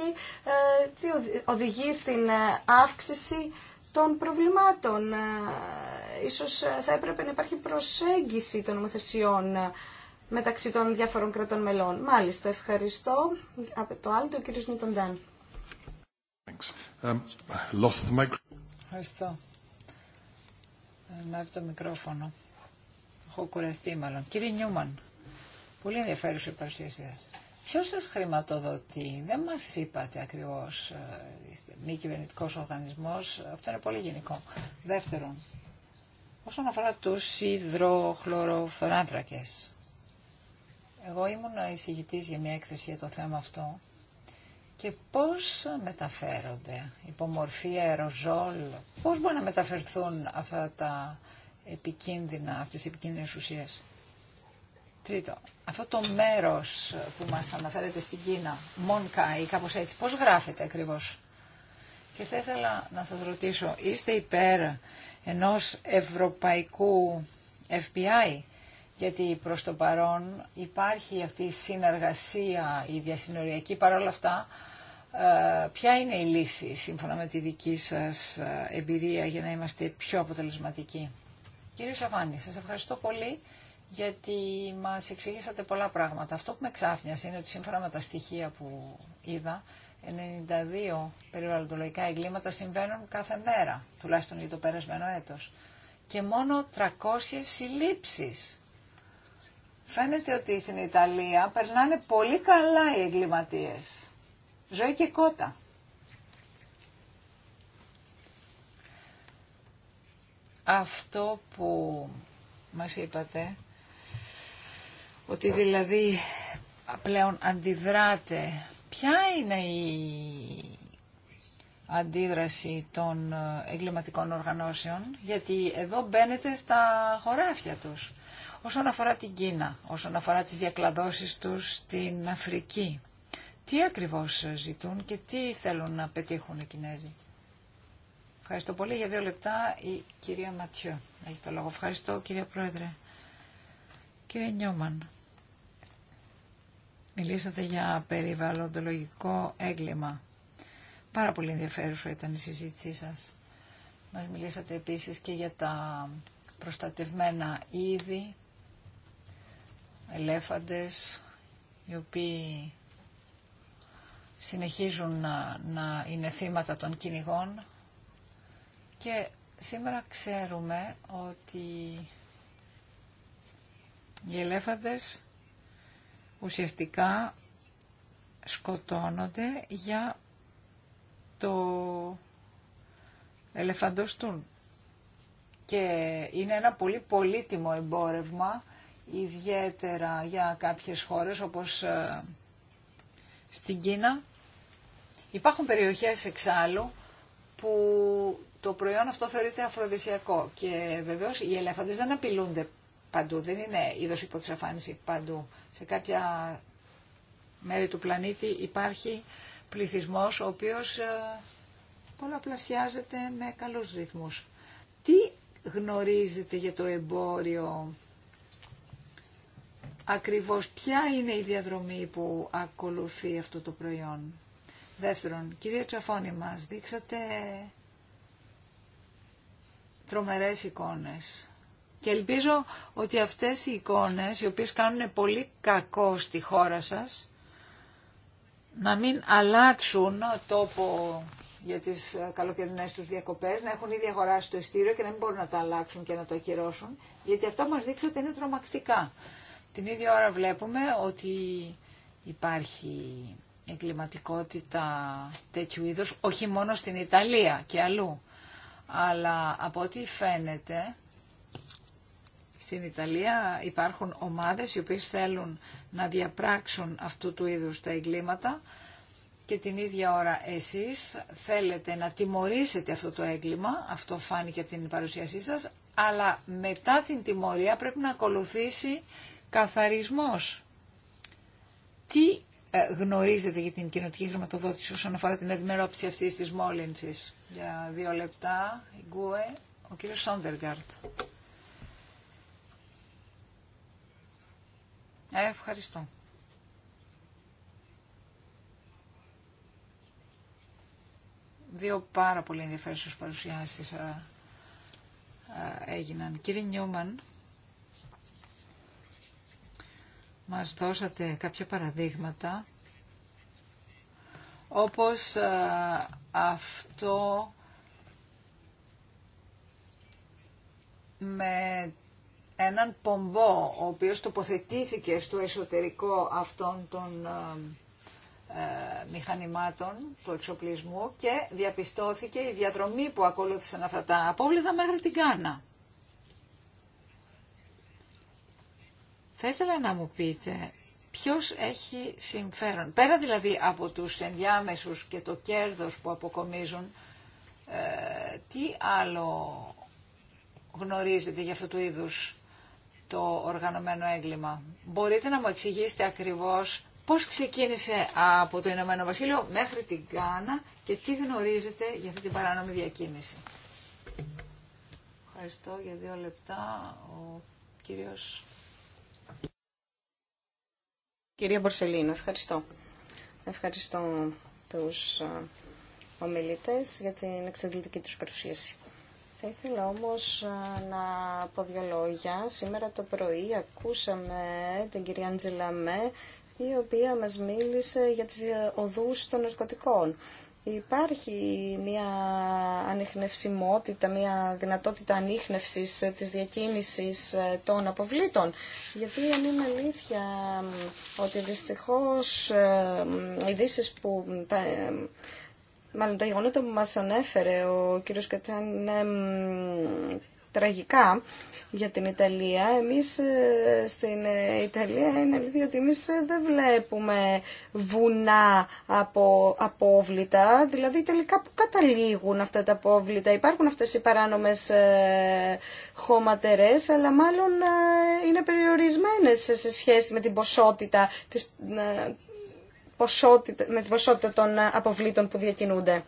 τι οδηγεί στην αύξηση των προβλημάτων. Ε, ίσως ε, θα έπρεπε να υπάρχει προσέγγιση των νομοθεσιών ε, μεταξύ των διάφορων κρατών μελών. Μάλιστα, ευχαριστώ. Από το άλλο, ο κύριος Νιούτον um, Ευχαριστώ. Να το μικρόφωνο. Έχω κουραστεί μάλλον. Κύριε Νιούμαν, πολύ ενδιαφέρουσα η παρουσίαση σας. Ποιος σας χρηματοδοτεί, δεν μας είπατε ακριβώς, ε, είστε μη κυβερνητικό οργανισμός, αυτό είναι πολύ γενικό. Δεύτερον, όσον αφορά τους υδροχλωροφεράνθρακες, εγώ ήμουν εισηγητής για μια έκθεση για το θέμα αυτό και πώς μεταφέρονται υπομορφία, αεροζόλ, πώς μπορούν να μεταφερθούν αυτά τα επικίνδυνα, αυτές οι επικίνδυνες ουσίες. Τρίτο, αυτό το μέρος που μας αναφέρεται στην Κίνα, Μονκάι, κάπως έτσι, πώς γράφεται ακριβώς. Και θα ήθελα να σας ρωτήσω, είστε υπέρ ενός ευρωπαϊκού FBI, γιατί προς το παρόν υπάρχει αυτή η συνεργασία, η διασυνοριακή παρόλα αυτά, ε, ποια είναι η λύση σύμφωνα με τη δική σας ε, εμπειρία για να είμαστε πιο αποτελεσματικοί. Κύριε Σαβάνη, σας ευχαριστώ πολύ γιατί μας εξήγησατε πολλά πράγματα. Αυτό που με ξάφνιασε είναι ότι σύμφωνα με τα στοιχεία που είδα, 92 περιβαλλοντολογικά εγκλήματα συμβαίνουν κάθε μέρα, τουλάχιστον για το περασμένο έτος. Και μόνο 300 συλλήψεις. Φαίνεται ότι στην Ιταλία περνάνε πολύ καλά οι εγκληματίες. Ζωή και κότα. Αυτό που μας είπατε ότι δηλαδή πλέον αντιδράτε. Ποια είναι η αντίδραση των ε, εγκληματικών οργανώσεων, γιατί εδώ μπαίνετε στα χωράφια τους. Όσον αφορά την Κίνα, όσον αφορά τις διακλαδώσεις τους στην Αφρική, τι ακριβώς ζητούν και τι θέλουν να πετύχουν οι Κινέζοι. Ευχαριστώ πολύ. Για δύο λεπτά η κυρία Ματιό έχει το λόγο. Ευχαριστώ κύριε Πρόεδρε. Κύριε Νιώμαν. Μιλήσατε για περιβαλλοντολογικό έγκλημα. Πάρα πολύ ενδιαφέρουσα ήταν η συζήτησή σας. Μας μιλήσατε επίσης και για τα προστατευμένα είδη, ελέφαντες, οι οποίοι συνεχίζουν να, να είναι θύματα των κυνηγών και σήμερα ξέρουμε ότι οι ελέφαντες ουσιαστικά σκοτώνονται για το ελεφαντοστούν. Και είναι ένα πολύ πολύτιμο εμπόρευμα, ιδιαίτερα για κάποιες χώρες όπως ε, στην Κίνα. Υπάρχουν περιοχές εξάλλου που το προϊόν αυτό θεωρείται αφροδισιακό και βεβαίως οι ελέφαντες δεν απειλούνται παντού. Δεν είναι είδο υπό παντού. Σε κάποια μέρη του πλανήτη υπάρχει πληθυσμό ο οποίος ε, πολλαπλασιάζεται με καλούς ρυθμούς. Τι γνωρίζετε για το εμπόριο ακριβώς ποια είναι η διαδρομή που ακολουθεί αυτό το προϊόν. Δεύτερον, κυρία Τσαφώνη, μας δείξατε τρομερές εικόνες και ελπίζω ότι αυτές οι εικόνες, οι οποίες κάνουν πολύ κακό στη χώρα σας, να μην αλλάξουν τόπο για τις ε, καλοκαιρινές τους διακοπές, να έχουν ήδη αγοράσει το εστήριο και να μην μπορούν να τα αλλάξουν και να το ακυρώσουν, γιατί αυτά που μας δείξατε είναι τρομακτικά. Την ίδια ώρα βλέπουμε ότι υπάρχει εγκληματικότητα τέτοιου είδους, όχι μόνο στην Ιταλία και αλλού. Αλλά από ό,τι φαίνεται στην Ιταλία υπάρχουν ομάδες οι οποίες θέλουν να διαπράξουν αυτού του είδους τα εγκλήματα και την ίδια ώρα εσείς θέλετε να τιμωρήσετε αυτό το έγκλημα, αυτό φάνηκε από την παρουσίασή σας, αλλά μετά την τιμωρία πρέπει να ακολουθήσει καθαρισμός. Τι ε, γνωρίζετε για την κοινωτική χρηματοδότηση όσον αφορά την αντιμετώπιση αυτής της μόλυνσης. Για δύο λεπτά, η Γκουε, ο κύριος Σόντεργαρτ. Ε, ευχαριστώ. Δύο πάρα πολύ ενδιαφέρουσες παρουσιάσεις ε, ε, έγιναν. Κύριε Νιούμαν, μας δώσατε κάποια παραδείγματα, όπως αυτό με έναν πομπό, ο οποίος τοποθετήθηκε στο εσωτερικό αυτών των ε, ε, μηχανημάτων του εξοπλισμού και διαπιστώθηκε η διαδρομή που ακολούθησαν αυτά τα απόβλητα μέχρι την Κάνα. Θα ήθελα να μου πείτε ποιος έχει συμφέρον. Πέρα δηλαδή από τους ενδιάμεσους και το κέρδος που αποκομίζουν, ε, τι άλλο γνωρίζετε για αυτού του είδους το οργανωμένο έγκλημα. Μπορείτε να μου εξηγήσετε ακριβώς πώς ξεκίνησε από το Ηνωμένο Βασίλειο μέχρι την Κάνα και τι γνωρίζετε για αυτή την παράνομη διακίνηση. Ευχαριστώ για δύο λεπτά. Ο κύριος... Κυρία Μπορσελίνο, ευχαριστώ. Ευχαριστώ τους ε, ομιλητές για την εξαντλητική τους παρουσίαση. Θα ήθελα όμως να πω δύο λόγια. Σήμερα το πρωί ακούσαμε την κυρία Αντζελα η οποία μας μίλησε για τις ε, οδούς των ναρκωτικών. Υπάρχει μια ανιχνευσιμότητα, μια δυνατότητα ανίχνευσης ε, της διακίνησης ε, των αποβλήτων. Γιατί αν είναι αλήθεια ότι δυστυχώς ειδήσει που μάλλον τα γεγονότα που μας ανέφερε ο κύριος Κατσάν είναι τραγικά για την Ιταλία. Εμείς ε, στην ε, Ιταλία είναι αλήθεια ότι εμείς ε, δεν βλέπουμε βουνά από απόβλητα, δηλαδή τελικά που καταλήγουν αυτά τα απόβλητα. Υπάρχουν αυτές οι παράνομες χωματερές, αλλά μάλλον είναι περιορισμένες σε σχέση με την ποσότητα ποσότητα, με την ποσότητα των ε, αποβλήτων που διακινούνται.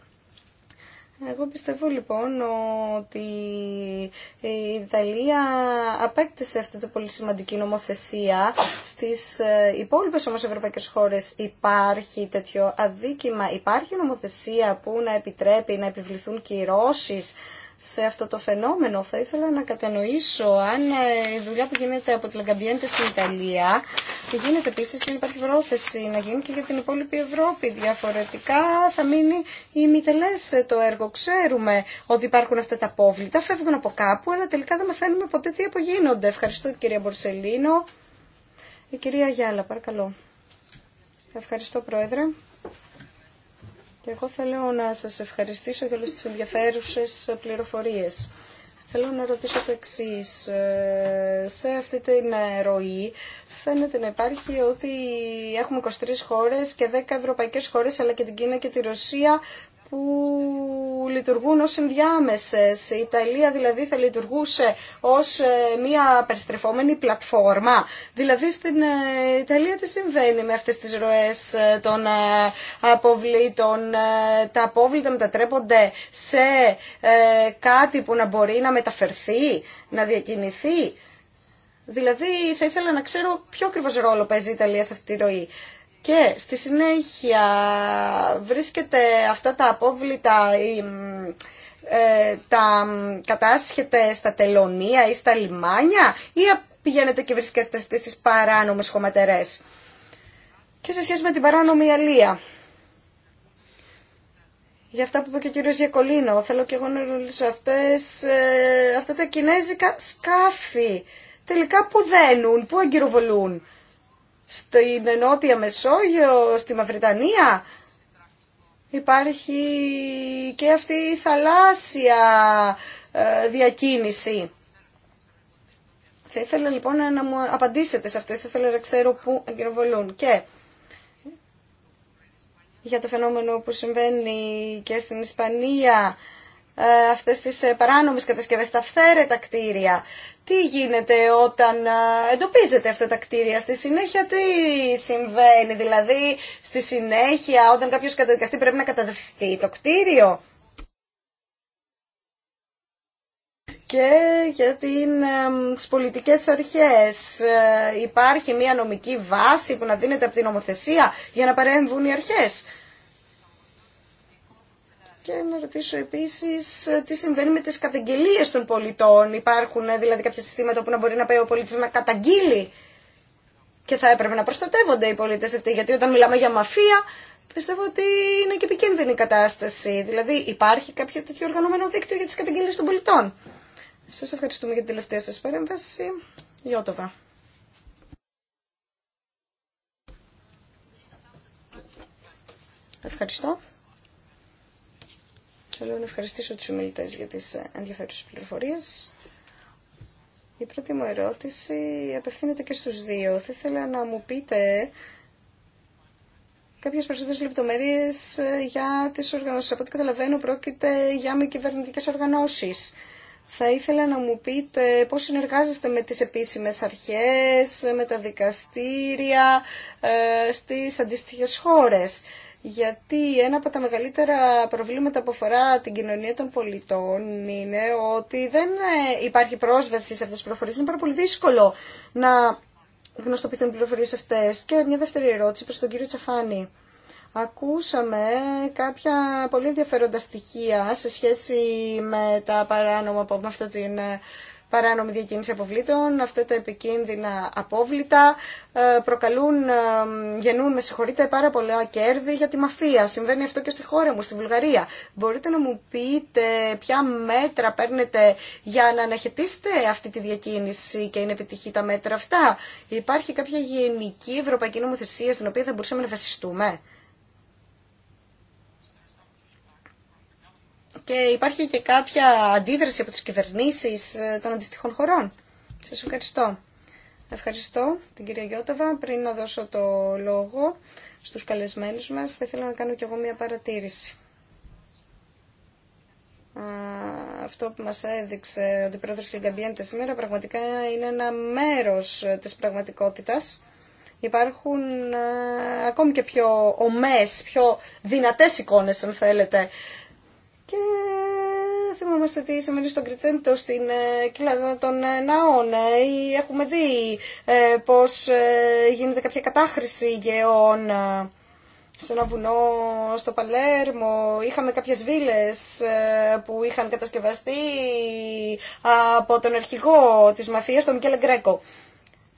Εγώ πιστεύω λοιπόν ότι η Ιταλία απέκτησε αυτή την πολύ σημαντική νομοθεσία. Στις ε, υπόλοιπες όμως ευρωπαϊκές χώρες υπάρχει τέτοιο αδίκημα. Υπάρχει νομοθεσία που να επιτρέπει να επιβληθούν κυρώσεις σε αυτό το φαινόμενο. Θα ήθελα να κατανοήσω αν ε, η δουλειά που γίνεται από τη Λαγκαμπιέντε στην Ιταλία και γίνεται επίση, υπάρχει πρόθεση να γίνει και για την υπόλοιπη Ευρώπη. Διαφορετικά θα μείνει ημιτελέ ε, το έργο. Ξέρουμε ότι υπάρχουν αυτά τα απόβλητα, φεύγουν από κάπου, αλλά τελικά δεν μαθαίνουμε ποτέ τι απογίνονται. Ευχαριστώ κυρία Μπορσελίνο. Η κυρία Γιάλα, παρακαλώ. Ευχαριστώ, Πρόεδρε. Και εγώ θέλω να σας ευχαριστήσω για όλες τις ενδιαφέρουσες πληροφορίες. Θέλω να ρωτήσω το εξή. Ε, σε αυτή την ροή φαίνεται να υπάρχει ότι έχουμε 23 χώρες και 10 ευρωπαϊκές χώρες αλλά και την Κίνα και τη Ρωσία που λειτουργούν ως ενδιάμεσες. Η Ιταλία δηλαδή θα λειτουργούσε ως ε, μια περιστρεφόμενη πλατφόρμα. Δηλαδή στην ε, Ιταλία τι συμβαίνει με αυτές τις ροές ε, των αποβλήτων. Τα απόβλητα μετατρέπονται σε κάτι που να μπορεί να μεταφερθεί, να διακινηθεί. Δηλαδή θα ήθελα να ξέρω ποιο ακριβώς ρόλο παίζει η Ιταλία σε αυτή τη ροή. Και στη συνέχεια βρίσκεται αυτά τα απόβλητα, ε, τα κατάσχεται στα τελωνία ή στα λιμάνια ή πηγαίνετε και βρίσκεστε στις παράνομες χωματερές. Και σε σχέση με την παράνομη αλία. Για αυτά που είπε και ο κύριος Γιακολίνο, θέλω και εγώ να ρωτήσω αυτές, ε, αυτά τα κινέζικα σκάφη. Τελικά που δένουν, που αγκυροβολούν στην Νότια Μεσόγειο, στη Μαυριτανία. Υπάρχει και αυτή η θαλάσσια ε, διακίνηση. Θα ήθελα λοιπόν να μου απαντήσετε σε αυτό, θα ήθελα να ξέρω πού εγκυροβολούν. Και για το φαινόμενο που συμβαίνει και στην Ισπανία ε, αυτές τις ε, παράνομες κατασκευές, τα φθαίρετα κτίρια. Τι γίνεται όταν ε, εντοπίζεται αυτά τα κτίρια, στη συνέχεια τι συμβαίνει, δηλαδή στη συνέχεια όταν κάποιος καταδικαστεί πρέπει να καταδευστεί το κτίριο. Και για την, τις πολιτικές αρχές υπάρχει μια νομική βάση που να δίνεται από την νομοθεσία για να παρέμβουν οι αρχές. Και να ρωτήσω επίση ε, τι συμβαίνει με τι καταγγελίε των πολιτών. Υπάρχουν ε, δηλαδή κάποια συστήματα που να μπορεί να πάει ο πολιτή να καταγγείλει και θα έπρεπε να προστατεύονται οι πολίτε αυτοί. Γιατί όταν μιλάμε για μαφία πιστεύω ότι είναι και επικίνδυνη η κατάσταση. Δηλαδή υπάρχει κάποιο τέτοιο οργανωμένο δίκτυο για τι καταγγελίε των πολιτών. Σα ευχαριστούμε για την τελευταία σα παρέμβαση. Γιώτοβα. Ευχαριστώ. Θέλω να ευχαριστήσω τους ομιλητές για τις ε, ενδιαφέρουσες πληροφορίες. Η πρώτη μου ερώτηση απευθύνεται και στους δύο. Θα ήθελα να μου πείτε κάποιες περισσότερες λεπτομέρειες ε, για τις οργανώσεις. Από ό,τι καταλαβαίνω πρόκειται για μη κυβερνητικές οργανώσεις. Θα ήθελα να μου πείτε πώς συνεργάζεστε με τις επίσημες αρχές, με τα δικαστήρια, ε, στις αντίστοιχες χώρες γιατί ένα από τα μεγαλύτερα προβλήματα που αφορά την κοινωνία των πολιτών είναι ότι δεν ε, υπάρχει πρόσβαση σε αυτές τις πληροφορίες. Είναι πάρα πολύ δύσκολο να γνωστοποιηθούν πληροφορίες αυτές. Και μια δεύτερη ερώτηση προς τον κύριο Τσαφάνη. Ακούσαμε κάποια πολύ ενδιαφέροντα στοιχεία σε σχέση με τα παράνομα από αυτά την ε, παράνομη διακίνηση αποβλήτων. Αυτά τα επικίνδυνα απόβλητα ε, προκαλούν, ε, γεννούν, με συγχωρείτε, πάρα πολλά κέρδη για τη μαφία. Συμβαίνει αυτό και στη χώρα μου, στη Βουλγαρία. Μπορείτε να μου πείτε ποια μέτρα παίρνετε για να αναχαιτήσετε αυτή τη διακίνηση και είναι επιτυχή τα μέτρα αυτά. Υπάρχει κάποια γενική ευρωπαϊκή νομοθεσία στην οποία θα μπορούσαμε να βασιστούμε. και υπάρχει και κάποια αντίδραση από τις κυβερνήσεις ε, των αντιστοιχών χωρών. Σας ευχαριστώ. Ευχαριστώ την κυρία Γιώτοβα. Πριν να δώσω το λόγο στους καλεσμένους μας, θα ήθελα να κάνω κι εγώ μια παρατήρηση. Αυτό που μας έδειξε ο αντιπρόεδρος Λιγκαμπιέντε σήμερα πραγματικά είναι ένα μέρος ε, της πραγματικότητας. Υπάρχουν ε, ακόμη και πιο ομές, πιο δυνατές εικόνες, αν θέλετε, και θυμόμαστε τι σημαίνει στον Κριτσέντο στην ε, κοιλάδα των ε, ναών. Ε, έχουμε δει πώς γίνεται κάποια κατάχρηση γεών σε ένα βουνό στο Παλέρμο. Είχαμε κάποιες βίλες που είχαν κατασκευαστεί από τον αρχηγό της μαφίας, τον Μικέλε Γκρέκο.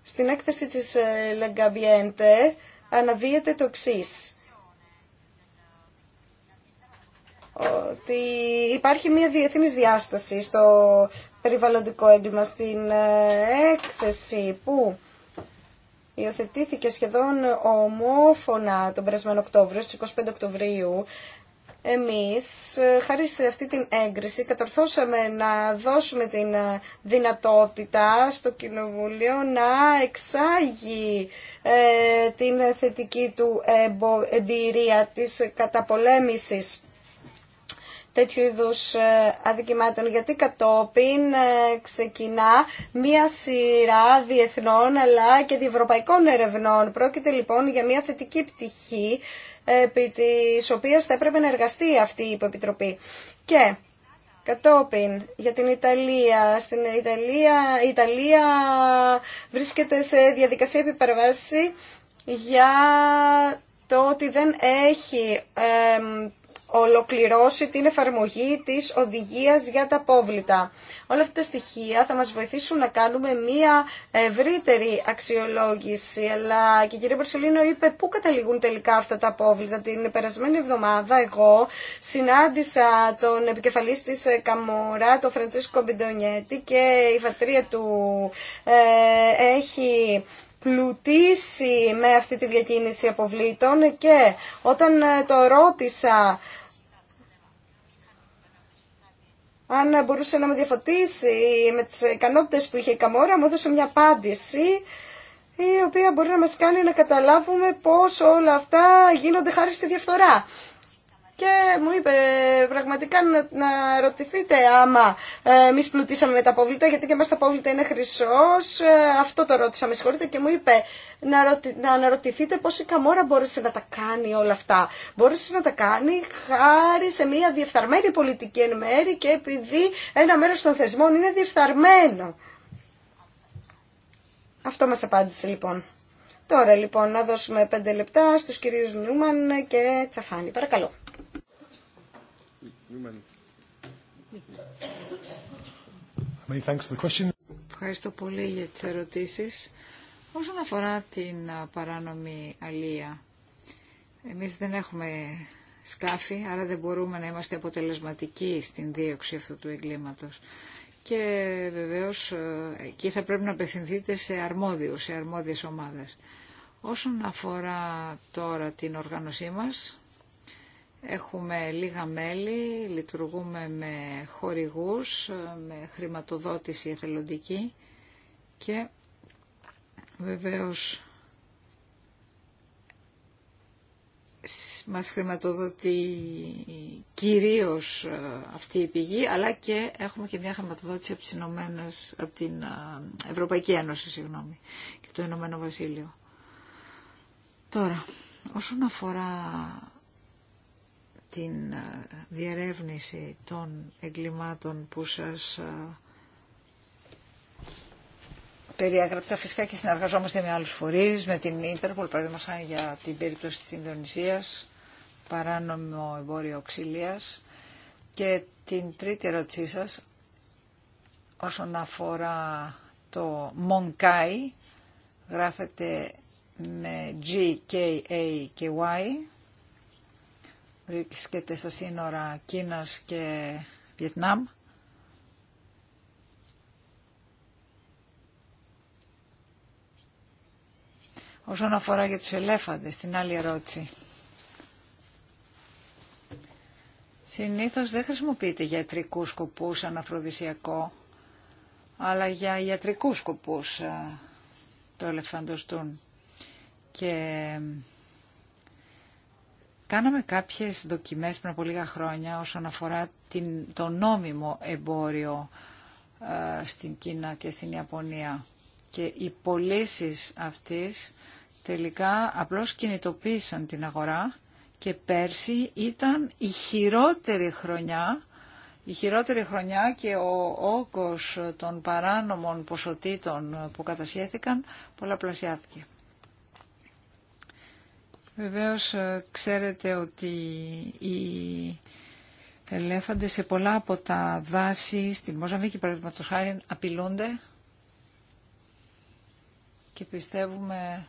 Στην έκθεση της Λεγκαμπιέντε αναδύεται το εξής. ότι υπάρχει μια διεθνής διάσταση στο περιβαλλοντικό έγκλημα στην ε, έκθεση που υιοθετήθηκε σχεδόν ομόφωνα τον περασμένο Οκτώβριο, στις 25 Οκτωβρίου, εμείς, ε, χάρη σε αυτή την έγκριση, κατορθώσαμε να δώσουμε την ε, δυνατότητα στο Κοινοβουλίο να εξάγει την θετική του εμπειρία της καταπολέμησης τέτοιου είδους ε, αδικημάτων, γιατί κατόπιν ε, ξεκινά μία σειρά διεθνών αλλά και διευρωπαϊκών ερευνών. Πρόκειται λοιπόν για μία θετική πτυχή επί της οποίας θα έπρεπε να εργαστεί αυτή η υποεπιτροπή. Και Κατόπιν, για την Ιταλία. Στην Ιταλία, η Ιταλία βρίσκεται σε διαδικασία επιπερβάση για το ότι δεν έχει ολοκληρώσει την εφαρμογή της οδηγίας για τα απόβλητα. Όλα αυτά τα στοιχεία θα μας βοηθήσουν να κάνουμε μία ευρύτερη αξιολόγηση. Αλλά και η κυρία Μπορσελίνο είπε πού καταλήγουν τελικά αυτά τα απόβλητα. Την περασμένη εβδομάδα εγώ συνάντησα τον επικεφαλής της Καμόρα, τον Φραντσίσκο Μπιντονιέτη και η φατρία του ε, έχει πλουτίσει με αυτή τη διακίνηση αποβλήτων και όταν ε, το ρώτησα αν μπορούσε να με διαφωτίσει με τις ικανότητες που είχε η Καμόρα, μου έδωσε μια απάντηση η οποία μπορεί να μας κάνει να καταλάβουμε πώς όλα αυτά γίνονται χάρη στη διαφθορά και μου είπε πραγματικά να, να ρωτηθείτε άμα ε, εμεί πλουτίσαμε με τα πόβλητα, γιατί και μας τα πόβλητα είναι χρυσός. Ε, αυτό το ρώτησα, με συγχωρείτε, και μου είπε να, ρωτη, να αναρωτηθείτε πώς η Καμόρα μπόρεσε να τα κάνει όλα αυτά. Μπόρεσε να τα κάνει χάρη σε μια διεφθαρμένη πολιτική εν μέρη και επειδή ένα μέρος των θεσμών είναι διεφθαρμένο. Αυτό μας απάντησε λοιπόν. Τώρα λοιπόν να δώσουμε πέντε λεπτά στους κυρίους Νιούμαν και Τσαφάνη. Παρακαλώ. Ευχαριστώ πολύ για τις ερωτήσεις. Όσον αφορά την παράνομη αλία, εμείς δεν έχουμε σκάφη, άρα δεν μπορούμε να είμαστε αποτελεσματικοί στην δίωξη αυτού του εγκλήματος. Και βεβαίως εκεί θα πρέπει να απευθυνθείτε σε αρμόδιους, σε αρμόδιες ομάδες. Όσον αφορά τώρα την οργάνωσή μας, Έχουμε λίγα μέλη, λειτουργούμε με χορηγούς, με χρηματοδότηση εθελοντική και βεβαίως μας χρηματοδοτεί κυρίως ε, αυτή η πηγή, αλλά και έχουμε και μια χρηματοδότηση από, από την ε, Ευρωπαϊκή Ένωση συγγνώμη, και το Ηνωμένο Βασίλειο. Τώρα, όσον αφορά την ε, διερεύνηση των εγκλημάτων που σας ε, περιέγραψα. Φυσικά και συνεργαζόμαστε με άλλους φορείς, με την Ίντερπολ, παραδείγματος για την περίπτωση της Ινδονησίας, παράνομο εμπόριο οξύλιας. Και την τρίτη ερώτησή σας, όσον αφορά το Μονκάι, γράφεται με G, K, A και Y βρίσκεται στα σύνορα Κίνας και Βιετνάμ. Όσον αφορά για τους ελέφαντες, την άλλη ερώτηση. Συνήθως δεν χρησιμοποιείται για ιατρικούς σκοπούς σαν αλλά για ιατρικούς σκοπούς ε, το ελεφαντοστούν. Και Κάναμε κάποιες δοκιμές πριν από λίγα χρόνια όσον αφορά την, το νόμιμο εμπόριο ε, στην Κίνα και στην Ιαπωνία. Και οι πωλήσει αυτής τελικά απλώς κινητοποίησαν την αγορά και πέρσι ήταν η χειρότερη χρονιά η χειρότερη χρονιά και ο όγκος των παράνομων ποσοτήτων που κατασχέθηκαν πολλαπλασιάθηκε. Βεβαίως ε, ξέρετε ότι οι ελέφαντες σε πολλά από τα δάση στην Μοζαμβίκη παραδείγματος χάρη απειλούνται και πιστεύουμε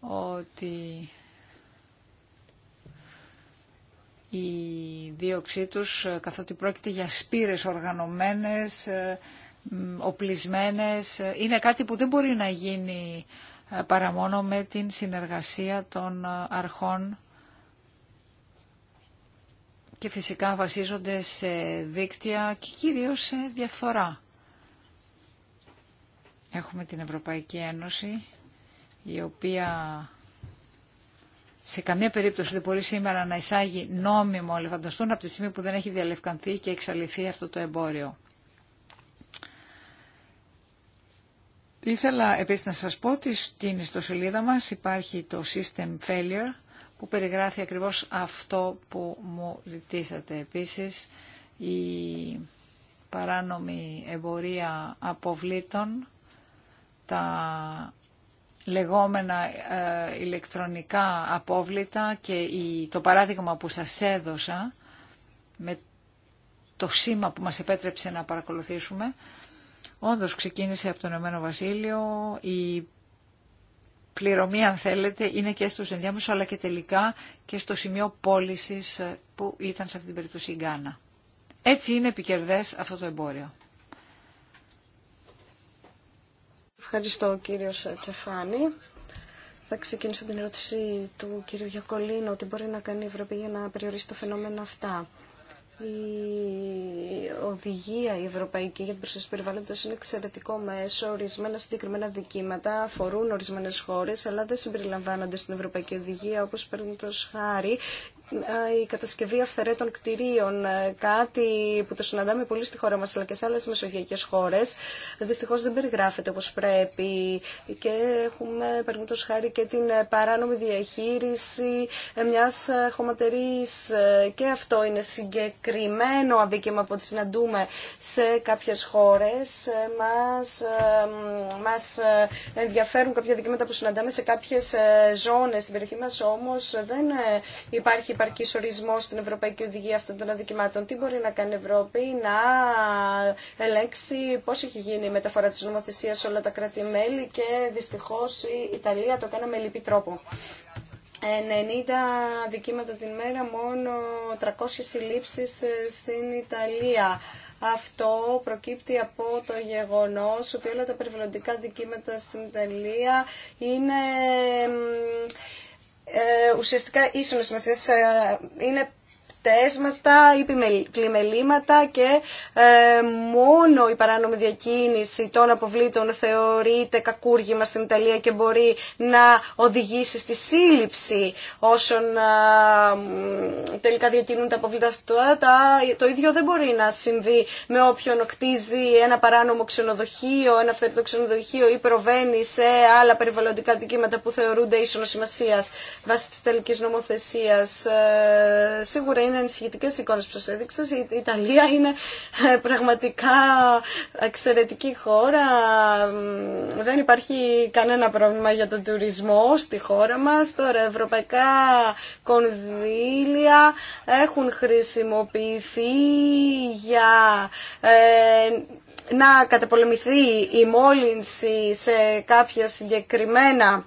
ότι η δίωξή τους ε, καθότι πρόκειται για σπήρες οργανωμένες, ε, οπλισμένες, είναι κάτι που δεν μπορεί να γίνει ε, παρά μόνο με την συνεργασία των ε, αρχών και φυσικά βασίζονται σε δίκτυα και κυρίως σε διαφθορά. Έχουμε την Ευρωπαϊκή Ένωση η οποία σε καμία περίπτωση δεν μπορεί σήμερα να εισάγει νόμιμο λεφαντοστούν από τη στιγμή που δεν έχει διαλευκανθεί και εξαλειφθεί αυτό το εμπόριο. Ήθελα επίσης να σας πω ότι στην ιστοσελίδα μας υπάρχει το System Failure που περιγράφει ακριβώς αυτό που μου ζητήσατε. Επίσης η παράνομη εμπορία αποβλήτων, τα λεγόμενα ε, ηλεκτρονικά απόβλητα και το παράδειγμα που σας έδωσα με το σήμα που μας επέτρεψε να παρακολουθήσουμε Όντως ξεκίνησε από το Ηνωμένο Βασίλειο, η πληρωμή αν θέλετε είναι και στους ενδιάμεσους αλλά και τελικά και στο σημείο πώληση ε, που ήταν σε αυτή την περίπτωση η Γκάνα. Έτσι είναι επικερδές αυτό το εμπόριο. Ευχαριστώ κύριο Τσεφάνη. Θα ξεκινήσω την ερώτηση του κύριου Γιακολίνου, τι μπορεί να κάνει η Ευρώπη για να περιορίσει τα φαινόμενα αυτά. Η οδηγία η ευρωπαϊκή για την προστασία του περιβάλλοντος είναι εξαιρετικό μέσο. Ορισμένα συγκεκριμένα δικήματα αφορούν ορισμένες χώρες, αλλά δεν συμπεριλαμβάνονται στην ευρωπαϊκή οδηγία, όπως παίρνει το χάρη η κατασκευή αυθαιρέτων κτηρίων, ε, κάτι που το συναντάμε πολύ στη χώρα μας αλλά και σε άλλες μεσογειακές χώρες, δυστυχώς δεν περιγράφεται όπως πρέπει και έχουμε παραδείγματος χάρη και την ε, παράνομη διαχείριση ε, μιας χωματερής και αυτό είναι συγκεκριμένο αδίκημα που συναντούμε σε κάποιες χώρες. Μας, μας ενδιαφέρουν κάποια δικαιώματα που συναντάμε σε κάποιες ζώνες. Στην περιοχή μας όμως δεν υπάρχει επαρκή ορισμός στην Ευρωπαϊκή Οδηγία αυτών των αδικημάτων. Τι μπορεί να κάνει η Ευρώπη να ελέγξει πώς έχει γίνει η μεταφορά της νομοθεσίας σε όλα τα κράτη-μέλη και δυστυχώς η Ιταλία το κάνει με λυπή τρόπο. 90 δικήματα την μέρα, μόνο 300 συλλήψεις ε, στην Ιταλία. Αυτό προκύπτει από το γεγονός ότι όλα τα περιβαλλοντικά δικήματα στην Ιταλία είναι ε, ουσιαστικά ίσονος ότι ε, είναι τέσματα ή πλημελήματα και ε, μόνο η παράνομη διακίνηση των αποβλήτων θεωρείται κακούργημα στην Ιταλία και μπορεί να οδηγήσει στη σύλληψη όσων τελικά διακινούν τα αποβλήτα αυτά. το ίδιο δεν μπορεί να συμβεί με όποιον κτίζει ένα παράνομο ξενοδοχείο, ένα αυθαίρετο ξενοδοχείο ή προβαίνει σε άλλα περιβαλλοντικά αντικείμενα που θεωρούνται ίσονο σημασία βάσει τη τελική νομοθεσία. Ε, σίγουρα είναι είναι ανησυχητικέ εικόνε που σα έδειξα. Η Ιταλία είναι ε, πραγματικά εξαιρετική χώρα. Δεν υπάρχει κανένα πρόβλημα για τον τουρισμό στη χώρα μα. Τώρα, ευρωπαϊκά κονδύλια έχουν χρησιμοποιηθεί για ε, να καταπολεμηθεί η μόλυνση σε κάποια συγκεκριμένα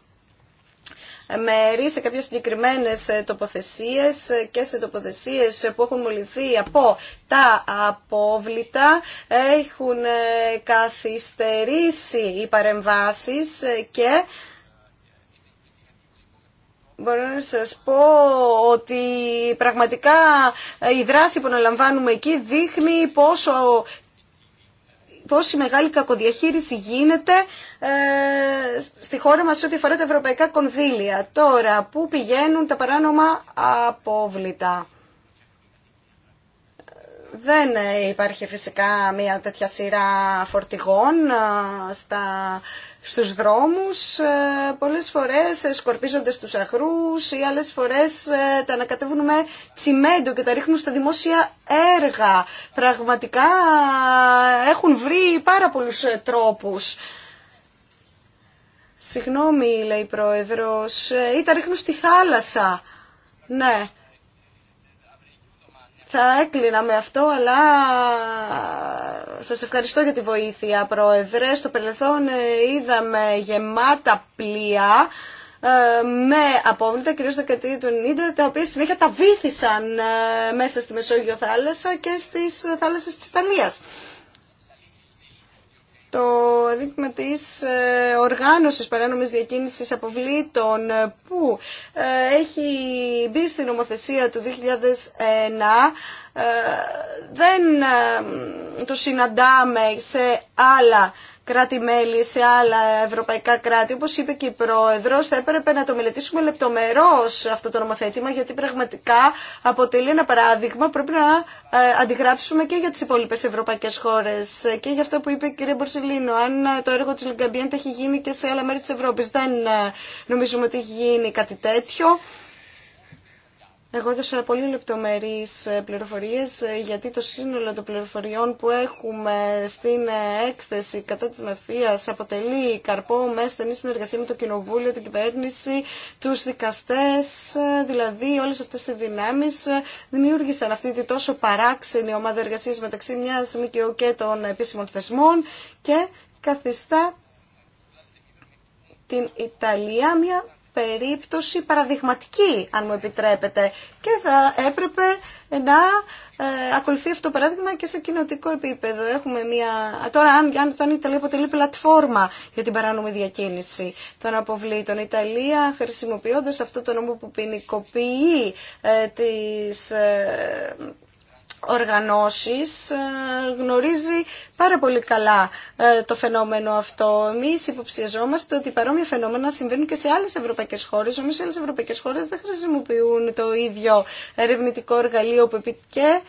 μέρη, σε κάποιες συγκεκριμένες ε, τοποθεσίες ε, και σε τοποθεσίες που έχουν μολυνθεί από τα απόβλητα, έχουν ε, καθυστερήσει οι παρεμβάσεις και μπορώ να σας πω ότι πραγματικά η δράση που αναλαμβάνουμε εκεί δείχνει πόσο πόση μεγάλη κακοδιαχείριση γίνεται ε, στη χώρα μας ό,τι αφορά τα ευρωπαϊκά κονδύλια. Τώρα, πού πηγαίνουν τα παράνομα απόβλητα. Δεν υπάρχει φυσικά μια τέτοια σειρά φορτηγών ε, στα στους δρόμους, ε, πολλές φορές ε, σκορπίζονται στους αχρούς ή άλλες φορές ε, τα ανακατεύουν με τσιμέντο και τα ρίχνουν στα δημόσια έργα. Πραγματικά έχουν βρει πάρα πολλούς τρόπους. Συγγνώμη, λέει η Πρόεδρος, ή τα ρίχνουν στη θάλασσα. Ναι θα έκλεινα με αυτό, αλλά σας ευχαριστώ για τη βοήθεια, Πρόεδρε. Στο παρελθόν ε, είδαμε γεμάτα πλοία ε, με απόβλητα, κυρίως το κατήριο του 90, τα οποία συνέχεια τα βήθησαν ε, μέσα στη Μεσόγειο θάλασσα και στις θάλασσες της Ιταλίας το δείγμα τη ε, οργάνωση παράνομη Διακίνηση αποβλήτων ε, που ε, έχει μπει στην νομοθεσία του 2001 δεν το συναντάμε σε άλλα κράτη-μέλη σε άλλα ευρωπαϊκά κράτη, όπως είπε και η Πρόεδρος, θα έπρεπε να το μελετήσουμε λεπτομερώς αυτό το νομοθέτημα, γιατί πραγματικά αποτελεί ένα παράδειγμα, πρέπει να ε, αντιγράψουμε και για τις υπόλοιπες ευρωπαϊκές χώρες. Και για αυτό που είπε η κυρία Μπορσελίνο, αν ε, το έργο της Λιγκαμπιέντα έχει γίνει και σε άλλα μέρη της Ευρώπης, δεν ε, νομίζουμε ότι έχει γίνει κάτι τέτοιο. Εγώ έδωσα πολύ λεπτομερείς ε, πληροφορίες ε, γιατί το σύνολο των πληροφοριών που έχουμε στην ε, έκθεση κατά της Μεφίας αποτελεί καρπό με στενή συνεργασία με το Κοινοβούλιο, την κυβέρνηση, τους δικαστές, δηλαδή όλες αυτές οι δυνάμεις δημιούργησαν αυτή τη τόσο παράξενη ομάδα εργασίας μεταξύ μιας ΜΚΟ και των επίσημων θεσμών και καθιστά την Ιταλία μια περίπτωση παραδειγματική, αν μου επιτρέπετε, και θα έπρεπε να ε, ακολουθεί αυτό το παράδειγμα και σε κοινοτικό επίπεδο. Έχουμε μια... Τώρα, αν, αν, το η Ιταλία αποτελεί πλατφόρμα για την παράνομη διακίνηση των αποβλήτων, η Ιταλία χρησιμοποιώντα αυτό το νόμο που ποινικοποιεί ε, τις, ε, οργανώσεις ε, γνωρίζει πάρα πολύ καλά ε, το φαινόμενο αυτό. Εμεί υποψιαζόμαστε ότι παρόμοια φαινόμενα συμβαίνουν και σε άλλες ευρωπαϊκές χώρες, όμως οι άλλες ευρωπαϊκές χώρες δεν χρησιμοποιούν το ίδιο ερευνητικό εργαλείο που και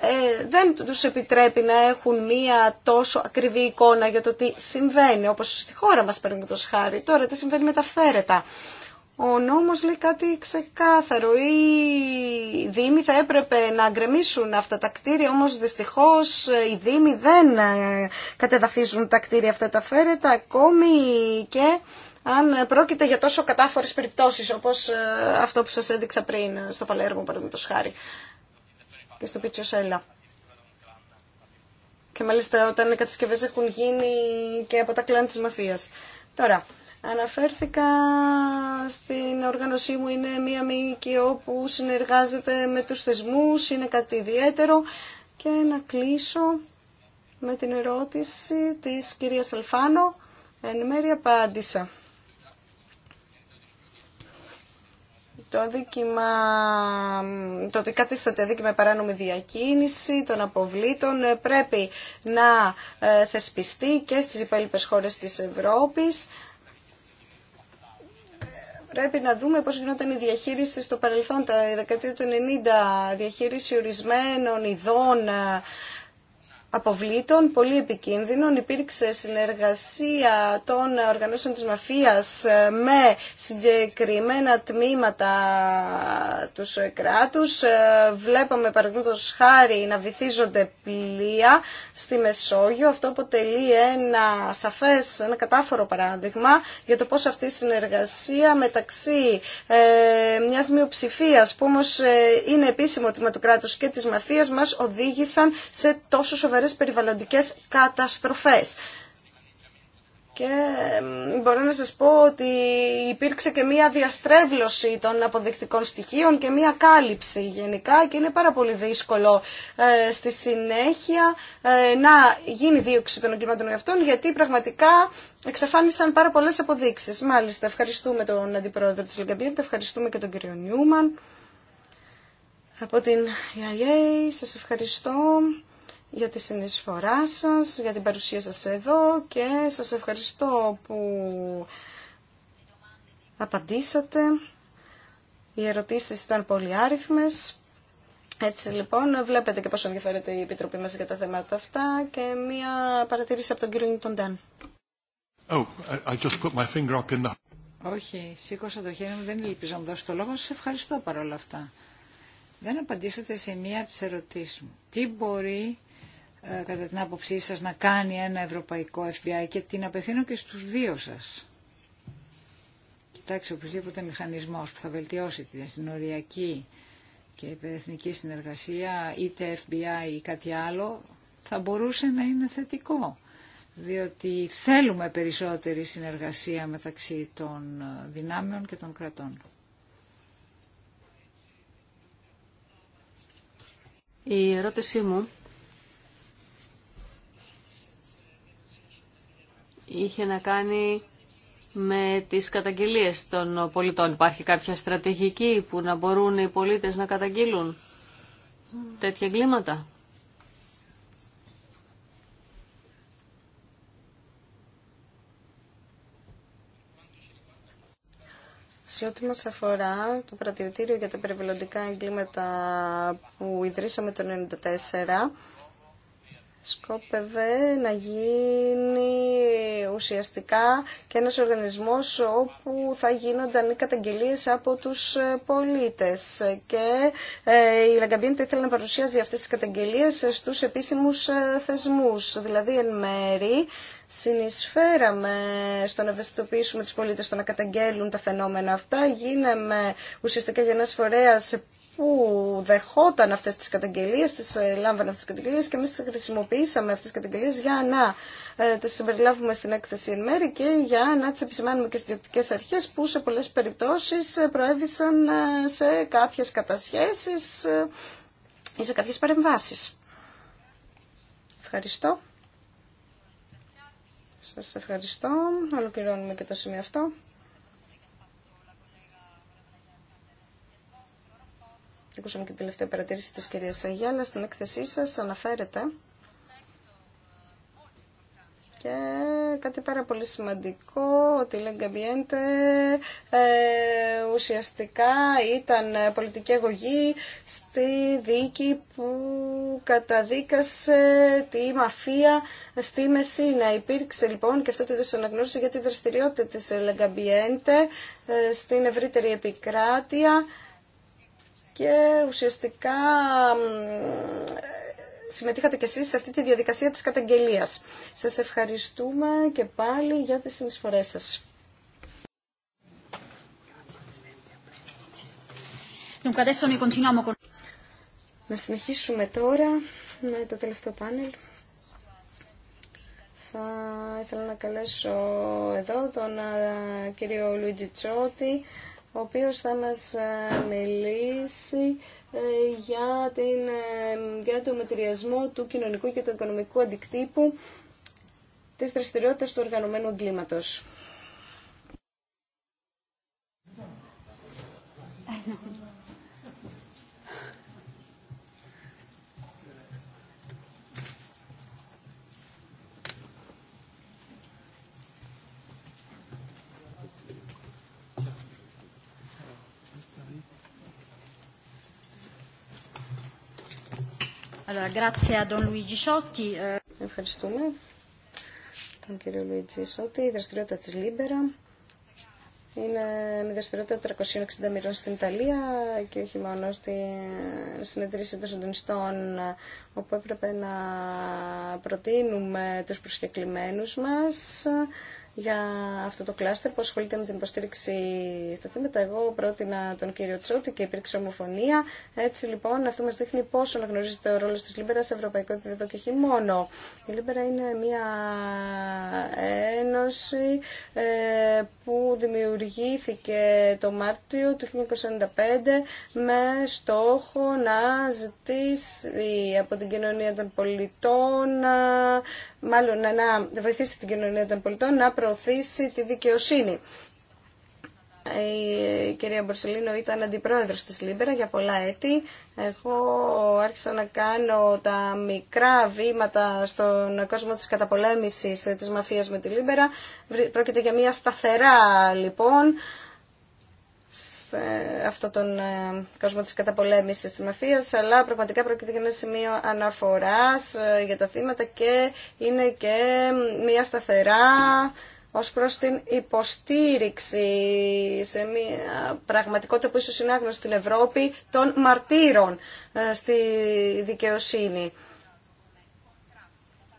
ε, δεν τους επιτρέπει να έχουν μία τόσο ακριβή εικόνα για το τι συμβαίνει, όπως στη χώρα μας παίρνει χάρη. Τώρα τι συμβαίνει με τα φθαίρετα. Ο νόμος λέει κάτι ξεκάθαρο. Οι δήμοι θα έπρεπε να γκρεμίσουν αυτά τα κτίρια, όμως δυστυχώς οι δήμοι δεν ε, κατεδαφίζουν τα κτίρια αυτά τα φέρετα, ακόμη και αν πρόκειται για τόσο κατάφορες περιπτώσεις, όπως ε, αυτό που σας έδειξα πριν ε, στο παλερμο παραδείγματος χάρη, και στο Πίτσιο Σέλα. Και μάλιστα όταν οι κατασκευές έχουν γίνει και από τα κλάν της μαφίας. Τώρα, Αναφέρθηκα στην οργάνωσή μου, είναι μία μική όπου συνεργάζεται με τους θεσμούς, είναι κάτι ιδιαίτερο. Και να κλείσω με την ερώτηση της κυρίας Αλφάνο, εν μέρει απάντησα. το δίκημα, το ότι καθίσταται με παράνομη διακίνηση των αποβλήτων ε, πρέπει να ε, θεσπιστεί και στις υπόλοιπες χώρες της Ευρώπης. Πρέπει να δούμε πώς γινόταν η διαχείριση στο παρελθόν, τα δεκαετία του 90, διαχείριση ορισμένων ειδών ε, αποβλήτων, πολύ επικίνδυνων. Υπήρξε συνεργασία των οργανώσεων της μαφίας με συγκεκριμένα τμήματα του κράτους. Ε, Βλέπαμε παραδείγματος χάρη να βυθίζονται πλοία στη Μεσόγειο. Αυτό αποτελεί ένα σαφές, ένα κατάφορο παράδειγμα για το πώς αυτή η συνεργασία μεταξύ ε, μιας μειοψηφίας που όμως ε, είναι επίσημο τμήμα του κράτους και της μαφίας μας οδήγησαν σε τόσο σοβαρές Περιβαλλοντικέ περιβαλλοντικές καταστροφές. Και μπορώ να σας πω ότι υπήρξε και μία διαστρέβλωση των αποδεικτικών στοιχείων και μία κάλυψη γενικά και είναι πάρα πολύ δύσκολο ε, στη συνέχεια ε, να γίνει δίωξη των εγκλημάτων αυτών γιατί πραγματικά εξαφάνισαν πάρα πολλές αποδείξεις. Μάλιστα, ευχαριστούμε τον Αντιπρόεδρο της Λεγκαμπίρτ, ευχαριστούμε και τον κύριο Νιούμαν από την ΙΑΙΑΙ. Σας ευχαριστώ για τη συνεισφορά σας, για την παρουσία σας εδώ και σας ευχαριστώ που απαντήσατε. Οι ερωτήσεις ήταν πολύ άριθμες. Έτσι λοιπόν βλέπετε και πόσο ενδιαφέρεται η Επιτροπή μας για τα θέματα αυτά και μία παρατήρηση από τον κύριο Νιούτον oh, Όχι, σήκωσα το χέρι μου, δεν ελπίζω να μου δώσω το λόγο, σας ευχαριστώ παρόλα αυτά. Δεν απαντήσατε σε μία από τις ερωτήσεις μου. Τι μπορεί ε, κατά την άποψή σας να κάνει ένα ευρωπαϊκό FBI και την απευθύνω και στους δύο σας. Κοιτάξτε, οποιοδήποτε μηχανισμός που θα βελτιώσει την συνοριακή και υπερεθνική συνεργασία, είτε FBI ή κάτι άλλο, θα μπορούσε να είναι θετικό. Διότι θέλουμε περισσότερη συνεργασία μεταξύ των δυνάμεων και των κρατών. Η ερώτησή μου είχε να κάνει με τις καταγγελίες των πολιτών. Υπάρχει κάποια στρατηγική που να μπορούν οι πολίτες να καταγγείλουν τέτοια εγκλήματα. Σε ό,τι μας αφορά το Πρατιωτήριο για τα Περιβαλλοντικά Εγκλήματα που ιδρύσαμε το 1994, σκόπευε να γίνει ουσιαστικά και ένας οργανισμός όπου θα γίνονταν οι καταγγελίες από τους ε, πολίτες και ε, η Λαγκαμπίνη ήθελε να παρουσιάζει αυτές τις καταγγελίες στους επίσημους ε, θεσμούς, δηλαδή εν μέρη συνεισφέραμε στο να ευαισθητοποιήσουμε τους πολίτες στο να καταγγέλουν τα φαινόμενα αυτά. Γίναμε ουσιαστικά για ένας φορέας που δεχόταν αυτέ τι καταγγελίε, τι ε, λάμβανε αυτέ τι καταγγελίε και εμεί τι χρησιμοποιήσαμε αυτέ τι καταγγελίε για να ε, τι συμπεριλάβουμε στην έκθεση εν μέρη και για να τι επισημάνουμε και στι διοικητικέ αρχέ που σε πολλέ περιπτώσει ε, προέβησαν ε, σε κάποιε κατασχέσει ή σε κάποιε παρεμβάσει. Ευχαριστώ. Σας ευχαριστώ. Ολοκληρώνουμε και το σημείο αυτό. Ακούσαμε και την τελευταία παρατήρηση της κυρίας Αγιάλα. Στην έκθεσή σας αναφέρεται και κάτι πάρα πολύ σημαντικό ότι η ε, ουσιαστικά ήταν πολιτική αγωγή στη δίκη που καταδίκασε τη μαφία στη Μεσίνα. Υπήρξε λοιπόν και αυτό το είδος αναγνώριση για τη δραστηριότητα της Λεγκαμπιέντε ε, στην ευρύτερη επικράτεια και ουσιαστικά συμμετείχατε και εσείς σε αυτή τη διαδικασία της καταγγελίας. Σας ευχαριστούμε και πάλι για τις συνεισφορές σας. Να συνεχίσουμε τώρα με το τελευταίο πάνελ. Θα ήθελα να καλέσω εδώ τον ε, κύριο Λουίτζι Τσότη, ο οποίος θα μας ε, μιλήσει ε, για, την, ε, για το μετριασμό του κοινωνικού και του οικονομικού αντικτύπου της δραστηριότητα του οργανωμένου εγκλήματος. Eh. Ευχαριστούμε τον κύριο Λουίτζη Σότη. Η δραστηριότητα της Λίμπερα είναι με δραστηριότητα 360 μοιρών στην Ιταλία και όχι μόνο στη συνεδρίαση των συντονιστών όπου έπρεπε να προτείνουμε τους προσκεκλημένους μας για αυτό το κλάστερ που ασχολείται με την υποστήριξη στα θέματα. Εγώ πρότεινα τον κύριο Τσούτη και υπήρξε ομοφωνία. Έτσι λοιπόν αυτό μας δείχνει πόσο αναγνωρίζεται ο ρόλος της Λίμπερα σε ευρωπαϊκό επίπεδο και όχι μόνο. Η Λίμπερα είναι μια ένωση ε, που δημιουργήθηκε το Μάρτιο του 1995 με στόχο να ζητήσει από την κοινωνία των πολιτών ε, μάλλον να βοηθήσει την κοινωνία των πολιτών να προωθήσει τη δικαιοσύνη. Η κυρία Μπορσελίνο ήταν αντιπρόεδρος της Λίμπερα για πολλά έτη. Εγώ άρχισα να κάνω τα μικρά βήματα στον κόσμο της καταπολέμησης της μαφίας με τη Λίμπερα. Πρόκειται για μια σταθερά λοιπόν σε αυτό τον ε, κόσμο της καταπολέμησης της μαφίας, αλλά πραγματικά πρόκειται για ένα σημείο αναφοράς ε, για τα θύματα και είναι και μια σταθερά ως προς την υποστήριξη σε μια πραγματικότητα που ίσως είναι άγνωστη στην Ευρώπη των μαρτύρων ε, στη δικαιοσύνη.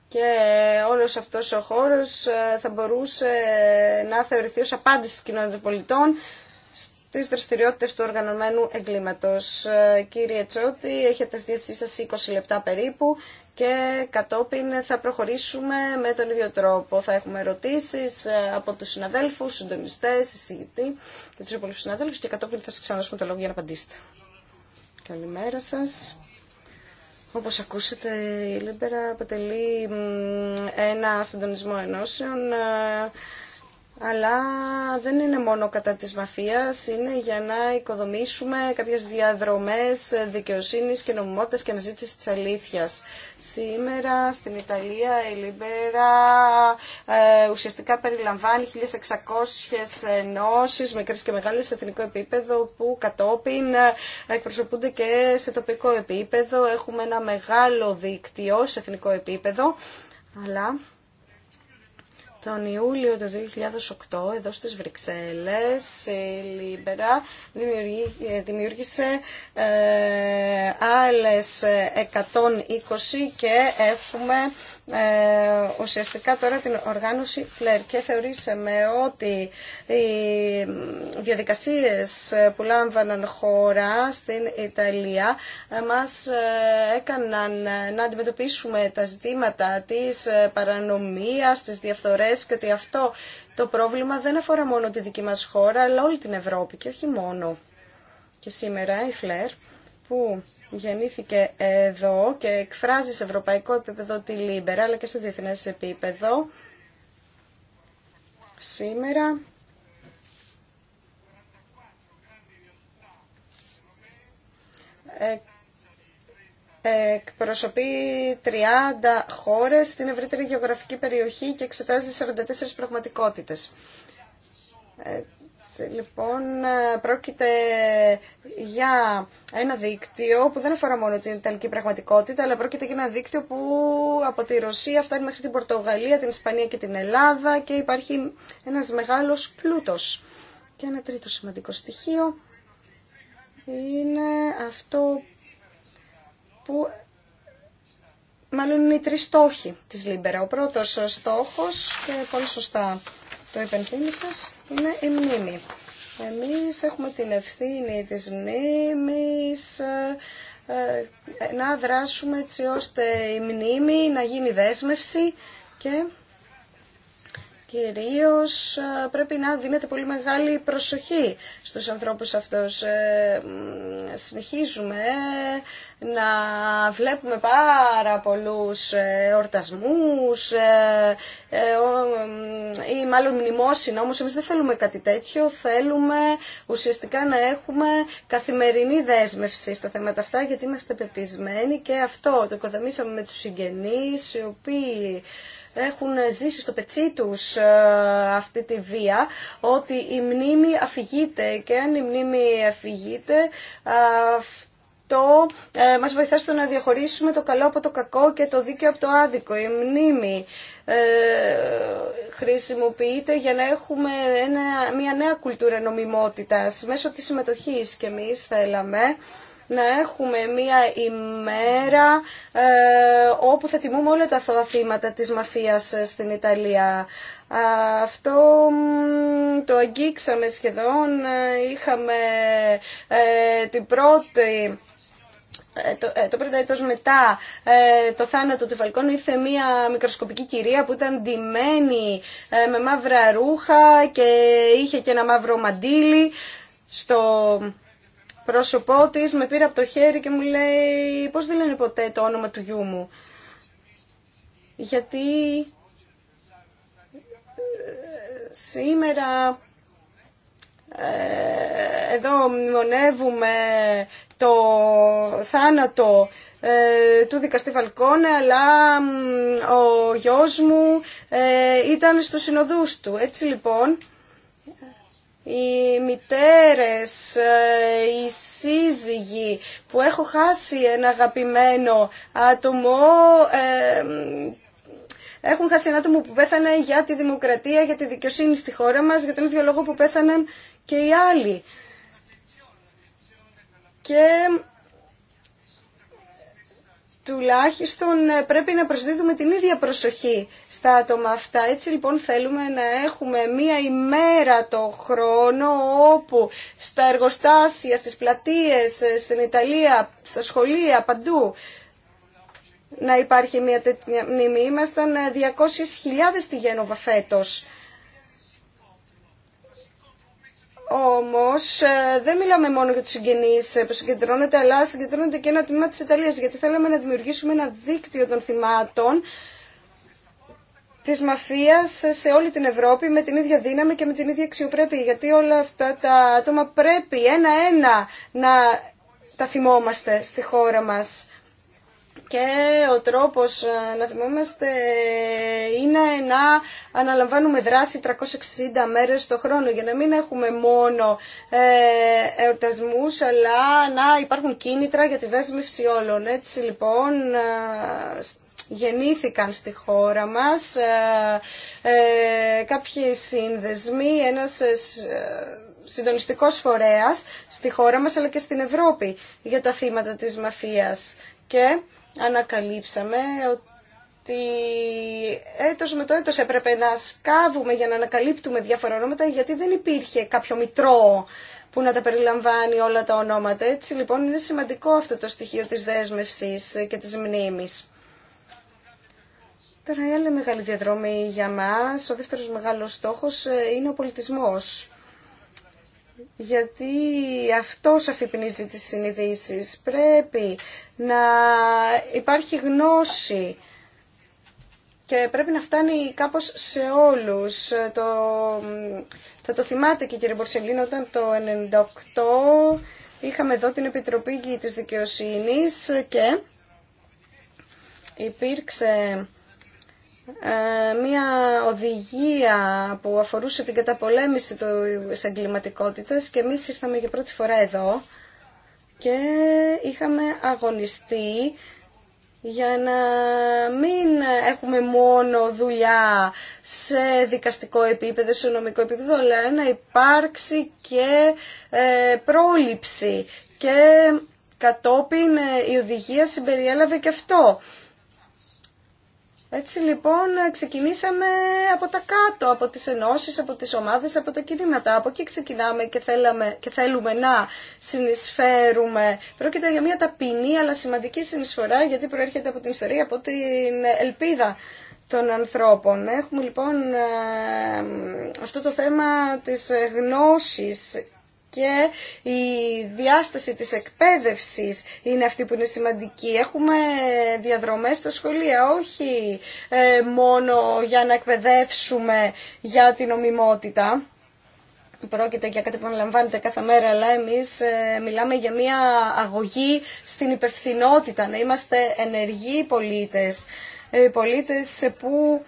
Και όλος αυτός ο χώρος θα μπορούσε να θεωρηθεί ως απάντηση της των πολιτών τις δραστηριότητες του οργανωμένου εγκλήματος. Ε, κύριε Τσότη, έχετε στη σα 20 λεπτά περίπου και κατόπιν θα προχωρήσουμε με τον ίδιο τρόπο. Θα έχουμε ερωτήσεις ε, από τους συναδέλφους, συντονιστές, εισηγητή και του υπόλοιπους συναδέλφους και κατόπιν θα σας ξαναδώσουμε το λόγο για να απαντήσετε. Καλημέρα σας. Όπως ακούσατε, η Λίμπερα αποτελεί ένα συντονισμό ενώσεων ε, αλλά δεν είναι μόνο κατά της μαφίας, είναι για να οικοδομήσουμε κάποιες διαδρομές δικαιοσύνης και νομιμότητας και αναζήτηση της αλήθειας. Σήμερα στην Ιταλία η Λιμπέρα ε, ουσιαστικά περιλαμβάνει 1.600 ενώσεις μικρές και μεγάλες σε εθνικό επίπεδο που κατόπιν εκπροσωπούνται και σε τοπικό επίπεδο. Έχουμε ένα μεγάλο δίκτυο σε εθνικό επίπεδο, αλλά τον Ιούλιο του 2008, εδώ στις Βρυξέλλες, η Λίμπερα ε, δημιούργησε ε, άλλες 120 και έχουμε ε, ουσιαστικά τώρα την οργάνωση Φλερ και θεωρήσαμε ότι οι διαδικασίες που λάμβαναν χώρα στην Ιταλία μας ε, έκαναν να αντιμετωπίσουμε τα ζητήματα της ε, παρανομίας, της διαφθορές και ότι αυτό το πρόβλημα δεν αφορά μόνο τη δική μας χώρα αλλά όλη την Ευρώπη και όχι μόνο. Και σήμερα η Φλερ που γεννήθηκε εδώ και εκφράζει σε ευρωπαϊκό επίπεδο τη Λίμπερα αλλά και σε διεθνές επίπεδο σήμερα ε, εκπροσωπεί 30 χώρες στην ευρύτερη γεωγραφική περιοχή και εξετάζει 44 πραγματικότητες. Ε, λοιπόν ε, πρόκειται για ένα δίκτυο που δεν αφορά μόνο την Ιταλική πραγματικότητα, αλλά πρόκειται για ένα δίκτυο που από τη Ρωσία φτάνει μέχρι την Πορτογαλία, την Ισπανία και την Ελλάδα και υπάρχει ένας μεγάλος πλούτος. Και ένα τρίτο σημαντικό στοιχείο είναι αυτό που μάλλον είναι οι τρεις στόχοι της Λίμπερα. Ο πρώτος στόχος, και πολύ σωστά το υπενθύμησες, είναι η μνήμη. Εμείς έχουμε την ευθύνη της μνήμης ε, να δράσουμε έτσι ώστε η μνήμη να γίνει δέσμευση και κυρίως ε, πρέπει να δίνεται πολύ μεγάλη προσοχή στους ανθρώπους αυτούς. Ε, συνεχίζουμε να βλέπουμε πάρα πολλούς ε, ορτασμούς ε, ε, ή μάλλον μνημόσυνα, όμως εμείς δεν θέλουμε κάτι τέτοιο, θέλουμε ουσιαστικά να έχουμε καθημερινή δέσμευση στα θέματα αυτά γιατί είμαστε πεπισμένοι και αυτό το οικοδομήσαμε με τους συγγενείς οι οποίοι έχουν ζήσει στο πετσί τους αυτή τη βία, ότι η μνήμη αφηγείται και αν η μνήμη αφηγείται, το ε, μας βοηθά στο να διαχωρίσουμε το καλό από το κακό και το δίκαιο από το άδικο. Η μνήμη ε, χρησιμοποιείται για να έχουμε ένα, μια νέα κουλτούρα νομιμότητας μέσω της συμμετοχής και εμείς θέλαμε να έχουμε μία ημέρα ε, όπου θα τιμούμε όλα τα θύματα της μαφίας στην Ιταλία. Αυτό το αγγίξαμε σχεδόν. Είχαμε ε, την πρώτη ε, το, ε, το πρώτο μετά ε, το θάνατο του Φαλκόνου ήρθε μια μικροσκοπική κυρία που ήταν ντυμένη με μαύρα ρούχα και είχε και ένα μαύρο μαντήλι στο πρόσωπό της με πήρε από το χέρι και μου λέει πώς δεν λένε ποτέ το όνομα του γιού μου γιατί σήμερα ε, εδώ μνημονεύουμε το θάνατο ε, του δικαστή Βαλκόνε, αλλά ο γιος μου ε, ήταν στο συνοδούς του. Έτσι λοιπόν, οι μητέρες, οι σύζυγοι που έχω χάσει ένα αγαπημένο άτομο, έχουν χάσει ένα άτομο που πέθανε για τη δημοκρατία, για τη δικαιοσύνη στη χώρα μας, για τον ίδιο λόγο που πέθαναν και οι άλλοι. Και τουλάχιστον ε, πρέπει να προσδίδουμε την ίδια προσοχή στα άτομα αυτά. Έτσι λοιπόν θέλουμε να έχουμε μία ημέρα το χρόνο όπου στα εργοστάσια, στις πλατείες, ε, στην Ιταλία, στα σχολεία, παντού να υπάρχει μία τέτοια μνήμη. Ήμασταν 200.000 ε, στη Γένοβα φέτος όμως ε, δεν μιλάμε μόνο για τους συγγενείς ε, που συγκεντρώνονται, αλλά συγκεντρώνονται και ένα τμήμα της Ιταλίας, γιατί θέλαμε να δημιουργήσουμε ένα δίκτυο των θυμάτων της μαφίας σε όλη την Ευρώπη με την ίδια δύναμη και με την ίδια αξιοπρέπεια, γιατί όλα αυτά τα άτομα πρέπει ένα-ένα να τα θυμόμαστε στη χώρα μας και ο τρόπος ε, να θυμόμαστε είναι να αναλαμβάνουμε δράση 360 μέρες το χρόνο για να μην έχουμε μόνο ε, εορτασμούς αλλά να υπάρχουν κίνητρα για τη δέσμευση όλων. Έτσι λοιπόν ε, γεννήθηκαν στη χώρα μας κάποιοι σύνδεσμοι, ένας συντονιστικός φορέας στη χώρα μας αλλά και στην Ευρώπη για τα θύματα της μαφίας. Και ανακαλύψαμε ότι έτος με το έτος έπρεπε να σκάβουμε για να ανακαλύπτουμε διάφορα ονόματα γιατί δεν υπήρχε κάποιο μητρό που να τα περιλαμβάνει όλα τα ονόματα. Έτσι λοιπόν είναι σημαντικό αυτό το στοιχείο της δέσμευσης και της μνήμης. Τώρα η άλλη μεγάλη διαδρομή για μας, ο δεύτερος μεγάλος στόχος ε, είναι ο πολιτισμός γιατί αυτός αφυπνίζει τις συνειδήσεις. Πρέπει να υπάρχει γνώση και πρέπει να φτάνει κάπως σε όλους. Το, θα το θυμάται και κύριε Μπορσελίνο όταν το 1998 είχαμε εδώ την Επιτροπή της Δικαιοσύνης και υπήρξε ε, μια οδηγία που αφορούσε την καταπολέμηση του εγκληματικότητα και εμείς ήρθαμε για πρώτη φορά εδώ και είχαμε αγωνιστεί για να μην έχουμε μόνο δουλειά σε δικαστικό επίπεδο, σε νομικό επίπεδο, αλλά να υπάρξει και ε, πρόληψη και κατόπιν ε, η οδηγία συμπεριέλαβε και αυτό έτσι λοιπόν ξεκινήσαμε από τα κάτω, από τις ενώσεις, από τις ομάδες, από τα κινήματα. Από εκεί ξεκινάμε και, και θέλουμε να συνεισφέρουμε. Πρόκειται για μια ταπεινή αλλά σημαντική συνεισφορά γιατί προέρχεται από την ιστορία, από την ελπίδα των ανθρώπων. Έχουμε λοιπόν ε, αυτό το θέμα της γνώσης και η διάσταση της εκπαίδευσης είναι αυτή που είναι σημαντική. Έχουμε διαδρομές στα σχολεία, όχι ε, μόνο για να εκπαιδεύσουμε για την ομιμότητα. Πρόκειται για κάτι που αναλαμβάνεται κάθε μέρα, αλλά εμείς ε, μιλάμε για μια αγωγή στην υπευθυνότητα, να είμαστε ενεργοί πολίτες. Ε, πολίτες που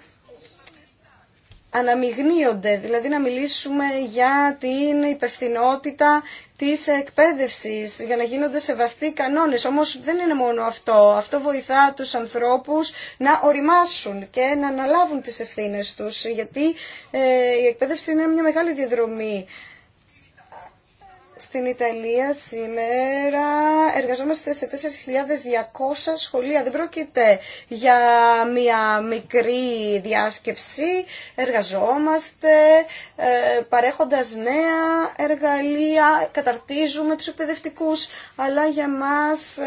αναμειγνύονται, δηλαδή να μιλήσουμε για την υπευθυνότητα της εκπαίδευσης, για να γίνονται σεβαστοί κανόνες. Όμως δεν είναι μόνο αυτό. Αυτό βοηθά τους ανθρώπους να οριμάσουν και να αναλάβουν τις ευθύνες τους, γιατί ε, η εκπαίδευση είναι μια μεγάλη διαδρομή στην Ιταλία σήμερα εργαζόμαστε σε 4.200 σχολεία. Δεν πρόκειται για μια μικρή διάσκεψη. Εργαζόμαστε ε, παρέχοντας νέα εργαλεία, καταρτίζουμε τους εκπαιδευτικού. Αλλά για μας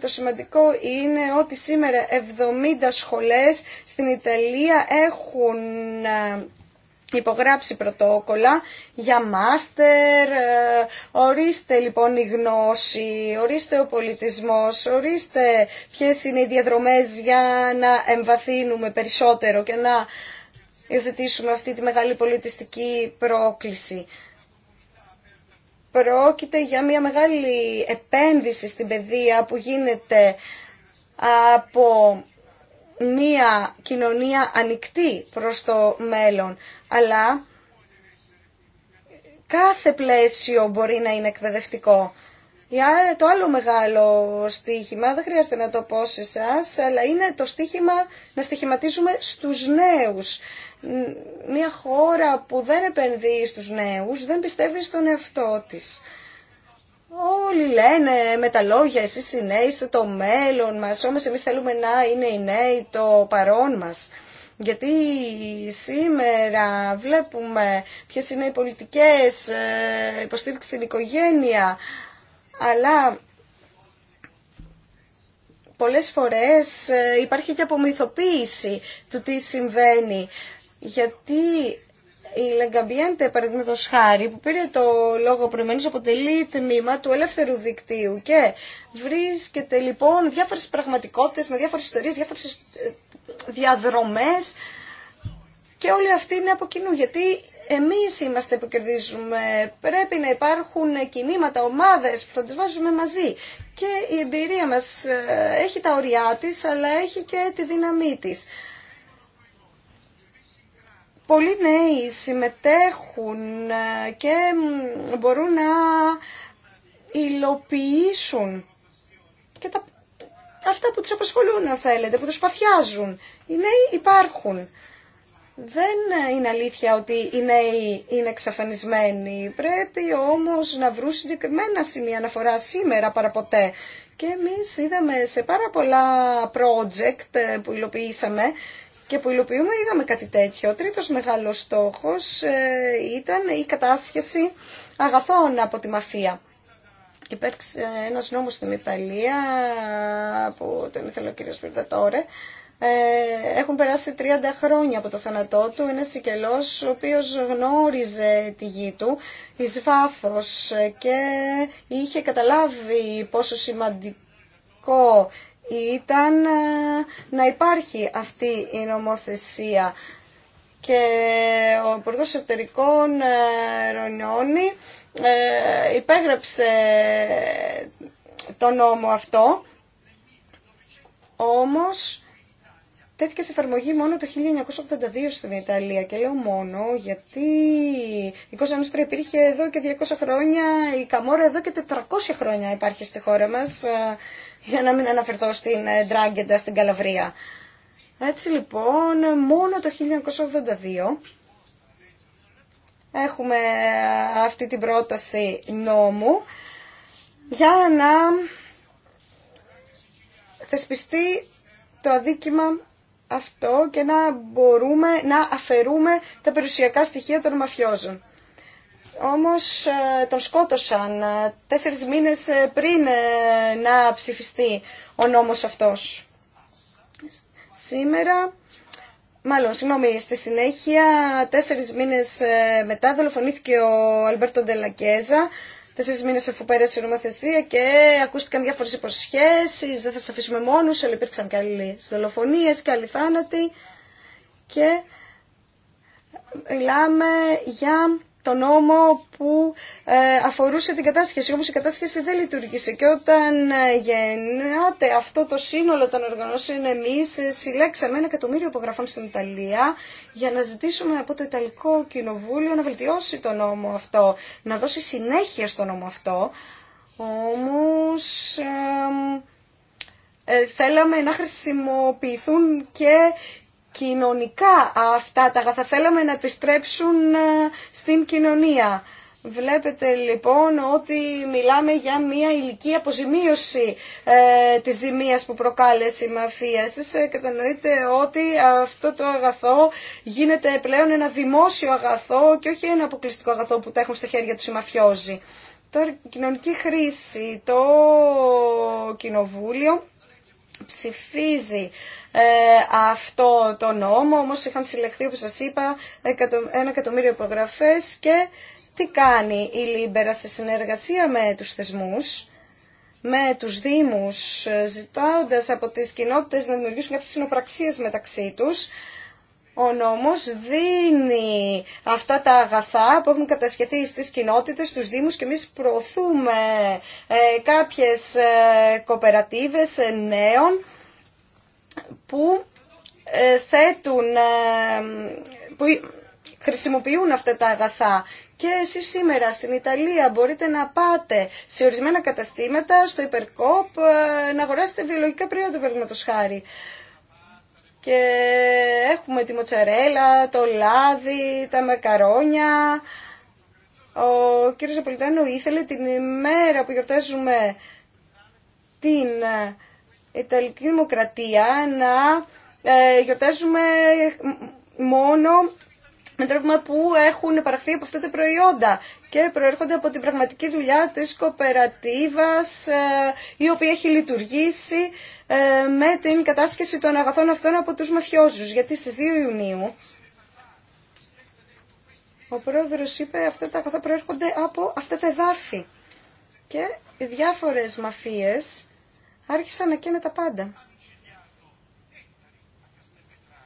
το σημαντικό είναι ότι σήμερα 70 σχολές στην Ιταλία έχουν ε, υπογράψει πρωτόκολλα για μάστερ, ε, ορίστε λοιπόν η γνώση, ορίστε ο πολιτισμός, ορίστε ποιες είναι οι διαδρομές για να εμβαθύνουμε περισσότερο και να υιοθετήσουμε αυτή τη μεγάλη πολιτιστική πρόκληση. Πρόκειται για μια μεγάλη επένδυση στην παιδεία που γίνεται από μία κοινωνία ανοιχτή προς το μέλλον, αλλά κάθε πλαίσιο μπορεί να είναι εκπαιδευτικό. Το άλλο μεγάλο στοίχημα, δεν χρειάζεται να το πω σε εσά, αλλά είναι το στοίχημα να στοιχηματίζουμε στους νέους. Μια χώρα που δεν επενδύει στους νέους δεν πιστεύει στον εαυτό της. Όλοι λένε με τα λόγια, εσεί οι νέοι είστε το μέλλον μα, όμως εμεί θέλουμε να είναι οι νέοι το παρόν μας. Γιατί σήμερα βλέπουμε ποιε είναι οι πολιτικές, ε, υποστήριξη στην οικογένεια, αλλά πολλές φορές ε, υπάρχει και απομυθοποίηση του τι συμβαίνει. Γιατί η Λαγκαμπιέντε, παραδείγματο χάρη, που πήρε το λόγο προηγουμένω, αποτελεί τμήμα του ελεύθερου δικτύου και βρίσκεται λοιπόν διάφορε πραγματικότητε με διάφορε ιστορίε, διάφορε διαδρομέ. Και όλοι αυτοί είναι από κοινού, γιατί εμείς είμαστε που κερδίζουμε. Πρέπει να υπάρχουν κινήματα, ομάδες που θα τι βάζουμε μαζί. Και η εμπειρία μας ε, έχει τα ωριά τη, αλλά έχει και τη δύναμή τη πολλοί νέοι συμμετέχουν ε, και μπορούν να υλοποιήσουν και τα, αυτά που τους απασχολούν αν θέλετε, που τους παθιάζουν. Οι νέοι υπάρχουν. Δεν ε, είναι αλήθεια ότι οι νέοι είναι εξαφανισμένοι. Πρέπει όμως να βρουν συγκεκριμένα σημεία αναφορά σήμερα παραποτέ. Και εμείς είδαμε σε πάρα πολλά project ε, που υλοποιήσαμε και που υλοποιούμε είδαμε κάτι τέτοιο. Ο τρίτος μεγάλος στόχος ε, ήταν η κατάσχεση αγαθών από τη μαφία. Υπήρξε ένας νόμος στην Ιταλία που τον ήθελε ο κ. τώρα, ε, έχουν περάσει 30 χρόνια από το θάνατό του. Ένα σικελός ο οποίος γνώριζε τη γη του εις ε, και είχε καταλάβει πόσο σημαντικό ήταν ε, να υπάρχει αυτή η νομοθεσία. Και ο Υπουργό Εσωτερικών ε, Ρονιώνη ε, υπέγραψε το νόμο αυτό, όμως τέθηκε σε εφαρμογή μόνο το 1982 στην Ιταλία και λέω μόνο γιατί η Κόσα υπήρχε εδώ και 200 χρόνια, η Καμόρα εδώ και 400 χρόνια υπάρχει στη χώρα μας ε, για να μην αναφερθώ στην ε, Ντράγκεντα στην Καλαβρία. Έτσι λοιπόν μόνο το 1982 έχουμε ε, αυτή την πρόταση νόμου για να θεσπιστεί το αδίκημα αυτό και να μπορούμε να αφαιρούμε τα περιουσιακά στοιχεία των μαφιόζων. Όμως ε, τον σκότωσαν ε, τέσσερις μήνες ε, πριν να ψηφιστεί ο νόμος αυτός. Σήμερα, μάλλον, συγγνώμη, στη συνέχεια, τέσσερις μήνες μετά δολοφονήθηκε ο Αλμπέρτο Ντελακέζα, τέσσερι μήνε αφού πέρασε η νομοθεσία και ακούστηκαν διάφορε υποσχέσει, δεν θα σα αφήσουμε μόνου, αλλά υπήρξαν και άλλε δολοφονίε και άλλοι θάνατοι. Και μιλάμε για το νόμο που ε, αφορούσε την κατάσχεση. Όμως η κατάσχεση δεν λειτουργήσε και όταν ε, γεννάται αυτό το σύνολο των οργανώσεων εμείς ε, συλλέξαμε ένα εκατομμύριο υπογραφών στην Ιταλία για να ζητήσουμε από το Ιταλικό Κοινοβούλιο να βελτιώσει το νόμο αυτό, να δώσει συνέχεια στο νόμο αυτό. Όμως... Ε, θέλαμε να χρησιμοποιηθούν και κοινωνικά αυτά τα αγαθά. Θέλαμε να επιστρέψουν ε, στην κοινωνία. Βλέπετε λοιπόν ότι μιλάμε για μια ηλική αποζημίωση ε, της ζημίας που προκάλεσε η μαφία. Εσείς ε, κατανοείτε ότι αυτό το αγαθό γίνεται πλέον ένα δημόσιο αγαθό και όχι ένα αποκλειστικό αγαθό που τα έχουν στα χέρια τους οι μαφιόζοι. Τώρα κοινωνική χρήση, το κοινοβούλιο ψηφίζει ε, αυτό το νόμο, όμως είχαν συλλεχθεί, όπως σας είπα, ένα εκατομμύριο υπογραφές και τι κάνει η Λίμπερα σε συνεργασία με τους θεσμούς, με τους Δήμους, ε, ζητάοντας από τις κοινότητες να δημιουργήσουν κάποιες συνοπραξίες μεταξύ τους, ο νόμος δίνει αυτά τα αγαθά που έχουν κατασχεθεί στις κοινότητες, στους Δήμους και εμείς προωθούμε ε, κάποιες κοπερατίβες νέων που ε, θέτουν, ε, που χρησιμοποιούν αυτά τα αγαθά. Και εσεί σήμερα στην Ιταλία μπορείτε να πάτε σε ορισμένα καταστήματα, στο υπερκόπ, ε, να αγοράσετε βιολογικά προϊόντα, παραδείγματο χάρη. Και έχουμε τη μοτσαρέλα, το λάδι, τα μακαρόνια. Ο κύριος Απολιτάνο ήθελε την ημέρα που γιορτάζουμε την Ιταλική Δημοκρατία να ε, γιορτάζουμε μόνο με τρόφιμα που έχουν παραχθεί από αυτά τα προϊόντα και προέρχονται από την πραγματική δουλειά της κοπερατίβας ε, η οποία έχει λειτουργήσει ε, με την κατάσχεση των αγαθών αυτών από τους μαφιόζους γιατί στις 2 Ιουνίου ο πρόεδρος είπε αυτά τα αγαθά προέρχονται από αυτά τα εδάφη και διάφορες μαφίες άρχισαν εκείνα τα πάντα.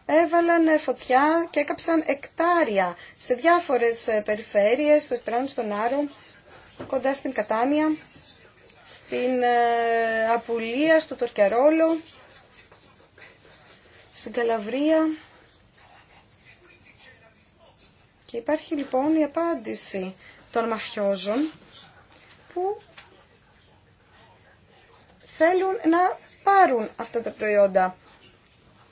Έβαλαν φωτιά και έκαψαν εκτάρια σε διάφορες περιφέρειες, στο Στράνο, στον Άρο, κοντά στην Κατάνια, στην ε, Απουλία, στο Τορκιαρόλο, στην Καλαβρία. Και υπάρχει λοιπόν η απάντηση των μαφιόζων που θέλουν να πάρουν αυτά τα προϊόντα.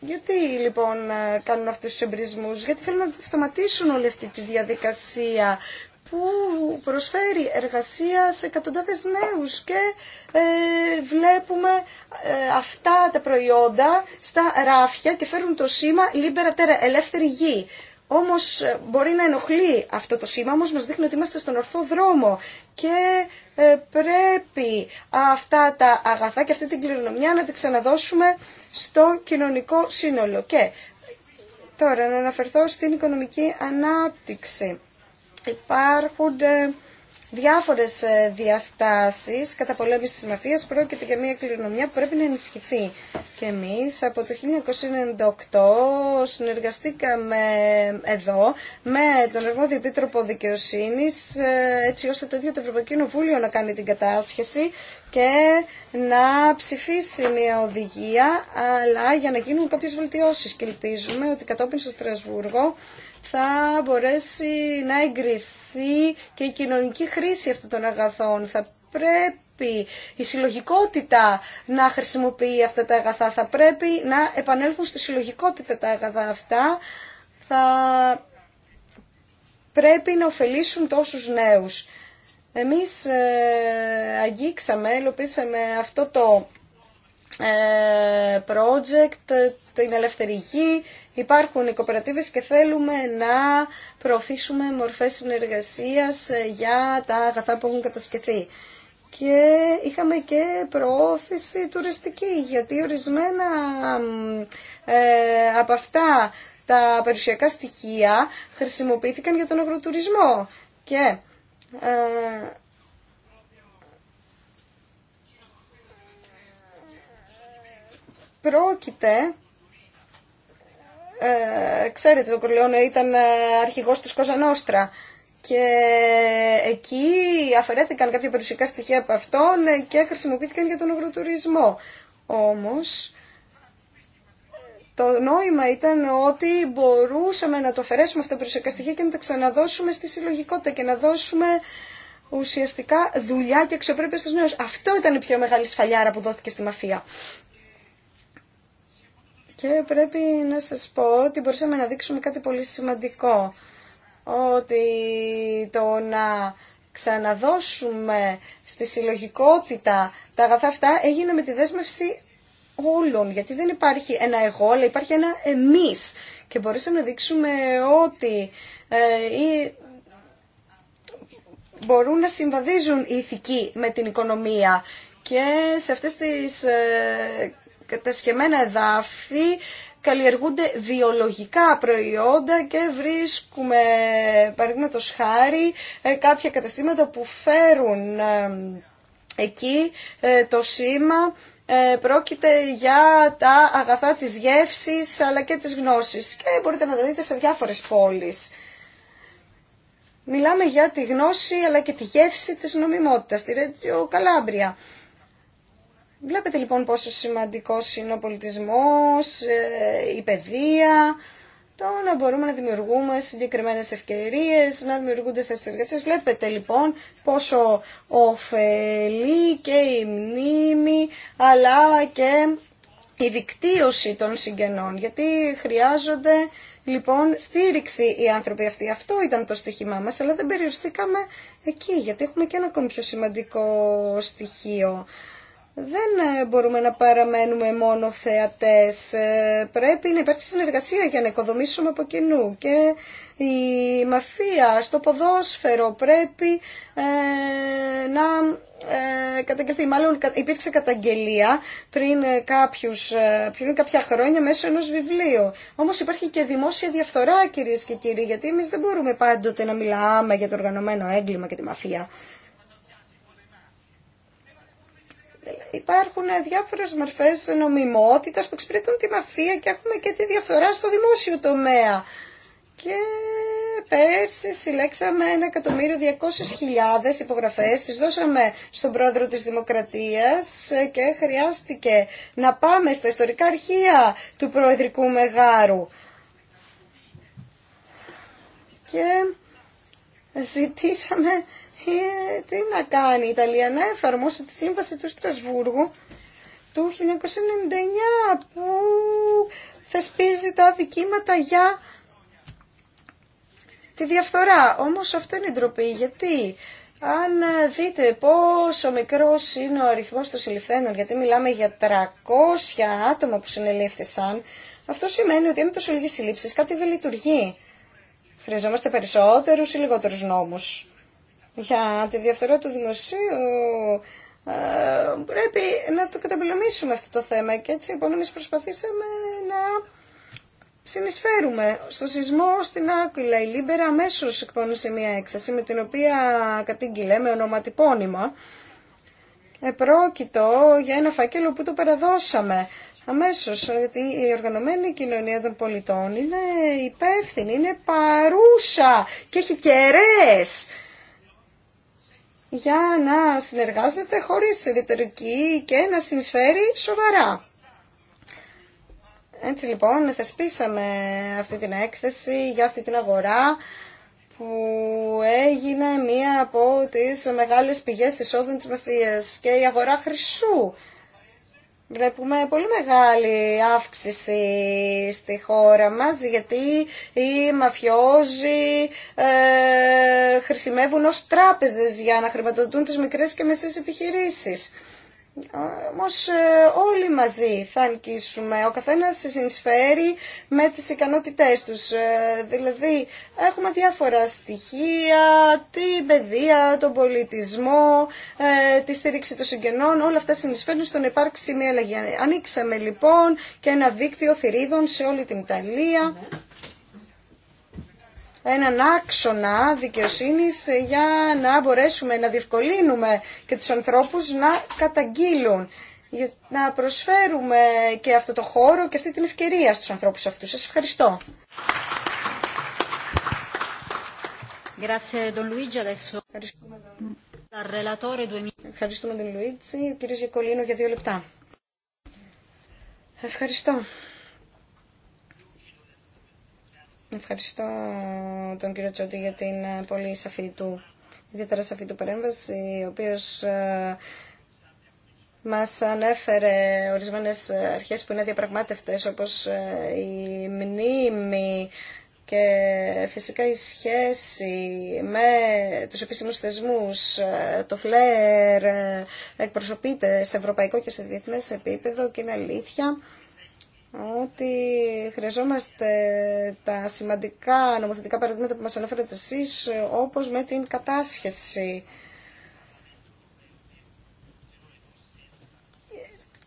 Γιατί λοιπόν ε, κάνουν αυτούς τους εμπρισμούς, γιατί θέλουν να σταματήσουν όλη αυτή τη διαδικασία που προσφέρει εργασία σε εκατοντάδες νέους και ε, βλέπουμε ε, αυτά τα προϊόντα στα ράφια και φέρουν το σήμα «Λίμπερα Τέρα, ελεύθερη γη». Όμως ε, μπορεί να ενοχλεί αυτό το σήμα, όμως μας δείχνει ότι είμαστε στον ορθό δρόμο και ε, πρέπει αυτά τα αγαθά και αυτή την κληρονομιά να τη ξαναδώσουμε στο κοινωνικό σύνολο. Και τώρα να αναφερθώ στην οικονομική ανάπτυξη. Υπάρχουν Διάφορε ε, διαστάσεις κατά πολέμηση της μαφίας πρόκειται για μια κληρονομιά που πρέπει να ενισχυθεί. Και εμείς από το 1998 συνεργαστήκαμε ε, εδώ με τον Εργόδιο Επίτροπο δικαιοσύνη, ε, έτσι ώστε το ίδιο το Ευρωπαϊκό Κοινοβούλιο να κάνει την κατάσχεση και να ψηφίσει μια οδηγία αλλά για να γίνουν κάποιες βελτιώσεις και ελπίζουμε ότι κατόπιν στο Στρασβούργο θα μπορέσει να εγκριθεί και η κοινωνική χρήση αυτών των αγαθών. Θα πρέπει η συλλογικότητα να χρησιμοποιεί αυτά τα αγαθά. Θα πρέπει να επανέλθουν στη συλλογικότητα τα αγαθά αυτά. Θα πρέπει να ωφελήσουν τόσους νέους. Εμείς ε, αγγίξαμε, ελοπίσαμε αυτό το ε, project, την ελεύθερη γη. Υπάρχουν οι κοπερατίβες και θέλουμε να προωθήσουμε μορφές συνεργασίας ε, για τα αγαθά που έχουν κατασκευθεί. Και είχαμε και προώθηση τουριστική, γιατί ορισμένα ε, από αυτά τα περιουσιακά στοιχεία χρησιμοποιήθηκαν για τον αγροτουρισμό. Και ε, πρόκειται ε, ξέρετε το Κορλαιόνε ήταν ε, αρχηγός της Κοζανόστρα και εκεί αφαιρέθηκαν κάποια περιουσιακά στοιχεία από αυτόν ε, και χρησιμοποιήθηκαν για τον αγροτουρισμό. Όμως το νόημα ήταν ότι μπορούσαμε να το αφαιρέσουμε αυτά τα περιουσιακά στοιχεία και να τα ξαναδώσουμε στη συλλογικότητα και να δώσουμε ουσιαστικά δουλειά και αξιοπρέπεια στους νέους. Αυτό ήταν η πιο μεγάλη σφαλιάρα που δόθηκε στη μαφία. Και πρέπει να σας πω ότι μπορούσαμε να δείξουμε κάτι πολύ σημαντικό. Ότι το να ξαναδώσουμε στη συλλογικότητα τα αγαθά αυτά έγινε με τη δέσμευση όλων. Γιατί δεν υπάρχει ένα εγώ, αλλά υπάρχει ένα εμείς. Και μπορούσαμε να δείξουμε ότι ε, μπορούν να συμβαδίζουν οι ηθικοί με την οικονομία. Και σε αυτές τις ε, κατασκευμένα εδάφη καλλιεργούνται βιολογικά προϊόντα και βρίσκουμε, παραδείγματο χάρη, ε, κάποια καταστήματα που φέρουν ε, εκεί ε, το σήμα πρόκειται για τα αγαθά της γεύσης αλλά και της γνώσης και μπορείτε να τα δείτε σε διάφορες πόλεις. Μιλάμε για τη γνώση αλλά και τη γεύση της νομιμότητας, τη Ρέτζιο Καλάμπρια. Βλέπετε λοιπόν πόσο σημαντικός είναι ο πολιτισμός, ε, η παιδεία, το να μπορούμε να δημιουργούμε συγκεκριμένε ευκαιρίε, να δημιουργούνται θέσει εργασία. Βλέπετε λοιπόν πόσο ωφελεί και η μνήμη αλλά και η δικτύωση των συγγενών. Γιατί χρειάζονται λοιπόν στήριξη οι άνθρωποι αυτοί. Αυτό ήταν το στοιχημά μα, αλλά δεν περιοριστήκαμε εκεί, γιατί έχουμε και ένα ακόμη πιο σημαντικό στοιχείο δεν ε, μπορούμε να παραμένουμε μόνο θεατές. Ε, πρέπει να υπάρξει συνεργασία για να οικοδομήσουμε από κοινού. Και η μαφία στο ποδόσφαιρο πρέπει ε, να καταγγελθεί. Μάλλον υπήρξε καταγγελία πριν, κάποιους, πριν κάποια χρόνια μέσω ενός βιβλίου. Όμως υπάρχει και δημόσια διαφθορά κύριε και κύριοι, γιατί εμείς δεν μπορούμε πάντοτε να μιλάμε για το οργανωμένο έγκλημα και τη μαφία. υπάρχουν διάφορες μορφέ νομιμότητα που εξυπηρετούν τη μαφία και έχουμε και τη διαφθορά στο δημόσιο τομέα. Και πέρσι συλλέξαμε 1.200.000 υπογραφές, τις δώσαμε στον πρόεδρο της Δημοκρατίας και χρειάστηκε να πάμε στα ιστορικά αρχεία του Προεδρικού Μεγάρου. Και ζητήσαμε τι να κάνει η Ιταλία να εφαρμόσει τη σύμβαση του Στρασβούργου του 1999 που θεσπίζει τα δικήματα για τη διαφθορά. Όμως αυτό είναι ντροπή. Γιατί αν δείτε πόσο μικρός είναι ο αριθμός των συλληφθένων, γιατί μιλάμε για 300 άτομα που συνελήφθησαν, αυτό σημαίνει ότι είναι τόσο λίγες συλλήψεις, κάτι δεν λειτουργεί. Χρειαζόμαστε περισσότερους ή λιγότερους νόμους για τη διαφθορά του δημοσίου ε, πρέπει να το καταπολεμήσουμε αυτό το θέμα και έτσι λοιπόν εμείς προσπαθήσαμε να συνεισφέρουμε στο σεισμό στην Άκυλα. Η Λίμπερα αμέσω εκπώνησε μια έκθεση με την οποία κατήγγειλε με ονοματιπώνυμα πρόκειτο για ένα φάκελο που το παραδώσαμε. Αμέσως, γιατί η οργανωμένη κοινωνία των πολιτών είναι υπεύθυνη, είναι παρούσα και έχει κεραίες για να συνεργάζεται χωρίς ρητορική και να συνεισφέρει σοβαρά. Έτσι λοιπόν θεσπίσαμε αυτή την έκθεση για αυτή την αγορά που έγινε μία από τις μεγάλες πηγές εισόδων της μεφίας και η αγορά χρυσού Βλέπουμε πολύ μεγάλη αύξηση στη χώρα μας γιατί οι μαφιόζοι ε, χρησιμεύουν ως τράπεζες για να χρηματοδοτούν τις μικρές και μεσές επιχειρήσεις. Όμω ε, όλοι μαζί θα νικήσουμε. Ο καθένα συνεισφέρει με τι ικανότητέ του. Ε, δηλαδή, έχουμε διάφορα στοιχεία, την παιδεία, τον πολιτισμό, ε, τη στήριξη των συγγενών. Όλα αυτά συνεισφέρουν στον να υπάρξει μια αλλαγή. Ανοίξαμε λοιπόν και ένα δίκτυο θηρίδων σε όλη την Ιταλία έναν άξονα δικαιοσύνης για να μπορέσουμε να διευκολύνουμε και τους ανθρώπους να καταγγείλουν. Για να προσφέρουμε και αυτό το χώρο και αυτή την ευκαιρία στους ανθρώπους αυτούς. Σας ευχαριστώ. Ευχαριστούμε τον Λουίτσι. Ο κύριος Γεκολίνο για δύο λεπτά. Ευχαριστώ. Ευχαριστώ τον κύριο Τσότι για την ε, πολύ σαφή του, ιδιαίτερα σαφή του παρέμβαση, ο οποίος ε, μας ανέφερε ορισμένες ε, αρχές που είναι διαπραγμάτευτες, όπως η μνήμη και φυσικά η σχέση με τους επίσημους θεσμούς, το φλερ εκπροσωπείται σε ευρωπαϊκό και σε διεθνές επίπεδο και είναι αλήθεια ότι χρειαζόμαστε τα σημαντικά νομοθετικά παραδείγματα που μας αναφέρετε εσείς, όπως με την κατάσχεση.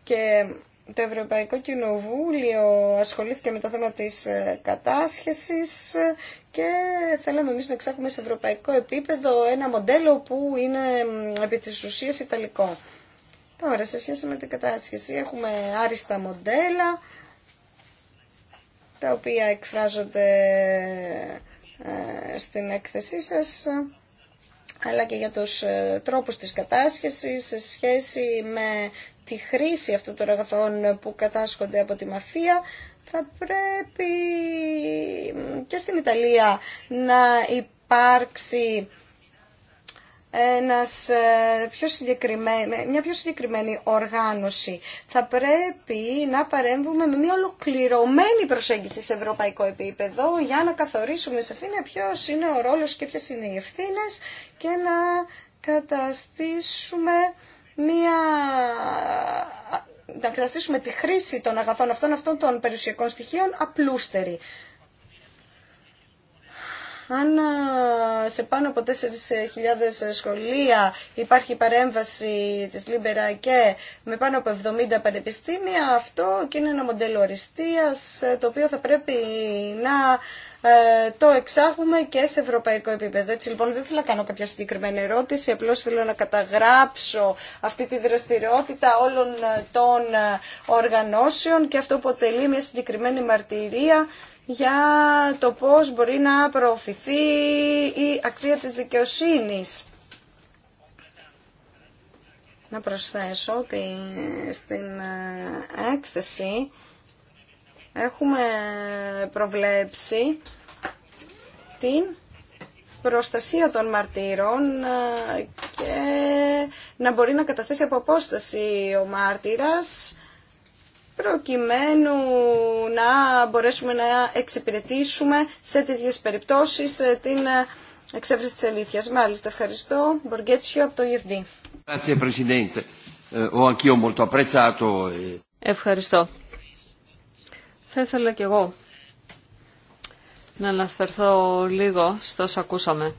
Και το Ευρωπαϊκό Κοινοβούλιο ασχολήθηκε με το θέμα της κατάσχεσης και θέλαμε εμείς να εξάγουμε σε ευρωπαϊκό επίπεδο ένα μοντέλο που είναι επί της ουσίας ιταλικό. Τώρα, σε σχέση με την κατάσχεση έχουμε άριστα μοντέλα, τα οποία εκφράζονται ε, στην έκθεσή σας αλλά και για τους ε, τρόπους της κατάσχεσης σε σχέση με τη χρήση αυτών των εργαθών που κατάσχονται από τη μαφία θα πρέπει και στην Ιταλία να υπάρξει ένας ε, πιο συγκεκριμένη, μια πιο συγκεκριμένη οργάνωση. Θα πρέπει να παρέμβουμε με μια ολοκληρωμένη προσέγγιση σε ευρωπαϊκό επίπεδο για να καθορίσουμε σε αυτήν ποιος είναι ο ρόλος και ποιες είναι οι ευθύνε και να καταστήσουμε μια να καταστήσουμε τη χρήση των αγαθών αυτών, αυτών των περιουσιακών στοιχείων απλούστερη αν ε, σε πάνω από 4.000 σχολεία υπάρχει παρέμβαση της Λίμπερα και με πάνω από 70 πανεπιστήμια, αυτό και είναι ένα μοντέλο αριστείας ε, το οποίο θα πρέπει να ε, το εξάγουμε και σε ευρωπαϊκό επίπεδο. Έτσι λοιπόν δεν θέλω να κάνω κάποια συγκεκριμένη ερώτηση, απλώς θέλω να καταγράψω αυτή τη δραστηριότητα όλων των οργανώσεων και αυτό αποτελεί μια συγκεκριμένη μαρτυρία για το πώς μπορεί να προωθηθεί η αξία της δικαιοσύνης. Να προσθέσω ότι στην ε, έκθεση έχουμε προβλέψει την προστασία των μαρτύρων ε, και να μπορεί να καταθέσει από απόσταση ο μάρτυρας προκειμένου να μπορέσουμε να εξυπηρετήσουμε σε τέτοιες περιπτώσεις ε, την ε, εξέβριση της αλήθειας. Μάλιστα, ευχαριστώ. Μποργέτσιο από το ΙΕΦΔΗ. Ε, ευχαριστώ. Θα ήθελα κι εγώ να αναφερθώ λίγο στο όσα ακούσαμε.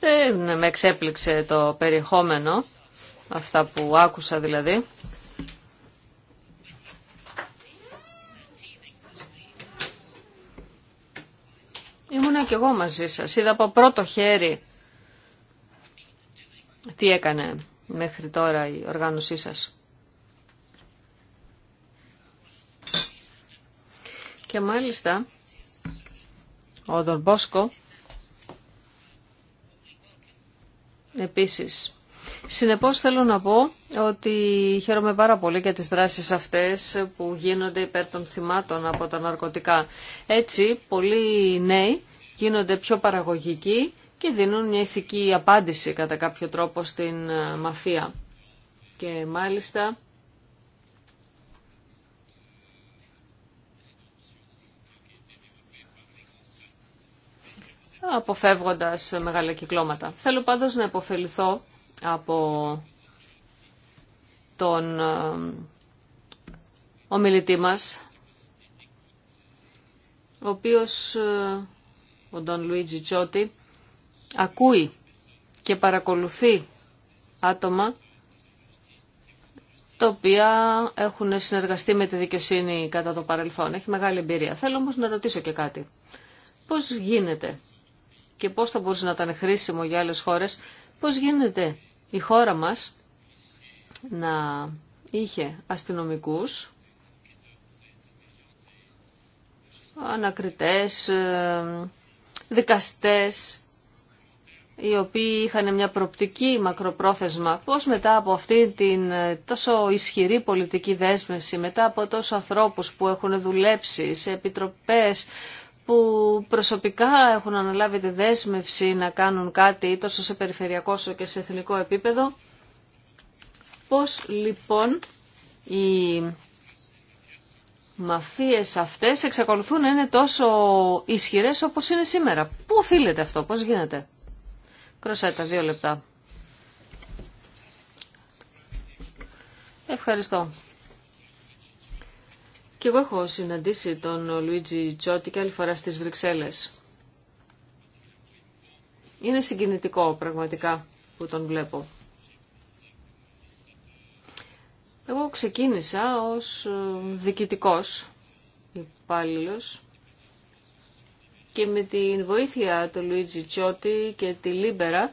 Δεν με εξέπληξε το περιεχόμενο, αυτά που άκουσα δηλαδή, Ήμουνα κι εγώ μαζί σας. Είδα από πρώτο χέρι τι έκανε μέχρι τώρα η οργάνωσή σας. Και μάλιστα ο Δον επίσης Συνεπώς θέλω να πω ότι χαίρομαι πάρα πολύ για τις δράσεις αυτές που γίνονται υπέρ των θυμάτων από τα ναρκωτικά. Έτσι, πολλοί νέοι γίνονται πιο παραγωγικοί και δίνουν μια ηθική απάντηση κατά κάποιο τρόπο στην ε, μαφία. Και μάλιστα... αποφεύγοντας μεγάλα κυκλώματα. Θέλω πάντως να υποφεληθώ από τον ε, ομιλητή μας, ο οποίος, ε, ο Ντον Λουίτζι Τσότη, ακούει και παρακολουθεί άτομα τα οποία έχουν συνεργαστεί με τη δικαιοσύνη κατά το παρελθόν. Έχει μεγάλη εμπειρία. Θέλω όμως να ρωτήσω και κάτι. Πώς γίνεται και πώς θα μπορούσε να ήταν χρήσιμο για άλλες χώρες, πώς γίνεται η χώρα μας να είχε αστυνομικούς, ανακριτές, ε, δικαστές, οι οποίοι είχαν μια προπτική μακροπρόθεσμα, πώς μετά από αυτή την ε, τόσο ισχυρή πολιτική δέσμευση, μετά από τόσους ανθρώπους που έχουν δουλέψει σε επιτροπές που προσωπικά έχουν αναλάβει τη δέσμευση να κάνουν κάτι τόσο σε περιφερειακό όσο και σε εθνικό επίπεδο. Πώς λοιπόν οι μαφίες αυτές εξακολουθούν να είναι τόσο ισχυρές όπως είναι σήμερα. Πού οφείλεται αυτό, πώς γίνεται. Κροσέτα, δύο λεπτά. Ευχαριστώ. Και εγώ έχω συναντήσει τον Λουίτζι Τσότη και άλλη φορά στις Βρυξέλλες. Είναι συγκινητικό πραγματικά που τον βλέπω. Εγώ ξεκίνησα ως ε, διοικητικός υπάλληλο και με την βοήθεια του Λουίτζι Τσότη και τη Λίμπερα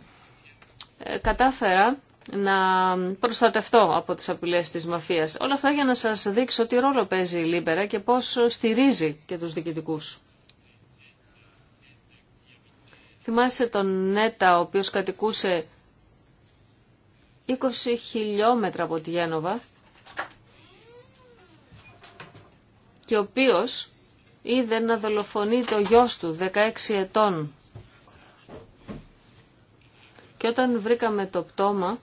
ε, κατάφερα να προστατευτώ από τις απειλές της μαφίας. Όλα αυτά για να σας δείξω τι ρόλο παίζει η Λίμπερα και πώς στηρίζει και τους διοικητικούς. Θυμάσαι τον Νέτα, ο οποίος κατοικούσε 20 χιλιόμετρα από τη Γένοβα και ο οποίος είδε να δολοφονεί το γιος του 16 ετών. Και όταν βρήκαμε το πτώμα,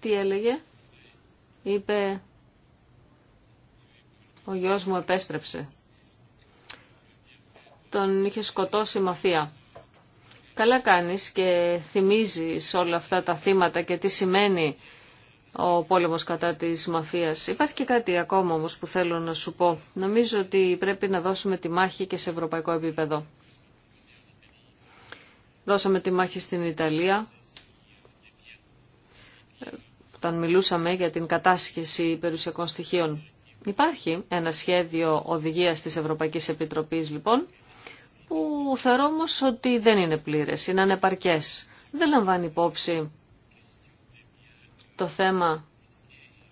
τι έλεγε. Είπε ο γιος μου επέστρεψε. Τον είχε σκοτώσει η μαφία. Καλά κάνεις και θυμίζεις όλα αυτά τα θύματα και τι σημαίνει ο πόλεμος κατά της μαφίας. Υπάρχει και κάτι ακόμα όμως που θέλω να σου πω. Νομίζω ότι πρέπει να δώσουμε τη μάχη και σε ευρωπαϊκό επίπεδο. Δώσαμε τη μάχη στην Ιταλία όταν μιλούσαμε για την κατάσχεση περιουσιακών στοιχείων. Υπάρχει ένα σχέδιο οδηγίας της Ευρωπαϊκής Επιτροπής λοιπόν, που θεωρώ όμω ότι δεν είναι πλήρες, είναι ανεπαρκές. Δεν λαμβάνει υπόψη το θέμα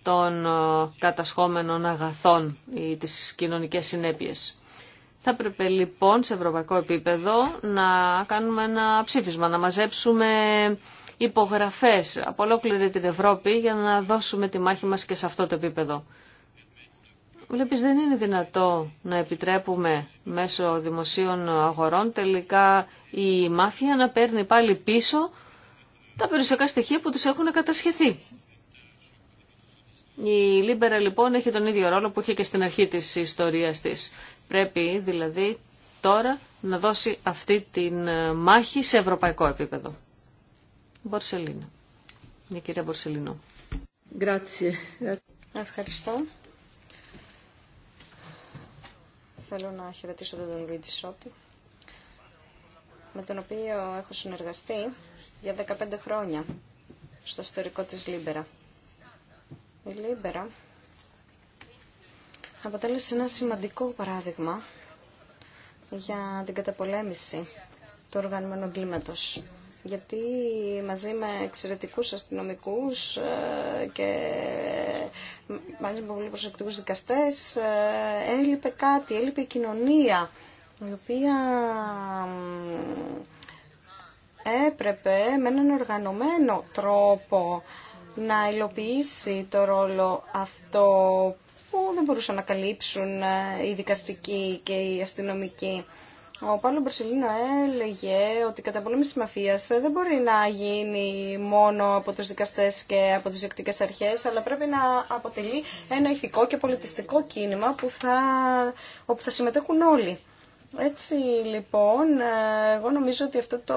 των ε, κατασχόμενων αγαθών ή τις κοινωνικές συνέπειες. Θα έπρεπε λοιπόν σε ευρωπαϊκό επίπεδο να κάνουμε ένα ψήφισμα, να μαζέψουμε υπογραφές από ολόκληρη την Ευρώπη για να δώσουμε τη μάχη μας και σε αυτό το επίπεδο. Βλέπεις δεν είναι δυνατό να επιτρέπουμε μέσω δημοσίων αγορών τελικά η μάφια να παίρνει πάλι πίσω τα περιουσιακά στοιχεία που τους έχουν κατασχεθεί. Η Λίμπερα λοιπόν έχει τον ίδιο ρόλο που είχε και στην αρχή της ιστορίας της. Πρέπει δηλαδή τώρα να δώσει αυτή τη μάχη σε ευρωπαϊκό επίπεδο κυρία Μπορσελίνο. Ευχαριστώ. Θέλω να χαιρετήσω τον Λουίτζι Σότη, με τον οποίο έχω συνεργαστεί για 15 χρόνια στο ιστορικό της Λίμπερα. Η Λίμπερα αποτέλεσε ένα σημαντικό παράδειγμα για την καταπολέμηση του οργανωμένου εγκλήματος γιατί μαζί με εξαιρετικούς αστυνομικούς ε, και μαζί με πολύ προσεκτικούς δικαστές ε, έλειπε κάτι, έλειπε η κοινωνία η οποία έπρεπε με έναν οργανωμένο τρόπο να υλοποιήσει το ρόλο αυτό που δεν μπορούσαν να καλύψουν ε, οι δικαστικοί και οι αστυνομικοί. Ο Παύλο Μπερσελίνο έλεγε ότι η καταπολέμηση της μαφίας δεν μπορεί να γίνει μόνο από τους δικαστές και από τις διοκτικές αρχές, αλλά πρέπει να αποτελεί ένα ηθικό και πολιτιστικό κίνημα που θα, όπου θα συμμετέχουν όλοι. Έτσι λοιπόν, εγώ νομίζω ότι αυτό το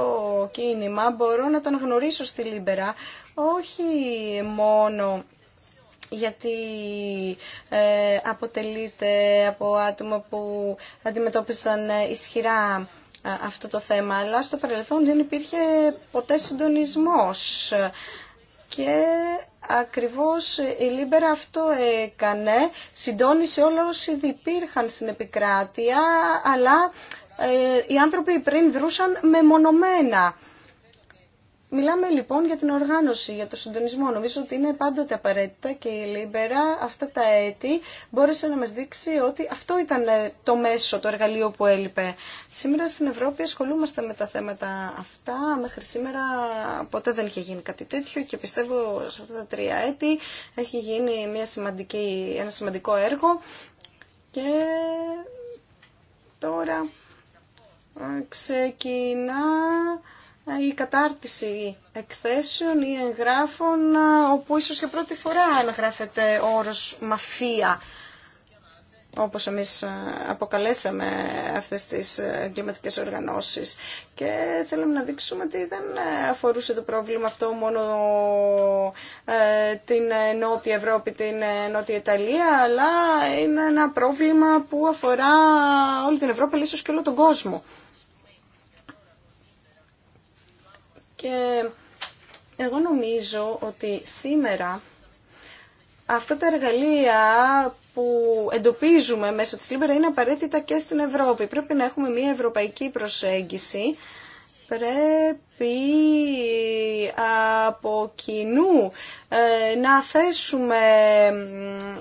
κίνημα μπορώ να το αναγνωρίσω στη Λίμπερα, όχι μόνο γιατί ε, αποτελείται από άτομα που αντιμετώπισαν ε, ισχυρά ε, αυτό το θέμα, αλλά στο παρελθόν δεν υπήρχε ποτέ συντονισμός. Και ακριβώς η Λίμπερα αυτό έκανε, συντόνισε όλα όσοι υπήρχαν στην επικράτεια, αλλά οι άνθρωποι πριν δρούσαν μεμονωμένα. Μιλάμε λοιπόν για την οργάνωση, για το συντονισμό. Νομίζω ότι είναι πάντοτε απαραίτητα και η Λίμπερα αυτά τα έτη μπόρεσε να μας δείξει ότι αυτό ήταν ε, το μέσο, το εργαλείο που έλειπε. Σήμερα στην Ευρώπη ασχολούμαστε με τα θέματα αυτά. Μέχρι σήμερα ποτέ δεν είχε γίνει κάτι τέτοιο και πιστεύω σε αυτά τα τρία έτη έχει γίνει μια σημαντική, ένα σημαντικό έργο και τώρα ε, ξεκινά η κατάρτιση εκθέσεων ή εγγράφων, όπου ίσως και πρώτη φορά αναγράφεται ο όρος μαφία, όπως εμείς αποκαλέσαμε αυτές τις ε, εγκληματικές οργανώσεις. Και θέλαμε να δείξουμε ότι δεν ε, αφορούσε το πρόβλημα αυτό μόνο ε, την Νότια Ευρώπη, την Νότια Ιταλία, αλλά είναι ένα πρόβλημα που αφορά όλη την Ευρώπη, αλλά ίσως και όλο τον κόσμο. Και εγώ νομίζω ότι σήμερα αυτά τα εργαλεία που εντοπίζουμε μέσω της Λίμπερα είναι απαραίτητα και στην Ευρώπη. Πρέπει να έχουμε μια ευρωπαϊκή προσέγγιση πρέπει από κοινού ε, να θέσουμε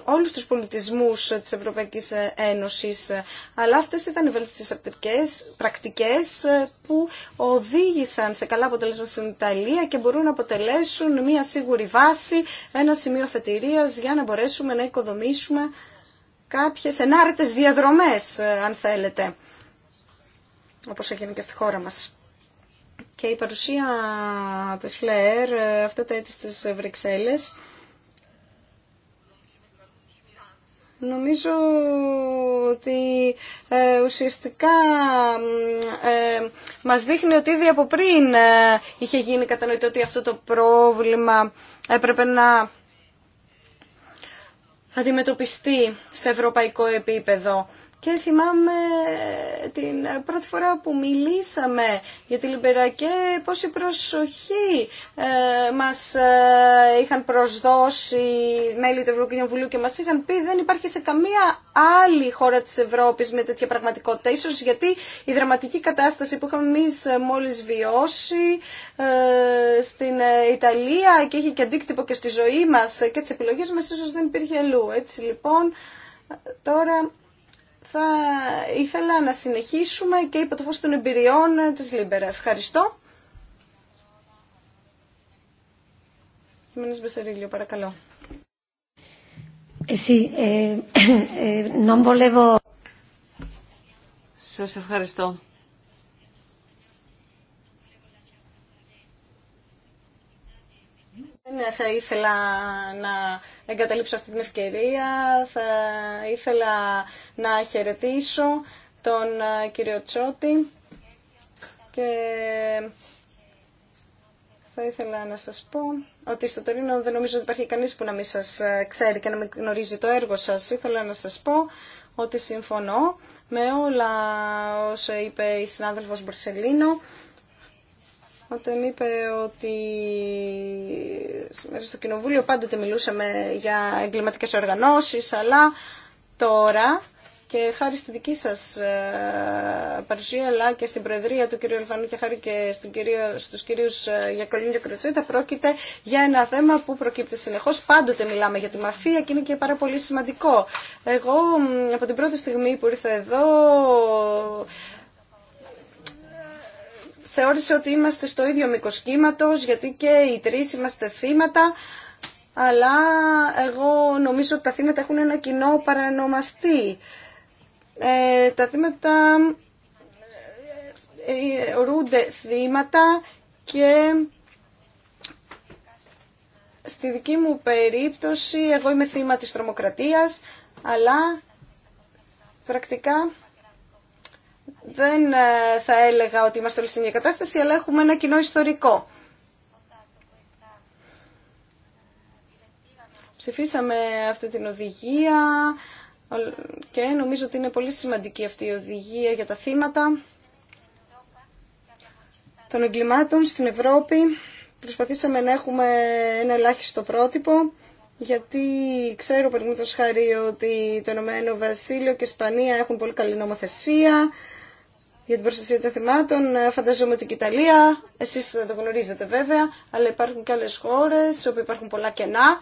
όλους τους πολιτισμούς της Ευρωπαϊκής Ένωσης. Αλλά αυτές ήταν οι βελτιστικές πρακτικές ε, που οδήγησαν σε καλά αποτελέσματα στην Ιταλία και μπορούν να αποτελέσουν μια σίγουρη βάση, ένα σημείο αφετηρίας για να μπορέσουμε να οικοδομήσουμε κάποιες ενάρετες διαδρομές, ε, αν θέλετε, όπως έγινε και στη χώρα μας και η παρουσία της ΦΛΕΡ ε, αυτά τα έτη στις Βρυξέλλες Νομίζω ότι ε, ουσιαστικά ε, μας δείχνει ότι ήδη από πριν είχε γίνει κατανοητό ότι αυτό το πρόβλημα έπρεπε να αντιμετωπιστεί σε ευρωπαϊκό επίπεδο. Και θυμάμαι την πρώτη φορά που μιλήσαμε για τη Λιμπερά και πόση προσοχή ε, μας ε, είχαν προσδώσει μέλη του Βουλίου και μας είχαν πει δεν υπάρχει σε καμία άλλη χώρα της Ευρώπης με τέτοια πραγματικότητα. Ίσως γιατί η δραματική κατάσταση που είχαμε εμείς μόλις βιώσει ε, στην Ιταλία και έχει και αντίκτυπο και στη ζωή μας και τις επιλογές μας ίσως δεν υπήρχε αλλού. Έτσι λοιπόν τώρα θα ήθελα να συνεχίσουμε και υπό το φως των εμπειριών της Λίμπερα. Ευχαριστώ. Μήνες Μπεσερίλιο, παρακαλώ. Εσύ, ε, ε, ε, ε Σας ευχαριστώ. Ναι, θα ήθελα να εγκαταλείψω αυτή την ευκαιρία. Θα ήθελα να χαιρετήσω τον ε, κύριο Τσότη και θα ήθελα να σας πω ότι στο Τωρίνο δεν νομίζω ότι υπάρχει κανείς που να μην σας ε, ξέρει και να μην γνωρίζει το έργο σας. Ήθελα να σας πω ότι συμφωνώ με όλα όσα είπε η συνάδελφος Μπορσελίνο όταν είπε ότι στο Κοινοβούλιο πάντοτε μιλούσαμε για εγκληματικές οργανώσεις, αλλά τώρα και χάρη στη δική σας ε, παρουσία, αλλά και στην Προεδρία του κ. Ελφανού και χάρη και κύριο, στους κυρίους ε, Γιακολίνη και Κροτσέτα, πρόκειται για ένα θέμα που προκύπτει συνεχώς. Πάντοτε μιλάμε για τη μαφία και είναι και πάρα πολύ σημαντικό. Εγώ από την πρώτη στιγμή που ήρθα εδώ θεώρησε ότι είμαστε στο ίδιο μήκο κύματο, γιατί και οι τρει είμαστε θύματα, αλλά εγώ νομίζω ότι τα θύματα έχουν ένα κοινό παρανομαστή. Ε, τα θύματα ε, ορούνται θύματα και στη δική μου περίπτωση εγώ είμαι θύμα της τρομοκρατίας, αλλά πρακτικά δεν ε, θα έλεγα ότι είμαστε όλοι στην ίδια κατάσταση, αλλά έχουμε ένα κοινό ιστορικό. Ψηφίσαμε αυτή την οδηγία και νομίζω ότι είναι πολύ σημαντική αυτή η οδηγία για τα θύματα των εγκλημάτων στην Ευρώπη. Προσπαθήσαμε να έχουμε ένα ελάχιστο πρότυπο, γιατί ξέρω το χάρη ότι το Ηνωμένο Βασίλειο και Ισπανία έχουν πολύ καλή νομοθεσία, για την προστασία των θυμάτων. Ε, φανταζόμαι ότι και η Ιταλία, εσείς θα το γνωρίζετε βέβαια, αλλά υπάρχουν και άλλες χώρες όπου υπάρχουν πολλά κενά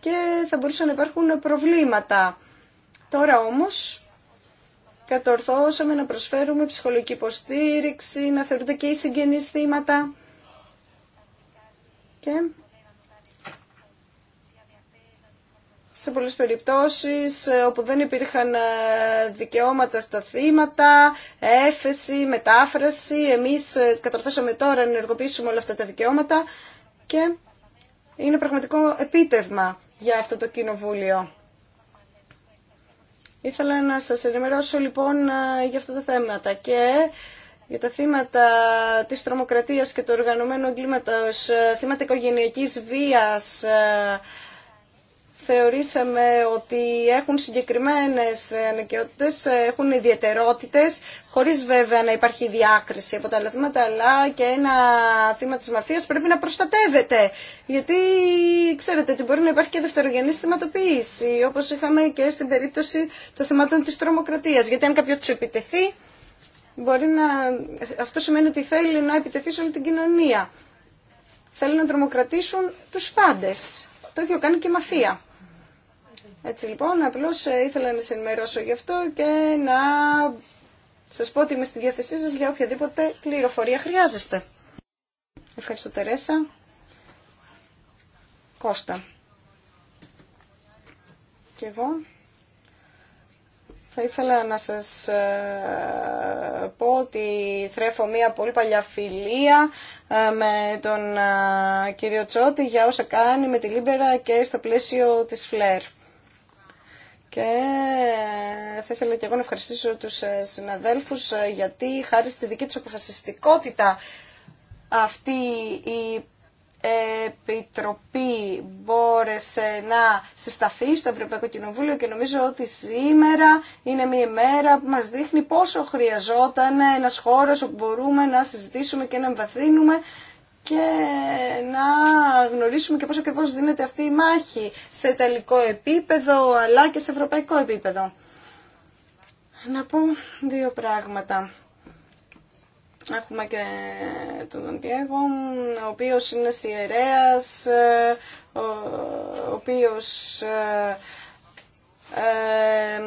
και θα μπορούσαν να υπάρχουν προβλήματα. Τώρα όμως κατορθώσαμε να προσφέρουμε ψυχολογική υποστήριξη, να θεωρούνται και οι συγγενείς θύματα και σε πολλές περιπτώσεις ε, όπου δεν υπήρχαν ε, δικαιώματα στα θύματα, έφεση, μετάφραση. Εμείς ε, καταρθέσαμε τώρα να ενεργοποιήσουμε όλα αυτά τα δικαιώματα και είναι πραγματικό επίτευμα για αυτό το κοινοβούλιο. Ήθελα να σας ενημερώσω λοιπόν για αυτά τα θέματα και για τα θύματα της τρομοκρατίας και του οργανωμένου εγκλήματος, θύματα οικογενειακής βίας, θεωρήσαμε ότι έχουν συγκεκριμένες ανακαιότητες, έχουν ιδιαιτερότητες, χωρίς βέβαια να υπάρχει διάκριση από τα άλλα αλλά και ένα θύμα της μαφίας πρέπει να προστατεύεται. Γιατί ξέρετε ότι μπορεί να υπάρχει και δευτερογενής θυματοποίηση, όπως είχαμε και στην περίπτωση των θυμάτων της τρομοκρατίας. Γιατί αν κάποιο του επιτεθεί, μπορεί να... αυτό σημαίνει ότι θέλει να επιτεθεί σε όλη την κοινωνία. θέλει να τρομοκρατήσουν τους πάντες. Το ίδιο κάνει και η μαφία. Έτσι λοιπόν, απλώ ε, ήθελα να σε ενημερώσω γι' αυτό και να σα πω ότι είμαι στη διάθεσή σα για οποιαδήποτε πληροφορία χρειάζεστε. Ευχαριστώ Τερέσα. Κώστα. Και εγώ. Θα ήθελα να σας ε, πω ότι θρέφω μία πολύ παλιά φιλία ε, με τον κύριο Τσότη για όσα κάνει με τη Λίμπερα και στο πλαίσιο της Φλερ. Και θα ήθελα και εγώ να ευχαριστήσω τους ε, συναδέλφους ε, γιατί χάρη στη δική τους αποφασιστικότητα αυτή η Επιτροπή μπόρεσε να συσταθεί στο Ευρωπαϊκό Κοινοβούλιο και νομίζω ότι σήμερα είναι μια μέρα που μας δείχνει πόσο χρειαζόταν ένας χώρος όπου μπορούμε να συζητήσουμε και να εμβαθύνουμε και να γνωρίσουμε και πώς ακριβώς δίνεται αυτή η μάχη σε τελικό επίπεδο αλλά και σε ευρωπαϊκό επίπεδο. Να πω δύο πράγματα. Έχουμε και τον Δαντιέγο, ο οποίος είναι σιερέας, ο οποίος ε, ε,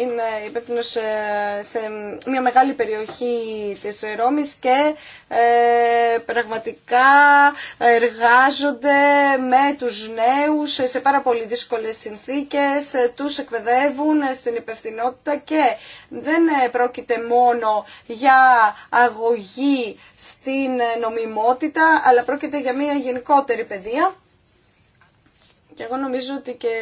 είναι υπεύθυνο ε, σε μια μεγάλη περιοχή της Ρώμης και ε, πραγματικά εργάζονται με τους νέους σε πάρα πολύ δύσκολες συνθήκες, τους εκπαιδεύουν στην υπευθυνότητα και δεν πρόκειται μόνο για αγωγή στην νομιμότητα, αλλά πρόκειται για μια γενικότερη παιδεία και εγώ νομίζω ότι και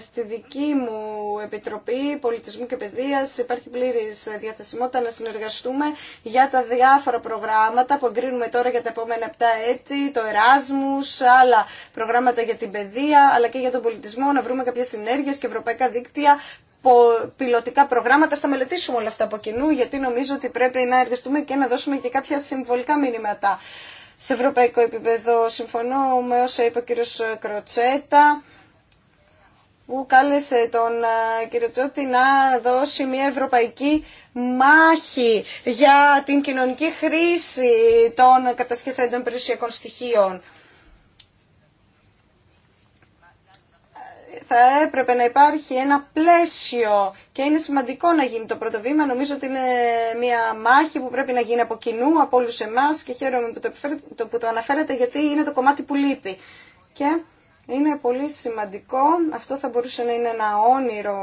στη δική μου Επιτροπή Πολιτισμού και Παιδείας υπάρχει πλήρης διαθεσιμότητα να συνεργαστούμε για τα διάφορα προγράμματα που εγκρίνουμε τώρα για τα επόμενα 7 έτη, το Εράσμους, άλλα προγράμματα για την παιδεία, αλλά και για τον πολιτισμό, να βρούμε κάποιες συνέργειες και ευρωπαϊκά δίκτυα πιλωτικά προγράμματα, θα μελετήσουμε όλα αυτά από κοινού, γιατί νομίζω ότι πρέπει να εργαστούμε και να δώσουμε και κάποια συμβολικά μηνύματα σε ευρωπαϊκό επίπεδο. Συμφωνώ με όσα είπε ο κύριο Κροτσέτα που κάλεσε τον ε, κύριο Τσότη να δώσει μια ευρωπαϊκή μάχη για την κοινωνική χρήση των κατασκευέντων περιουσιακών στοιχείων. θα έπρεπε να υπάρχει ένα πλαίσιο και είναι σημαντικό να γίνει το πρώτο βήμα. Νομίζω ότι είναι μια μάχη που πρέπει να γίνει από κοινού, από όλους εμάς και χαίρομαι που το, το, που το αναφέρετε γιατί είναι το κομμάτι που λείπει. Και είναι πολύ σημαντικό, αυτό θα μπορούσε να είναι ένα όνειρο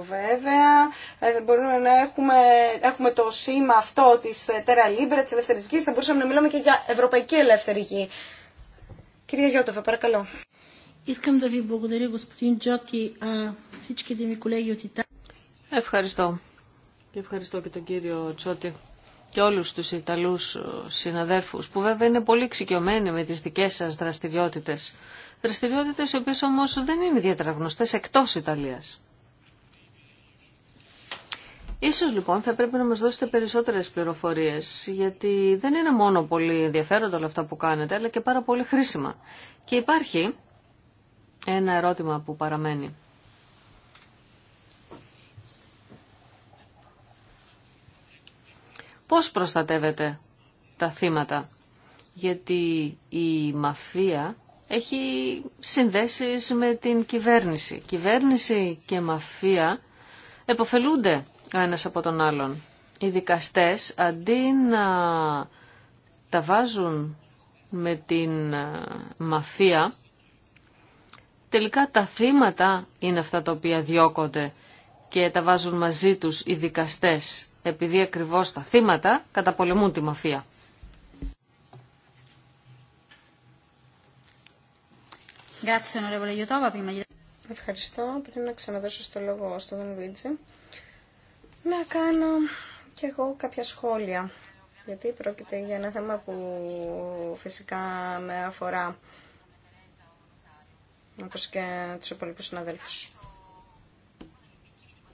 βέβαια, ε, μπορούμε να έχουμε, έχουμε το σήμα αυτό της ε, Terra Libra, της ελεύθερης θα μπορούσαμε να μιλάμε και για ευρωπαϊκή ελεύθερη γη. Κυρία Γιώτοβα, παρακαλώ. Искам да ви Ευχαριστώ. ευχαριστώ και τον κύριο Τσότη και όλους τους Ιταλούς ε, συναδέρφους, που βέβαια είναι πολύ εξοικειωμένοι με τις δικές σας δραστηριότητες. Δραστηριότητες οι οποίες όμως δεν είναι ιδιαίτερα γνωστές εκτός Ιταλίας. Ίσως λοιπόν θα πρέπει να μας δώσετε περισσότερες πληροφορίες, γιατί δεν είναι μόνο πολύ ενδιαφέροντα όλα αυτά που κάνετε, αλλά και πάρα πολύ χρήσιμα. Και υπάρχει ένα ερώτημα που παραμένει. Πώς προστατεύετε τα θύματα, γιατί η μαφία έχει συνδέσεις με την κυβέρνηση. Κυβέρνηση και μαφία εποφελούνται ο ένας από τον άλλον. Οι δικαστές αντί να τα βάζουν με την ε, μαφία, τελικά τα θύματα είναι αυτά τα οποία διώκονται και τα βάζουν μαζί τους οι δικαστές, επειδή ακριβώς τα θύματα καταπολεμούν τη μαφία. Ευχαριστώ. Πριν να ξαναδώσω στο λόγο στον Τον να κάνω κι εγώ κάποια σχόλια. Γιατί πρόκειται για ένα θέμα που φυσικά με αφορά όπως και τους υπόλοιπους συναδέλφους.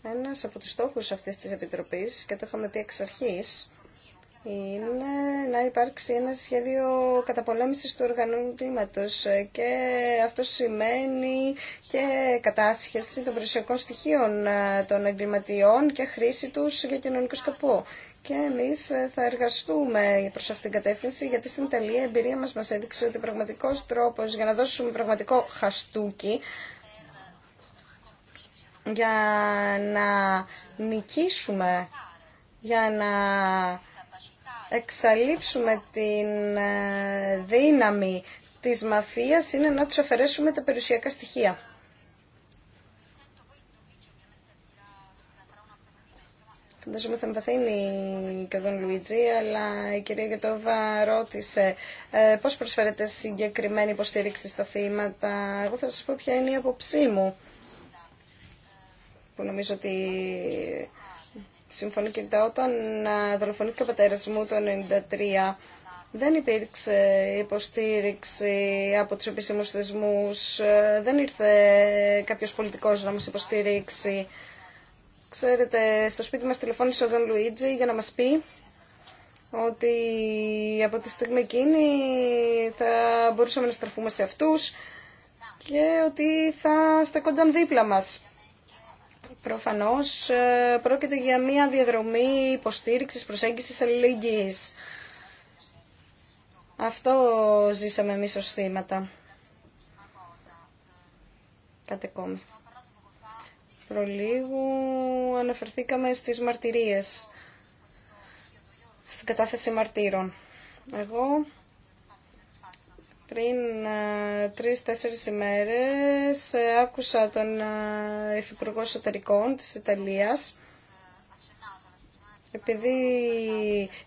Ένας από τους στόχους αυτής της Επιτροπής, και το είχαμε πει εξ αρχής, είναι να υπάρξει ένα σχέδιο καταπολέμησης του οργανού κλίματος και αυτό σημαίνει και κατάσχεση των περιουσιακών στοιχείων ε, των εγκληματιών και χρήση τους για κοινωνικό σκοπό και εμεί ε, θα εργαστούμε προ αυτήν την κατεύθυνση γιατί στην Ιταλία η εμπειρία μας μας έδειξε ότι ο πραγματικό τρόπος για να δώσουμε πραγματικό χαστούκι για να νικήσουμε, για να εξαλείψουμε την ε, δύναμη της μαφίας είναι να τους αφαιρέσουμε τα περιουσιακά στοιχεία. Φαντάζομαι θα εμβαθύνει και ο Δον Λουιτζή, αλλά η κυρία Γετόβα ρώτησε ε, πώς προσφέρετε συγκεκριμένη υποστήριξη στα θύματα. Εγώ θα σας πω ποια είναι η απόψή μου, που νομίζω ότι συμφωνεί και όταν ε, δολοφονήθηκε ο πατέρας μου το 1993, δεν υπήρξε υποστήριξη από τους επίσημους θεσμούς, ε, δεν ήρθε κάποιος πολιτικός να μας υποστήριξει. Ξέρετε, στο σπίτι μας τηλεφώνησε ο Δον Λουίτζι για να μας πει ότι από τη στιγμή εκείνη θα μπορούσαμε να στραφούμε σε αυτούς και ότι θα στεκόνταν δίπλα μας. Προφανώς ε, πρόκειται για μια διαδρομή υποστήριξης, προσέγγισης αλληλεγγύης. Αυτό ζήσαμε εμείς ως θύματα. Κατεκόμη προλίγου αναφερθήκαμε στις μαρτυρίες, στην κατάθεση μαρτύρων. Εγώ πριν ε, τρεις-τέσσερις ημέρες ε, άκουσα τον ε, Υφυπουργό Εσωτερικών της Ιταλίας επειδή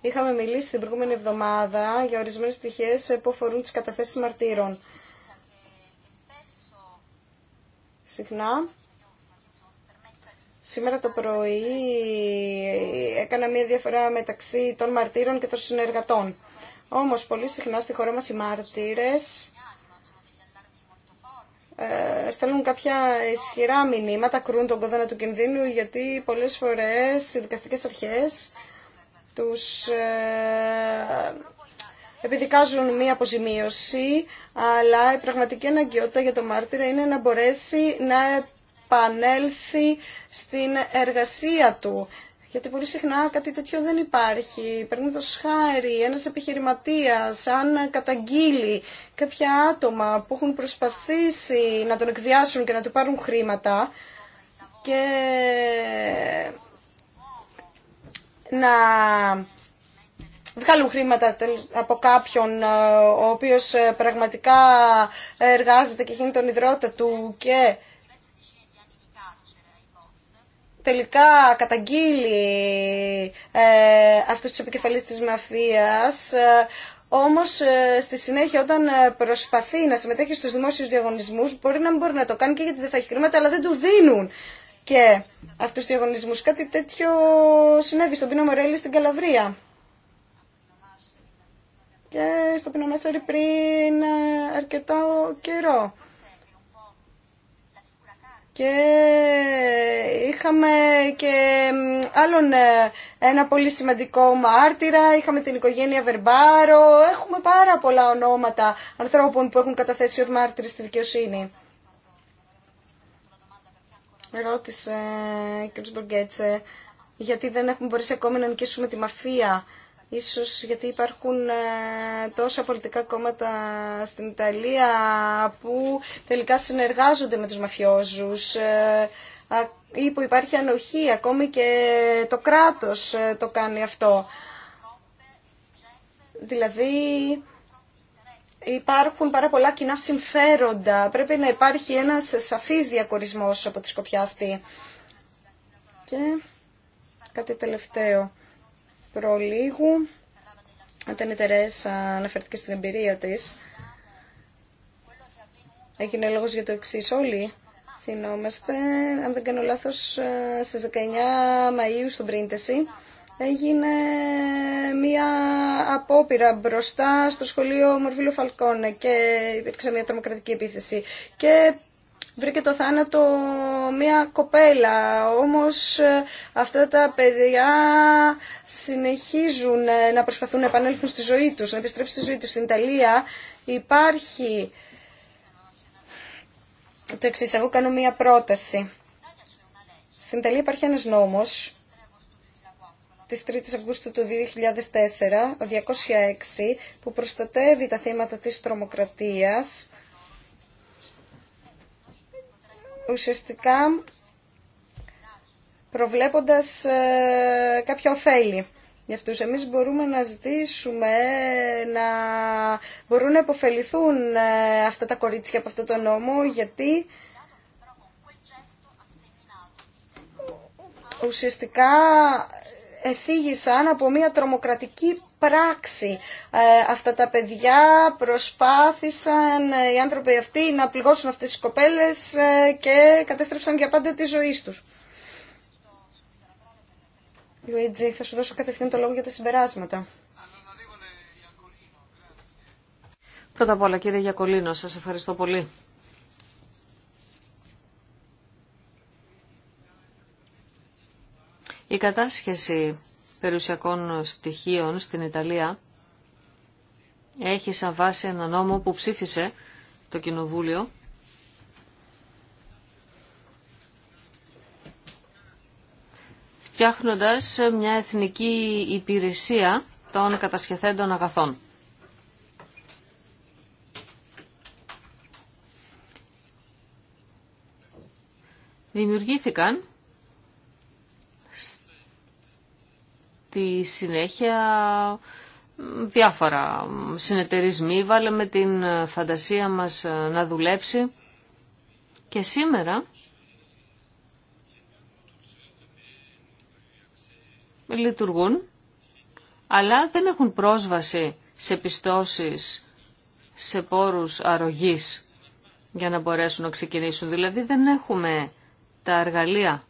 είχαμε μιλήσει την προηγούμενη εβδομάδα για ορισμένες πτυχές που αφορούν τις καταθέσεις μαρτύρων. Συχνά Σήμερα το πρωί έκανα μία διαφορά μεταξύ των μαρτύρων και των συνεργατών. Όμως πολύ συχνά στη χώρα μας οι μάρτυρες ε, στέλνουν κάποια ισχυρά μηνύματα, κρούν τον κόδωνα του κινδύνου γιατί πολλές φορές οι δικαστικές αρχές τους ε, επιδικάζουν μία αποζημίωση αλλά η πραγματική αναγκαιότητα για τον μάρτυρα είναι να μπορέσει να επανέλθει στην εργασία του. Γιατί πολύ συχνά κάτι τέτοιο δεν υπάρχει. Παίρνει το σχάρι, ένας επιχειρηματίας, αν καταγγείλει κάποια άτομα που έχουν προσπαθήσει να τον εκβιάσουν και να του πάρουν χρήματα και να βγάλουν χρήματα από κάποιον ε, ο οποίος ε, πραγματικά εργάζεται και γίνει τον ιδρώτα του και τελικά καταγγείλει ε, αυτούς τους επικεφαλής της μαφίας, ε, όμως ε, στη συνέχεια όταν ε, προσπαθεί να συμμετέχει στους δημόσιους διαγωνισμούς μπορεί να μην μπορεί να το κάνει και γιατί δεν θα έχει χρήματα, αλλά δεν του δίνουν και αυτούς τους διαγωνισμούς. Κάτι τέτοιο συνέβη στον Πίνο Μορέλη στην Καλαβρία. Και στο Πίνο Μασέρι πριν αρκετά καιρό και είχαμε και άλλον ε, ένα πολύ σημαντικό μάρτυρα, είχαμε την οικογένεια Βερμπάρο, έχουμε πάρα πολλά ονόματα ανθρώπων που έχουν καταθέσει ως μάρτυρες στη δικαιοσύνη. Ρώτησε κ. Μπουργκέτσε, γιατί δεν έχουμε μπορέσει ακόμη να νικήσουμε τη μαφία Ίσως γιατί υπάρχουν ε, τόσα πολιτικά κόμματα στην Ιταλία που τελικά συνεργάζονται με τους μαφιόζους ε, ή που υπάρχει ανοχή, ακόμη και το κράτος ε, το κάνει αυτό. Δηλαδή υπάρχουν πάρα πολλά κοινά συμφέροντα. Πρέπει να υπάρχει ένας σαφής διακορισμός από τη σκοπιά αυτή. Και κάτι τελευταίο προλίγου, όταν η Τερέσα αναφερθήκε στην εμπειρία της, έγινε λόγο για το εξή όλοι. Θυνόμαστε. αν δεν κάνω λάθος, ε, στις 19 Μαΐου στον Πρίντεση, έγινε μία απόπειρα μπροστά στο σχολείο μορφύλο Φαλκόνε και υπήρξε μία τρομοκρατική επίθεση. Και βρήκε το θάνατο μια κοπέλα. Όμως ε, αυτά τα παιδιά συνεχίζουν ε, να προσπαθούν να επανέλθουν στη ζωή τους, να επιστρέψουν στη ζωή τους. Στην Ιταλία υπάρχει το εξή εγώ κάνω μια πρόταση. Στην Ιταλία υπάρχει ένας νόμος της 3 η Αυγούστου του 2004, ο 206, που προστατεύει τα θέματα της τρομοκρατίας ουσιαστικά προβλέποντας ε, κάποια ωφέλη για αυτούς. Εμείς μπορούμε να ζητήσουμε να μπορούν να υποφεληθούν ε, αυτά τα κορίτσια από αυτό το νόμο γιατί ουσιαστικά εθίγησαν από μια τρομοκρατική πράξη. Ε, αυτά τα παιδιά προσπάθησαν οι άνθρωποι αυτοί να πληγώσουν αυτές τις κοπέλες ε, και κατέστρεψαν για πάντα τη ζωή τους. Λουίτζι, θα σου δώσω κατευθείαν το λόγο για τα συμπεράσματα. Πρώτα απ' όλα κύριε Γιακολίνο, σας ευχαριστώ πολύ. Η κατάσχεση περιουσιακών στοιχείων στην Ιταλία έχει σαν βάση ένα νόμο που ψήφισε το Κοινοβούλιο φτιάχνοντας μια εθνική υπηρεσία των κατασκευέντων αγαθών. Δημιουργήθηκαν τη συνέχεια διάφορα συνεταιρισμοί βάλαμε την φαντασία μας να δουλέψει και σήμερα λειτουργούν αλλά δεν έχουν πρόσβαση σε πιστώσεις σε πόρους αρρωγής για να μπορέσουν να ξεκινήσουν. Δηλαδή δεν έχουμε τα εργαλεία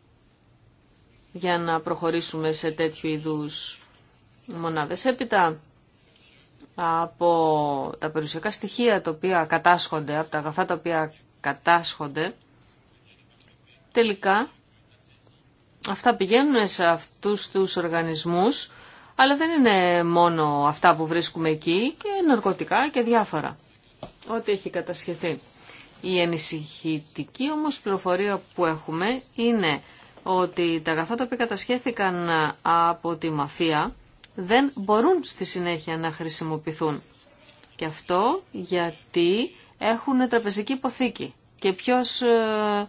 για να προχωρήσουμε σε τέτοιου είδους μονάδες. Έπειτα από τα περιουσιακά στοιχεία τα οποία κατάσχονται, από τα αγαθά τα οποία κατάσχονται, τελικά αυτά πηγαίνουν σε αυτούς τους οργανισμούς, αλλά δεν είναι μόνο αυτά που βρίσκουμε εκεί και ναρκωτικά και διάφορα. Ό,τι έχει κατασχεθεί. Η ενισχυτική όμως πληροφορία που έχουμε είναι ότι τα αγαθά τα οποία κατασχέθηκαν από τη μαφία δεν μπορούν στη συνέχεια να χρησιμοποιηθούν. Και αυτό γιατί έχουν τραπεζική υποθήκη. Και ποιος ε,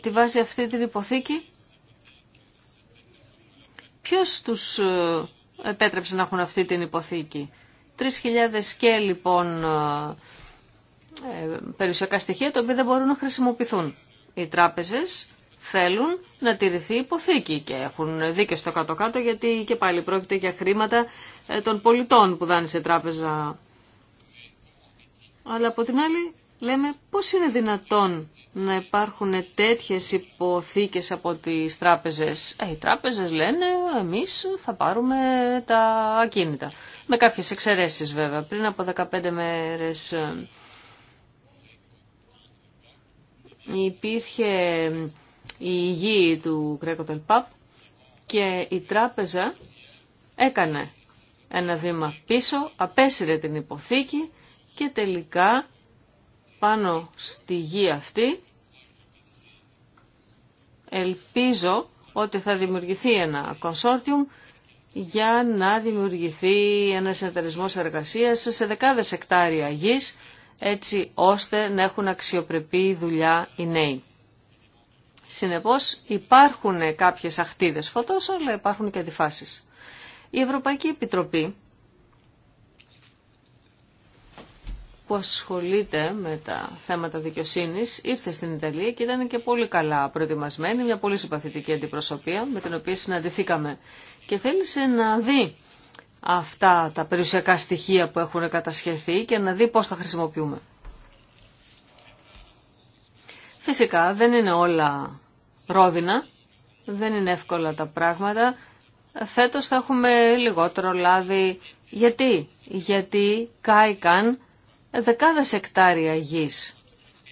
τη βάζει αυτή την υποθήκη? Ποιος τους ε, επέτρεψε να έχουν αυτή την υποθήκη? 3.000 και λοιπόν ε, ε, περιουσιακά στοιχεία τα οποία δεν μπορούν να χρησιμοποιηθούν. Οι τράπεζες θέλουν να τηρηθεί υποθήκη και έχουν δίκαιο στο κάτω-κάτω γιατί και πάλι πρόκειται για χρήματα ε, των πολιτών που δάνεισε τράπεζα. Αλλά από την άλλη λέμε πώς είναι δυνατόν να υπάρχουν τέτοιες υποθήκες από τις τράπεζες. Ε, οι τράπεζες λένε εμείς θα πάρουμε τα ακίνητα. Με κάποιες εξαιρέσεις βέβαια. Πριν από 15 μέρες ε, υπήρχε η γη του Κρέκοτελ Παπ και η τράπεζα έκανε ένα βήμα πίσω, απέσυρε την υποθήκη και τελικά πάνω στη γη αυτή ελπίζω ότι θα δημιουργηθεί ένα κονσόρτιουμ για να δημιουργηθεί ένα συνεταιρισμός εργασίας σε δεκάδες εκτάρια γης έτσι ώστε να έχουν αξιοπρεπή δουλειά οι νέοι. Συνεπώς υπάρχουν κάποιες αχτίδες φωτός, αλλά υπάρχουν και αντιφάσεις. Η Ευρωπαϊκή Επιτροπή που ασχολείται με τα θέματα δικαιοσύνης ήρθε στην Ιταλία και ήταν και πολύ καλά προετοιμασμένη, μια πολύ συμπαθητική αντιπροσωπεία με την οποία συναντηθήκαμε και θέλησε να δει αυτά τα περιουσιακά στοιχεία που έχουν κατασχεθεί και να δει πώς τα χρησιμοποιούμε. Φυσικά δεν είναι όλα ρόδινα, δεν είναι εύκολα τα πράγματα. Φέτος θα έχουμε λιγότερο λάδι. Γιατί? Γιατί κάηκαν δεκάδες εκτάρια γης.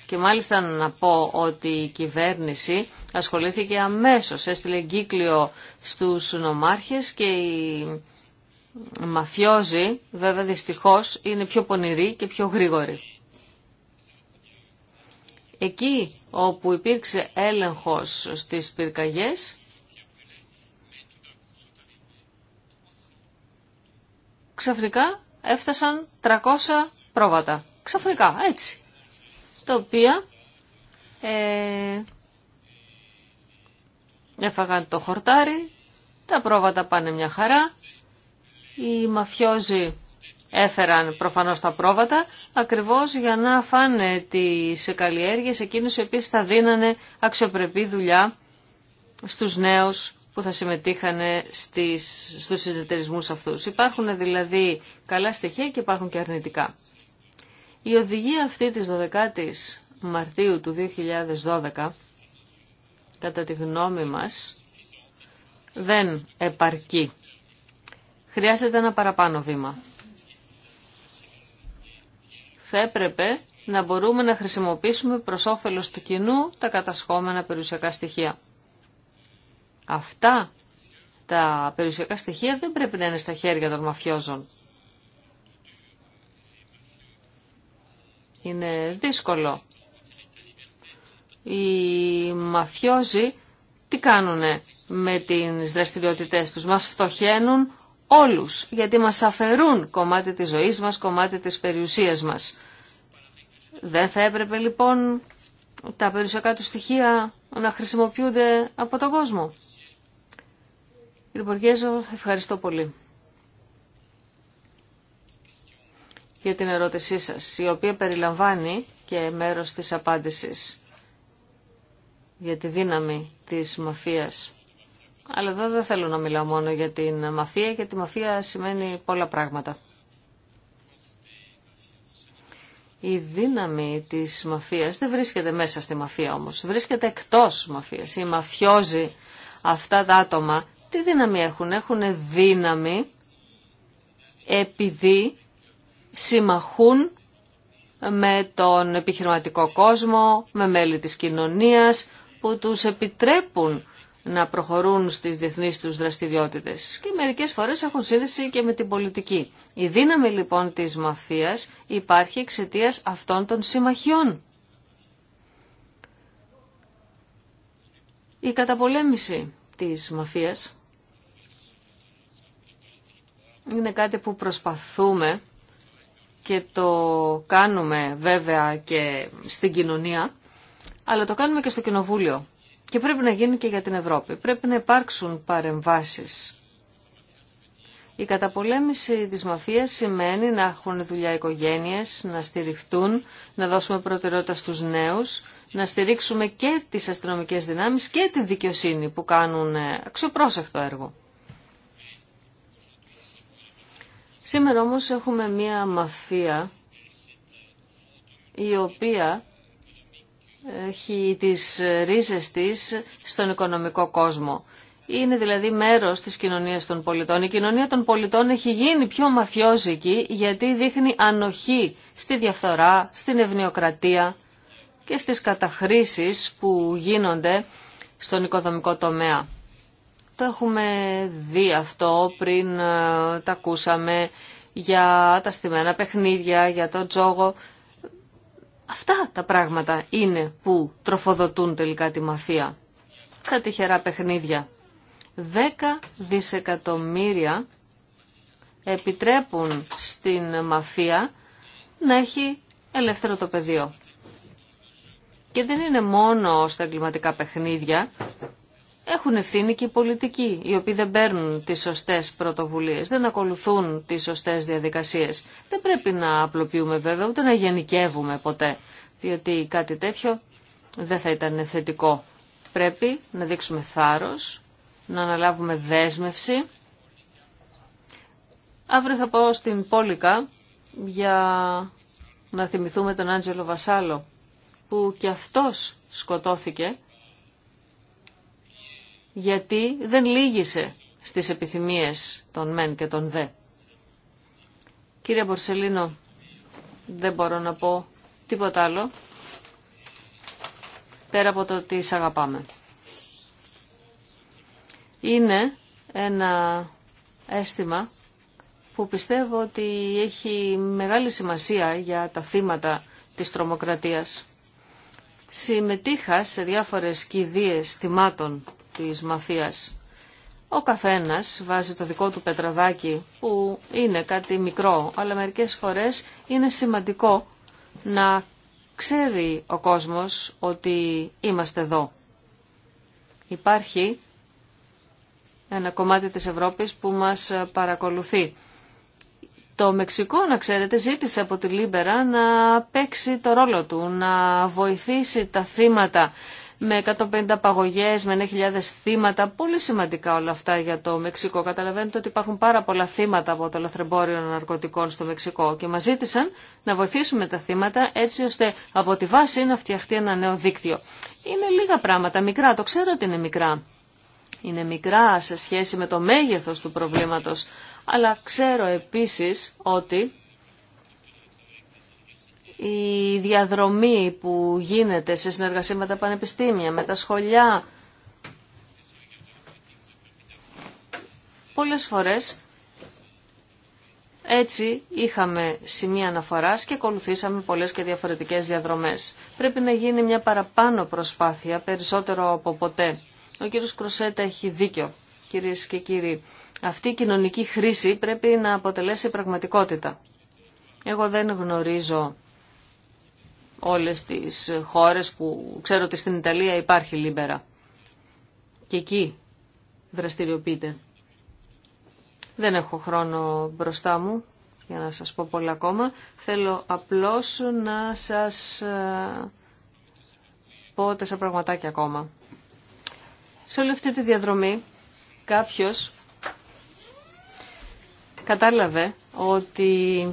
Και μάλιστα να πω ότι η κυβέρνηση ασχολήθηκε αμέσως, έστειλε εγκύκλιο στους νομάρχες και οι μαφιόζοι βέβαια δυστυχώς είναι πιο πονηροί και πιο γρήγοροι. Εκεί όπου υπήρξε έλεγχος στις πυρκαγιές, ξαφνικά έφτασαν 300 πρόβατα. Ξαφνικά, έτσι. Τα οποία ε, έφαγαν το χορτάρι, τα πρόβατα πάνε μια χαρά, οι μαφιόζοι έφεραν προφανώς τα πρόβατα ακριβώς για να φάνε τις καλλιέργειες εκείνους οι οποίες θα δίνανε αξιοπρεπή δουλειά στους νέους που θα συμμετείχαν στις, στους συνεταιρισμούς αυτούς. Υπάρχουν δηλαδή καλά στοιχεία και υπάρχουν και αρνητικά. Η οδηγία αυτή της 12ης Μαρτίου του 2012, κατά τη γνώμη μας, δεν επαρκεί. Χρειάζεται ένα παραπάνω βήμα θα έπρεπε να μπορούμε να χρησιμοποιήσουμε προς όφελος του κοινού τα κατασχόμενα περιουσιακά στοιχεία. Αυτά τα περιουσιακά στοιχεία δεν πρέπει να είναι στα χέρια των μαφιόζων. Είναι δύσκολο. Οι μαφιόζοι τι κάνουνε με τις δραστηριότητές τους. Μας φτωχαίνουν όλους, γιατί μας αφαιρούν κομμάτι της ζωής μας, κομμάτι της περιουσίας μας. Δεν θα έπρεπε λοιπόν τα περιουσιακά του στοιχεία να χρησιμοποιούνται από τον κόσμο. Κύριε λοιπόν, Μποργέζο, ευχαριστώ πολύ για την ερώτησή σας, η οποία περιλαμβάνει και μέρος της απάντησης για τη δύναμη της μαφίας. Αλλά εδώ δεν θέλω να μιλάω μόνο για την μαφία, γιατί η μαφία σημαίνει πολλά πράγματα. Η δύναμη της μαφίας δεν βρίσκεται μέσα στη μαφία όμως, βρίσκεται εκτός μαφίας. Οι μαφιόζοι αυτά τα άτομα τι δύναμη έχουν, έχουν δύναμη επειδή συμμαχούν με τον επιχειρηματικό κόσμο, με μέλη της κοινωνίας που τους επιτρέπουν να προχωρούν στις διεθνείς τους δραστηριότητες και μερικές φορές έχουν σύνδεση και με την πολιτική. Η δύναμη λοιπόν της μαφίας υπάρχει εξαιτία αυτών των συμμαχιών. Η καταπολέμηση της μαφίας είναι κάτι που προσπαθούμε και το κάνουμε βέβαια και στην κοινωνία, αλλά το κάνουμε και στο κοινοβούλιο. Και πρέπει να γίνει και για την Ευρώπη. Πρέπει να υπάρξουν παρεμβάσεις. Η καταπολέμηση της μαφίας σημαίνει να έχουν δουλειά οικογένειες, να στηριχτούν, να δώσουμε προτεραιότητα στους νέους, να στηρίξουμε και τις αστυνομικές δυνάμεις και τη δικαιοσύνη που κάνουν ε, αξιοπρόσεχτο έργο. Σήμερα όμως έχουμε μία μαφία η οποία έχει τις ρίζες της στον οικονομικό κόσμο. Είναι δηλαδή μέρος της κοινωνίας των πολιτών. Η κοινωνία των πολιτών έχει γίνει πιο μαφιόζικη γιατί δείχνει ανοχή στη διαφθορά, στην ευνοιοκρατία και στις καταχρήσεις που γίνονται στον οικοδομικό τομέα. Το έχουμε δει αυτό πριν ε, τα ακούσαμε για τα στημένα παιχνίδια, για το τζόγο. Αυτά τα πράγματα είναι που τροφοδοτούν τελικά τη μαφία. Τα τυχερά παιχνίδια. Δέκα δισεκατομμύρια επιτρέπουν στην μαφία να έχει ελεύθερο το πεδίο. Και δεν είναι μόνο στα εγκληματικά παιχνίδια, έχουν ευθύνη και οι πολιτικοί, οι οποίοι δεν παίρνουν τις σωστές πρωτοβουλίες, δεν ακολουθούν τις σωστές διαδικασίες. Δεν πρέπει να απλοποιούμε βέβαια, ούτε να γενικεύουμε ποτέ, διότι κάτι τέτοιο δεν θα ήταν θετικό. Πρέπει να δείξουμε θάρρος, να αναλάβουμε δέσμευση. Αύριο θα πάω στην Πόλικα για να θυμηθούμε τον Άντζελο Βασάλο, που και αυτός σκοτώθηκε γιατί δεν λύγησε στις επιθυμίες των μεν και των δε. Κύριε Μπορσελίνο, δεν μπορώ να πω τίποτα άλλο, πέρα από το ότι σ' αγαπάμε. Είναι ένα αίσθημα που πιστεύω ότι έχει μεγάλη σημασία για τα θύματα της τρομοκρατίας. Συμμετείχα σε διάφορες κηδείες θυμάτων της μαφίας. Ο καθένας βάζει το δικό του πετραδάκι που είναι κάτι μικρό, αλλά μερικές φορές είναι σημαντικό να ξέρει ο κόσμος ότι είμαστε εδώ. Υπάρχει ένα κομμάτι της Ευρώπης που μας παρακολουθεί. Το Μεξικό, να ξέρετε, ζήτησε από τη Λίμπερα να παίξει το ρόλο του, να βοηθήσει τα θύματα με 150 παγωγέ, με 9.000 θύματα. Πολύ σημαντικά όλα αυτά για το Μεξικό. Καταλαβαίνετε ότι υπάρχουν πάρα πολλά θύματα από το λαθρεμπόριο ναρκωτικών στο Μεξικό και μας ζήτησαν να βοηθήσουμε τα θύματα έτσι ώστε από τη βάση να φτιαχτεί ένα νέο δίκτυο. Είναι λίγα πράγματα, μικρά, το ξέρω ότι είναι μικρά. Είναι μικρά σε σχέση με το μέγεθος του προβλήματος, αλλά ξέρω επίσης ότι η διαδρομή που γίνεται σε συνεργασία με τα πανεπιστήμια, με τα σχολιά. Πολλές φορές έτσι είχαμε σημεία αναφοράς και ακολουθήσαμε πολλές και διαφορετικές διαδρομές. Πρέπει να γίνει μια παραπάνω προσπάθεια, περισσότερο από ποτέ. Ο κύριος Κροσέτα έχει δίκιο, κυρίες και κύριοι. Αυτή η κοινωνική χρήση πρέπει να αποτελέσει πραγματικότητα. Εγώ δεν γνωρίζω όλες τις χώρες που ξέρω ότι στην Ιταλία υπάρχει Λίμπερα. Και εκεί δραστηριοποιείται. Δεν έχω χρόνο μπροστά μου για να σας πω πολλά ακόμα. Θέλω απλώς να σας ε, πω τέσσερα πραγματάκια ακόμα. Σε όλη αυτή τη διαδρομή κάποιος κατάλαβε ότι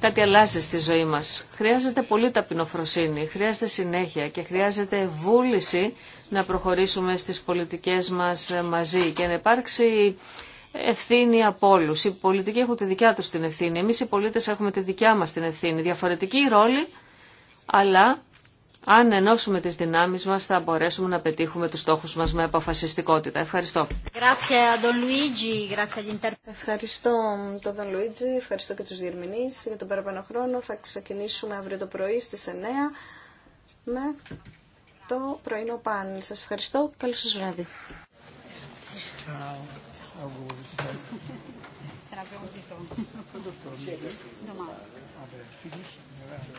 κάτι αλλάζει στη ζωή μας. Χρειάζεται πολύ ταπεινοφροσύνη, χρειάζεται συνέχεια και χρειάζεται βούληση να προχωρήσουμε στις πολιτικές μας ε, μαζί και να υπάρξει ευθύνη από όλου. Οι πολιτικοί έχουν τη δικιά τους την ευθύνη, εμείς οι πολίτες έχουμε τη δικιά μας την ευθύνη. Διαφορετική ρόλη, αλλά αν ενώσουμε τις δυνάμεις μας θα μπορέσουμε να πετύχουμε τους στόχους μας με αποφασιστικότητα. Ευχαριστώ. Ευχαριστώ τον Δον ευχαριστώ και τους διερμηνείς για τον παραπάνω χρόνο. Θα ξεκινήσουμε αύριο το πρωί στις 9 με το πρωινό πάνελ. Σας ευχαριστώ. Καλό σας βράδυ.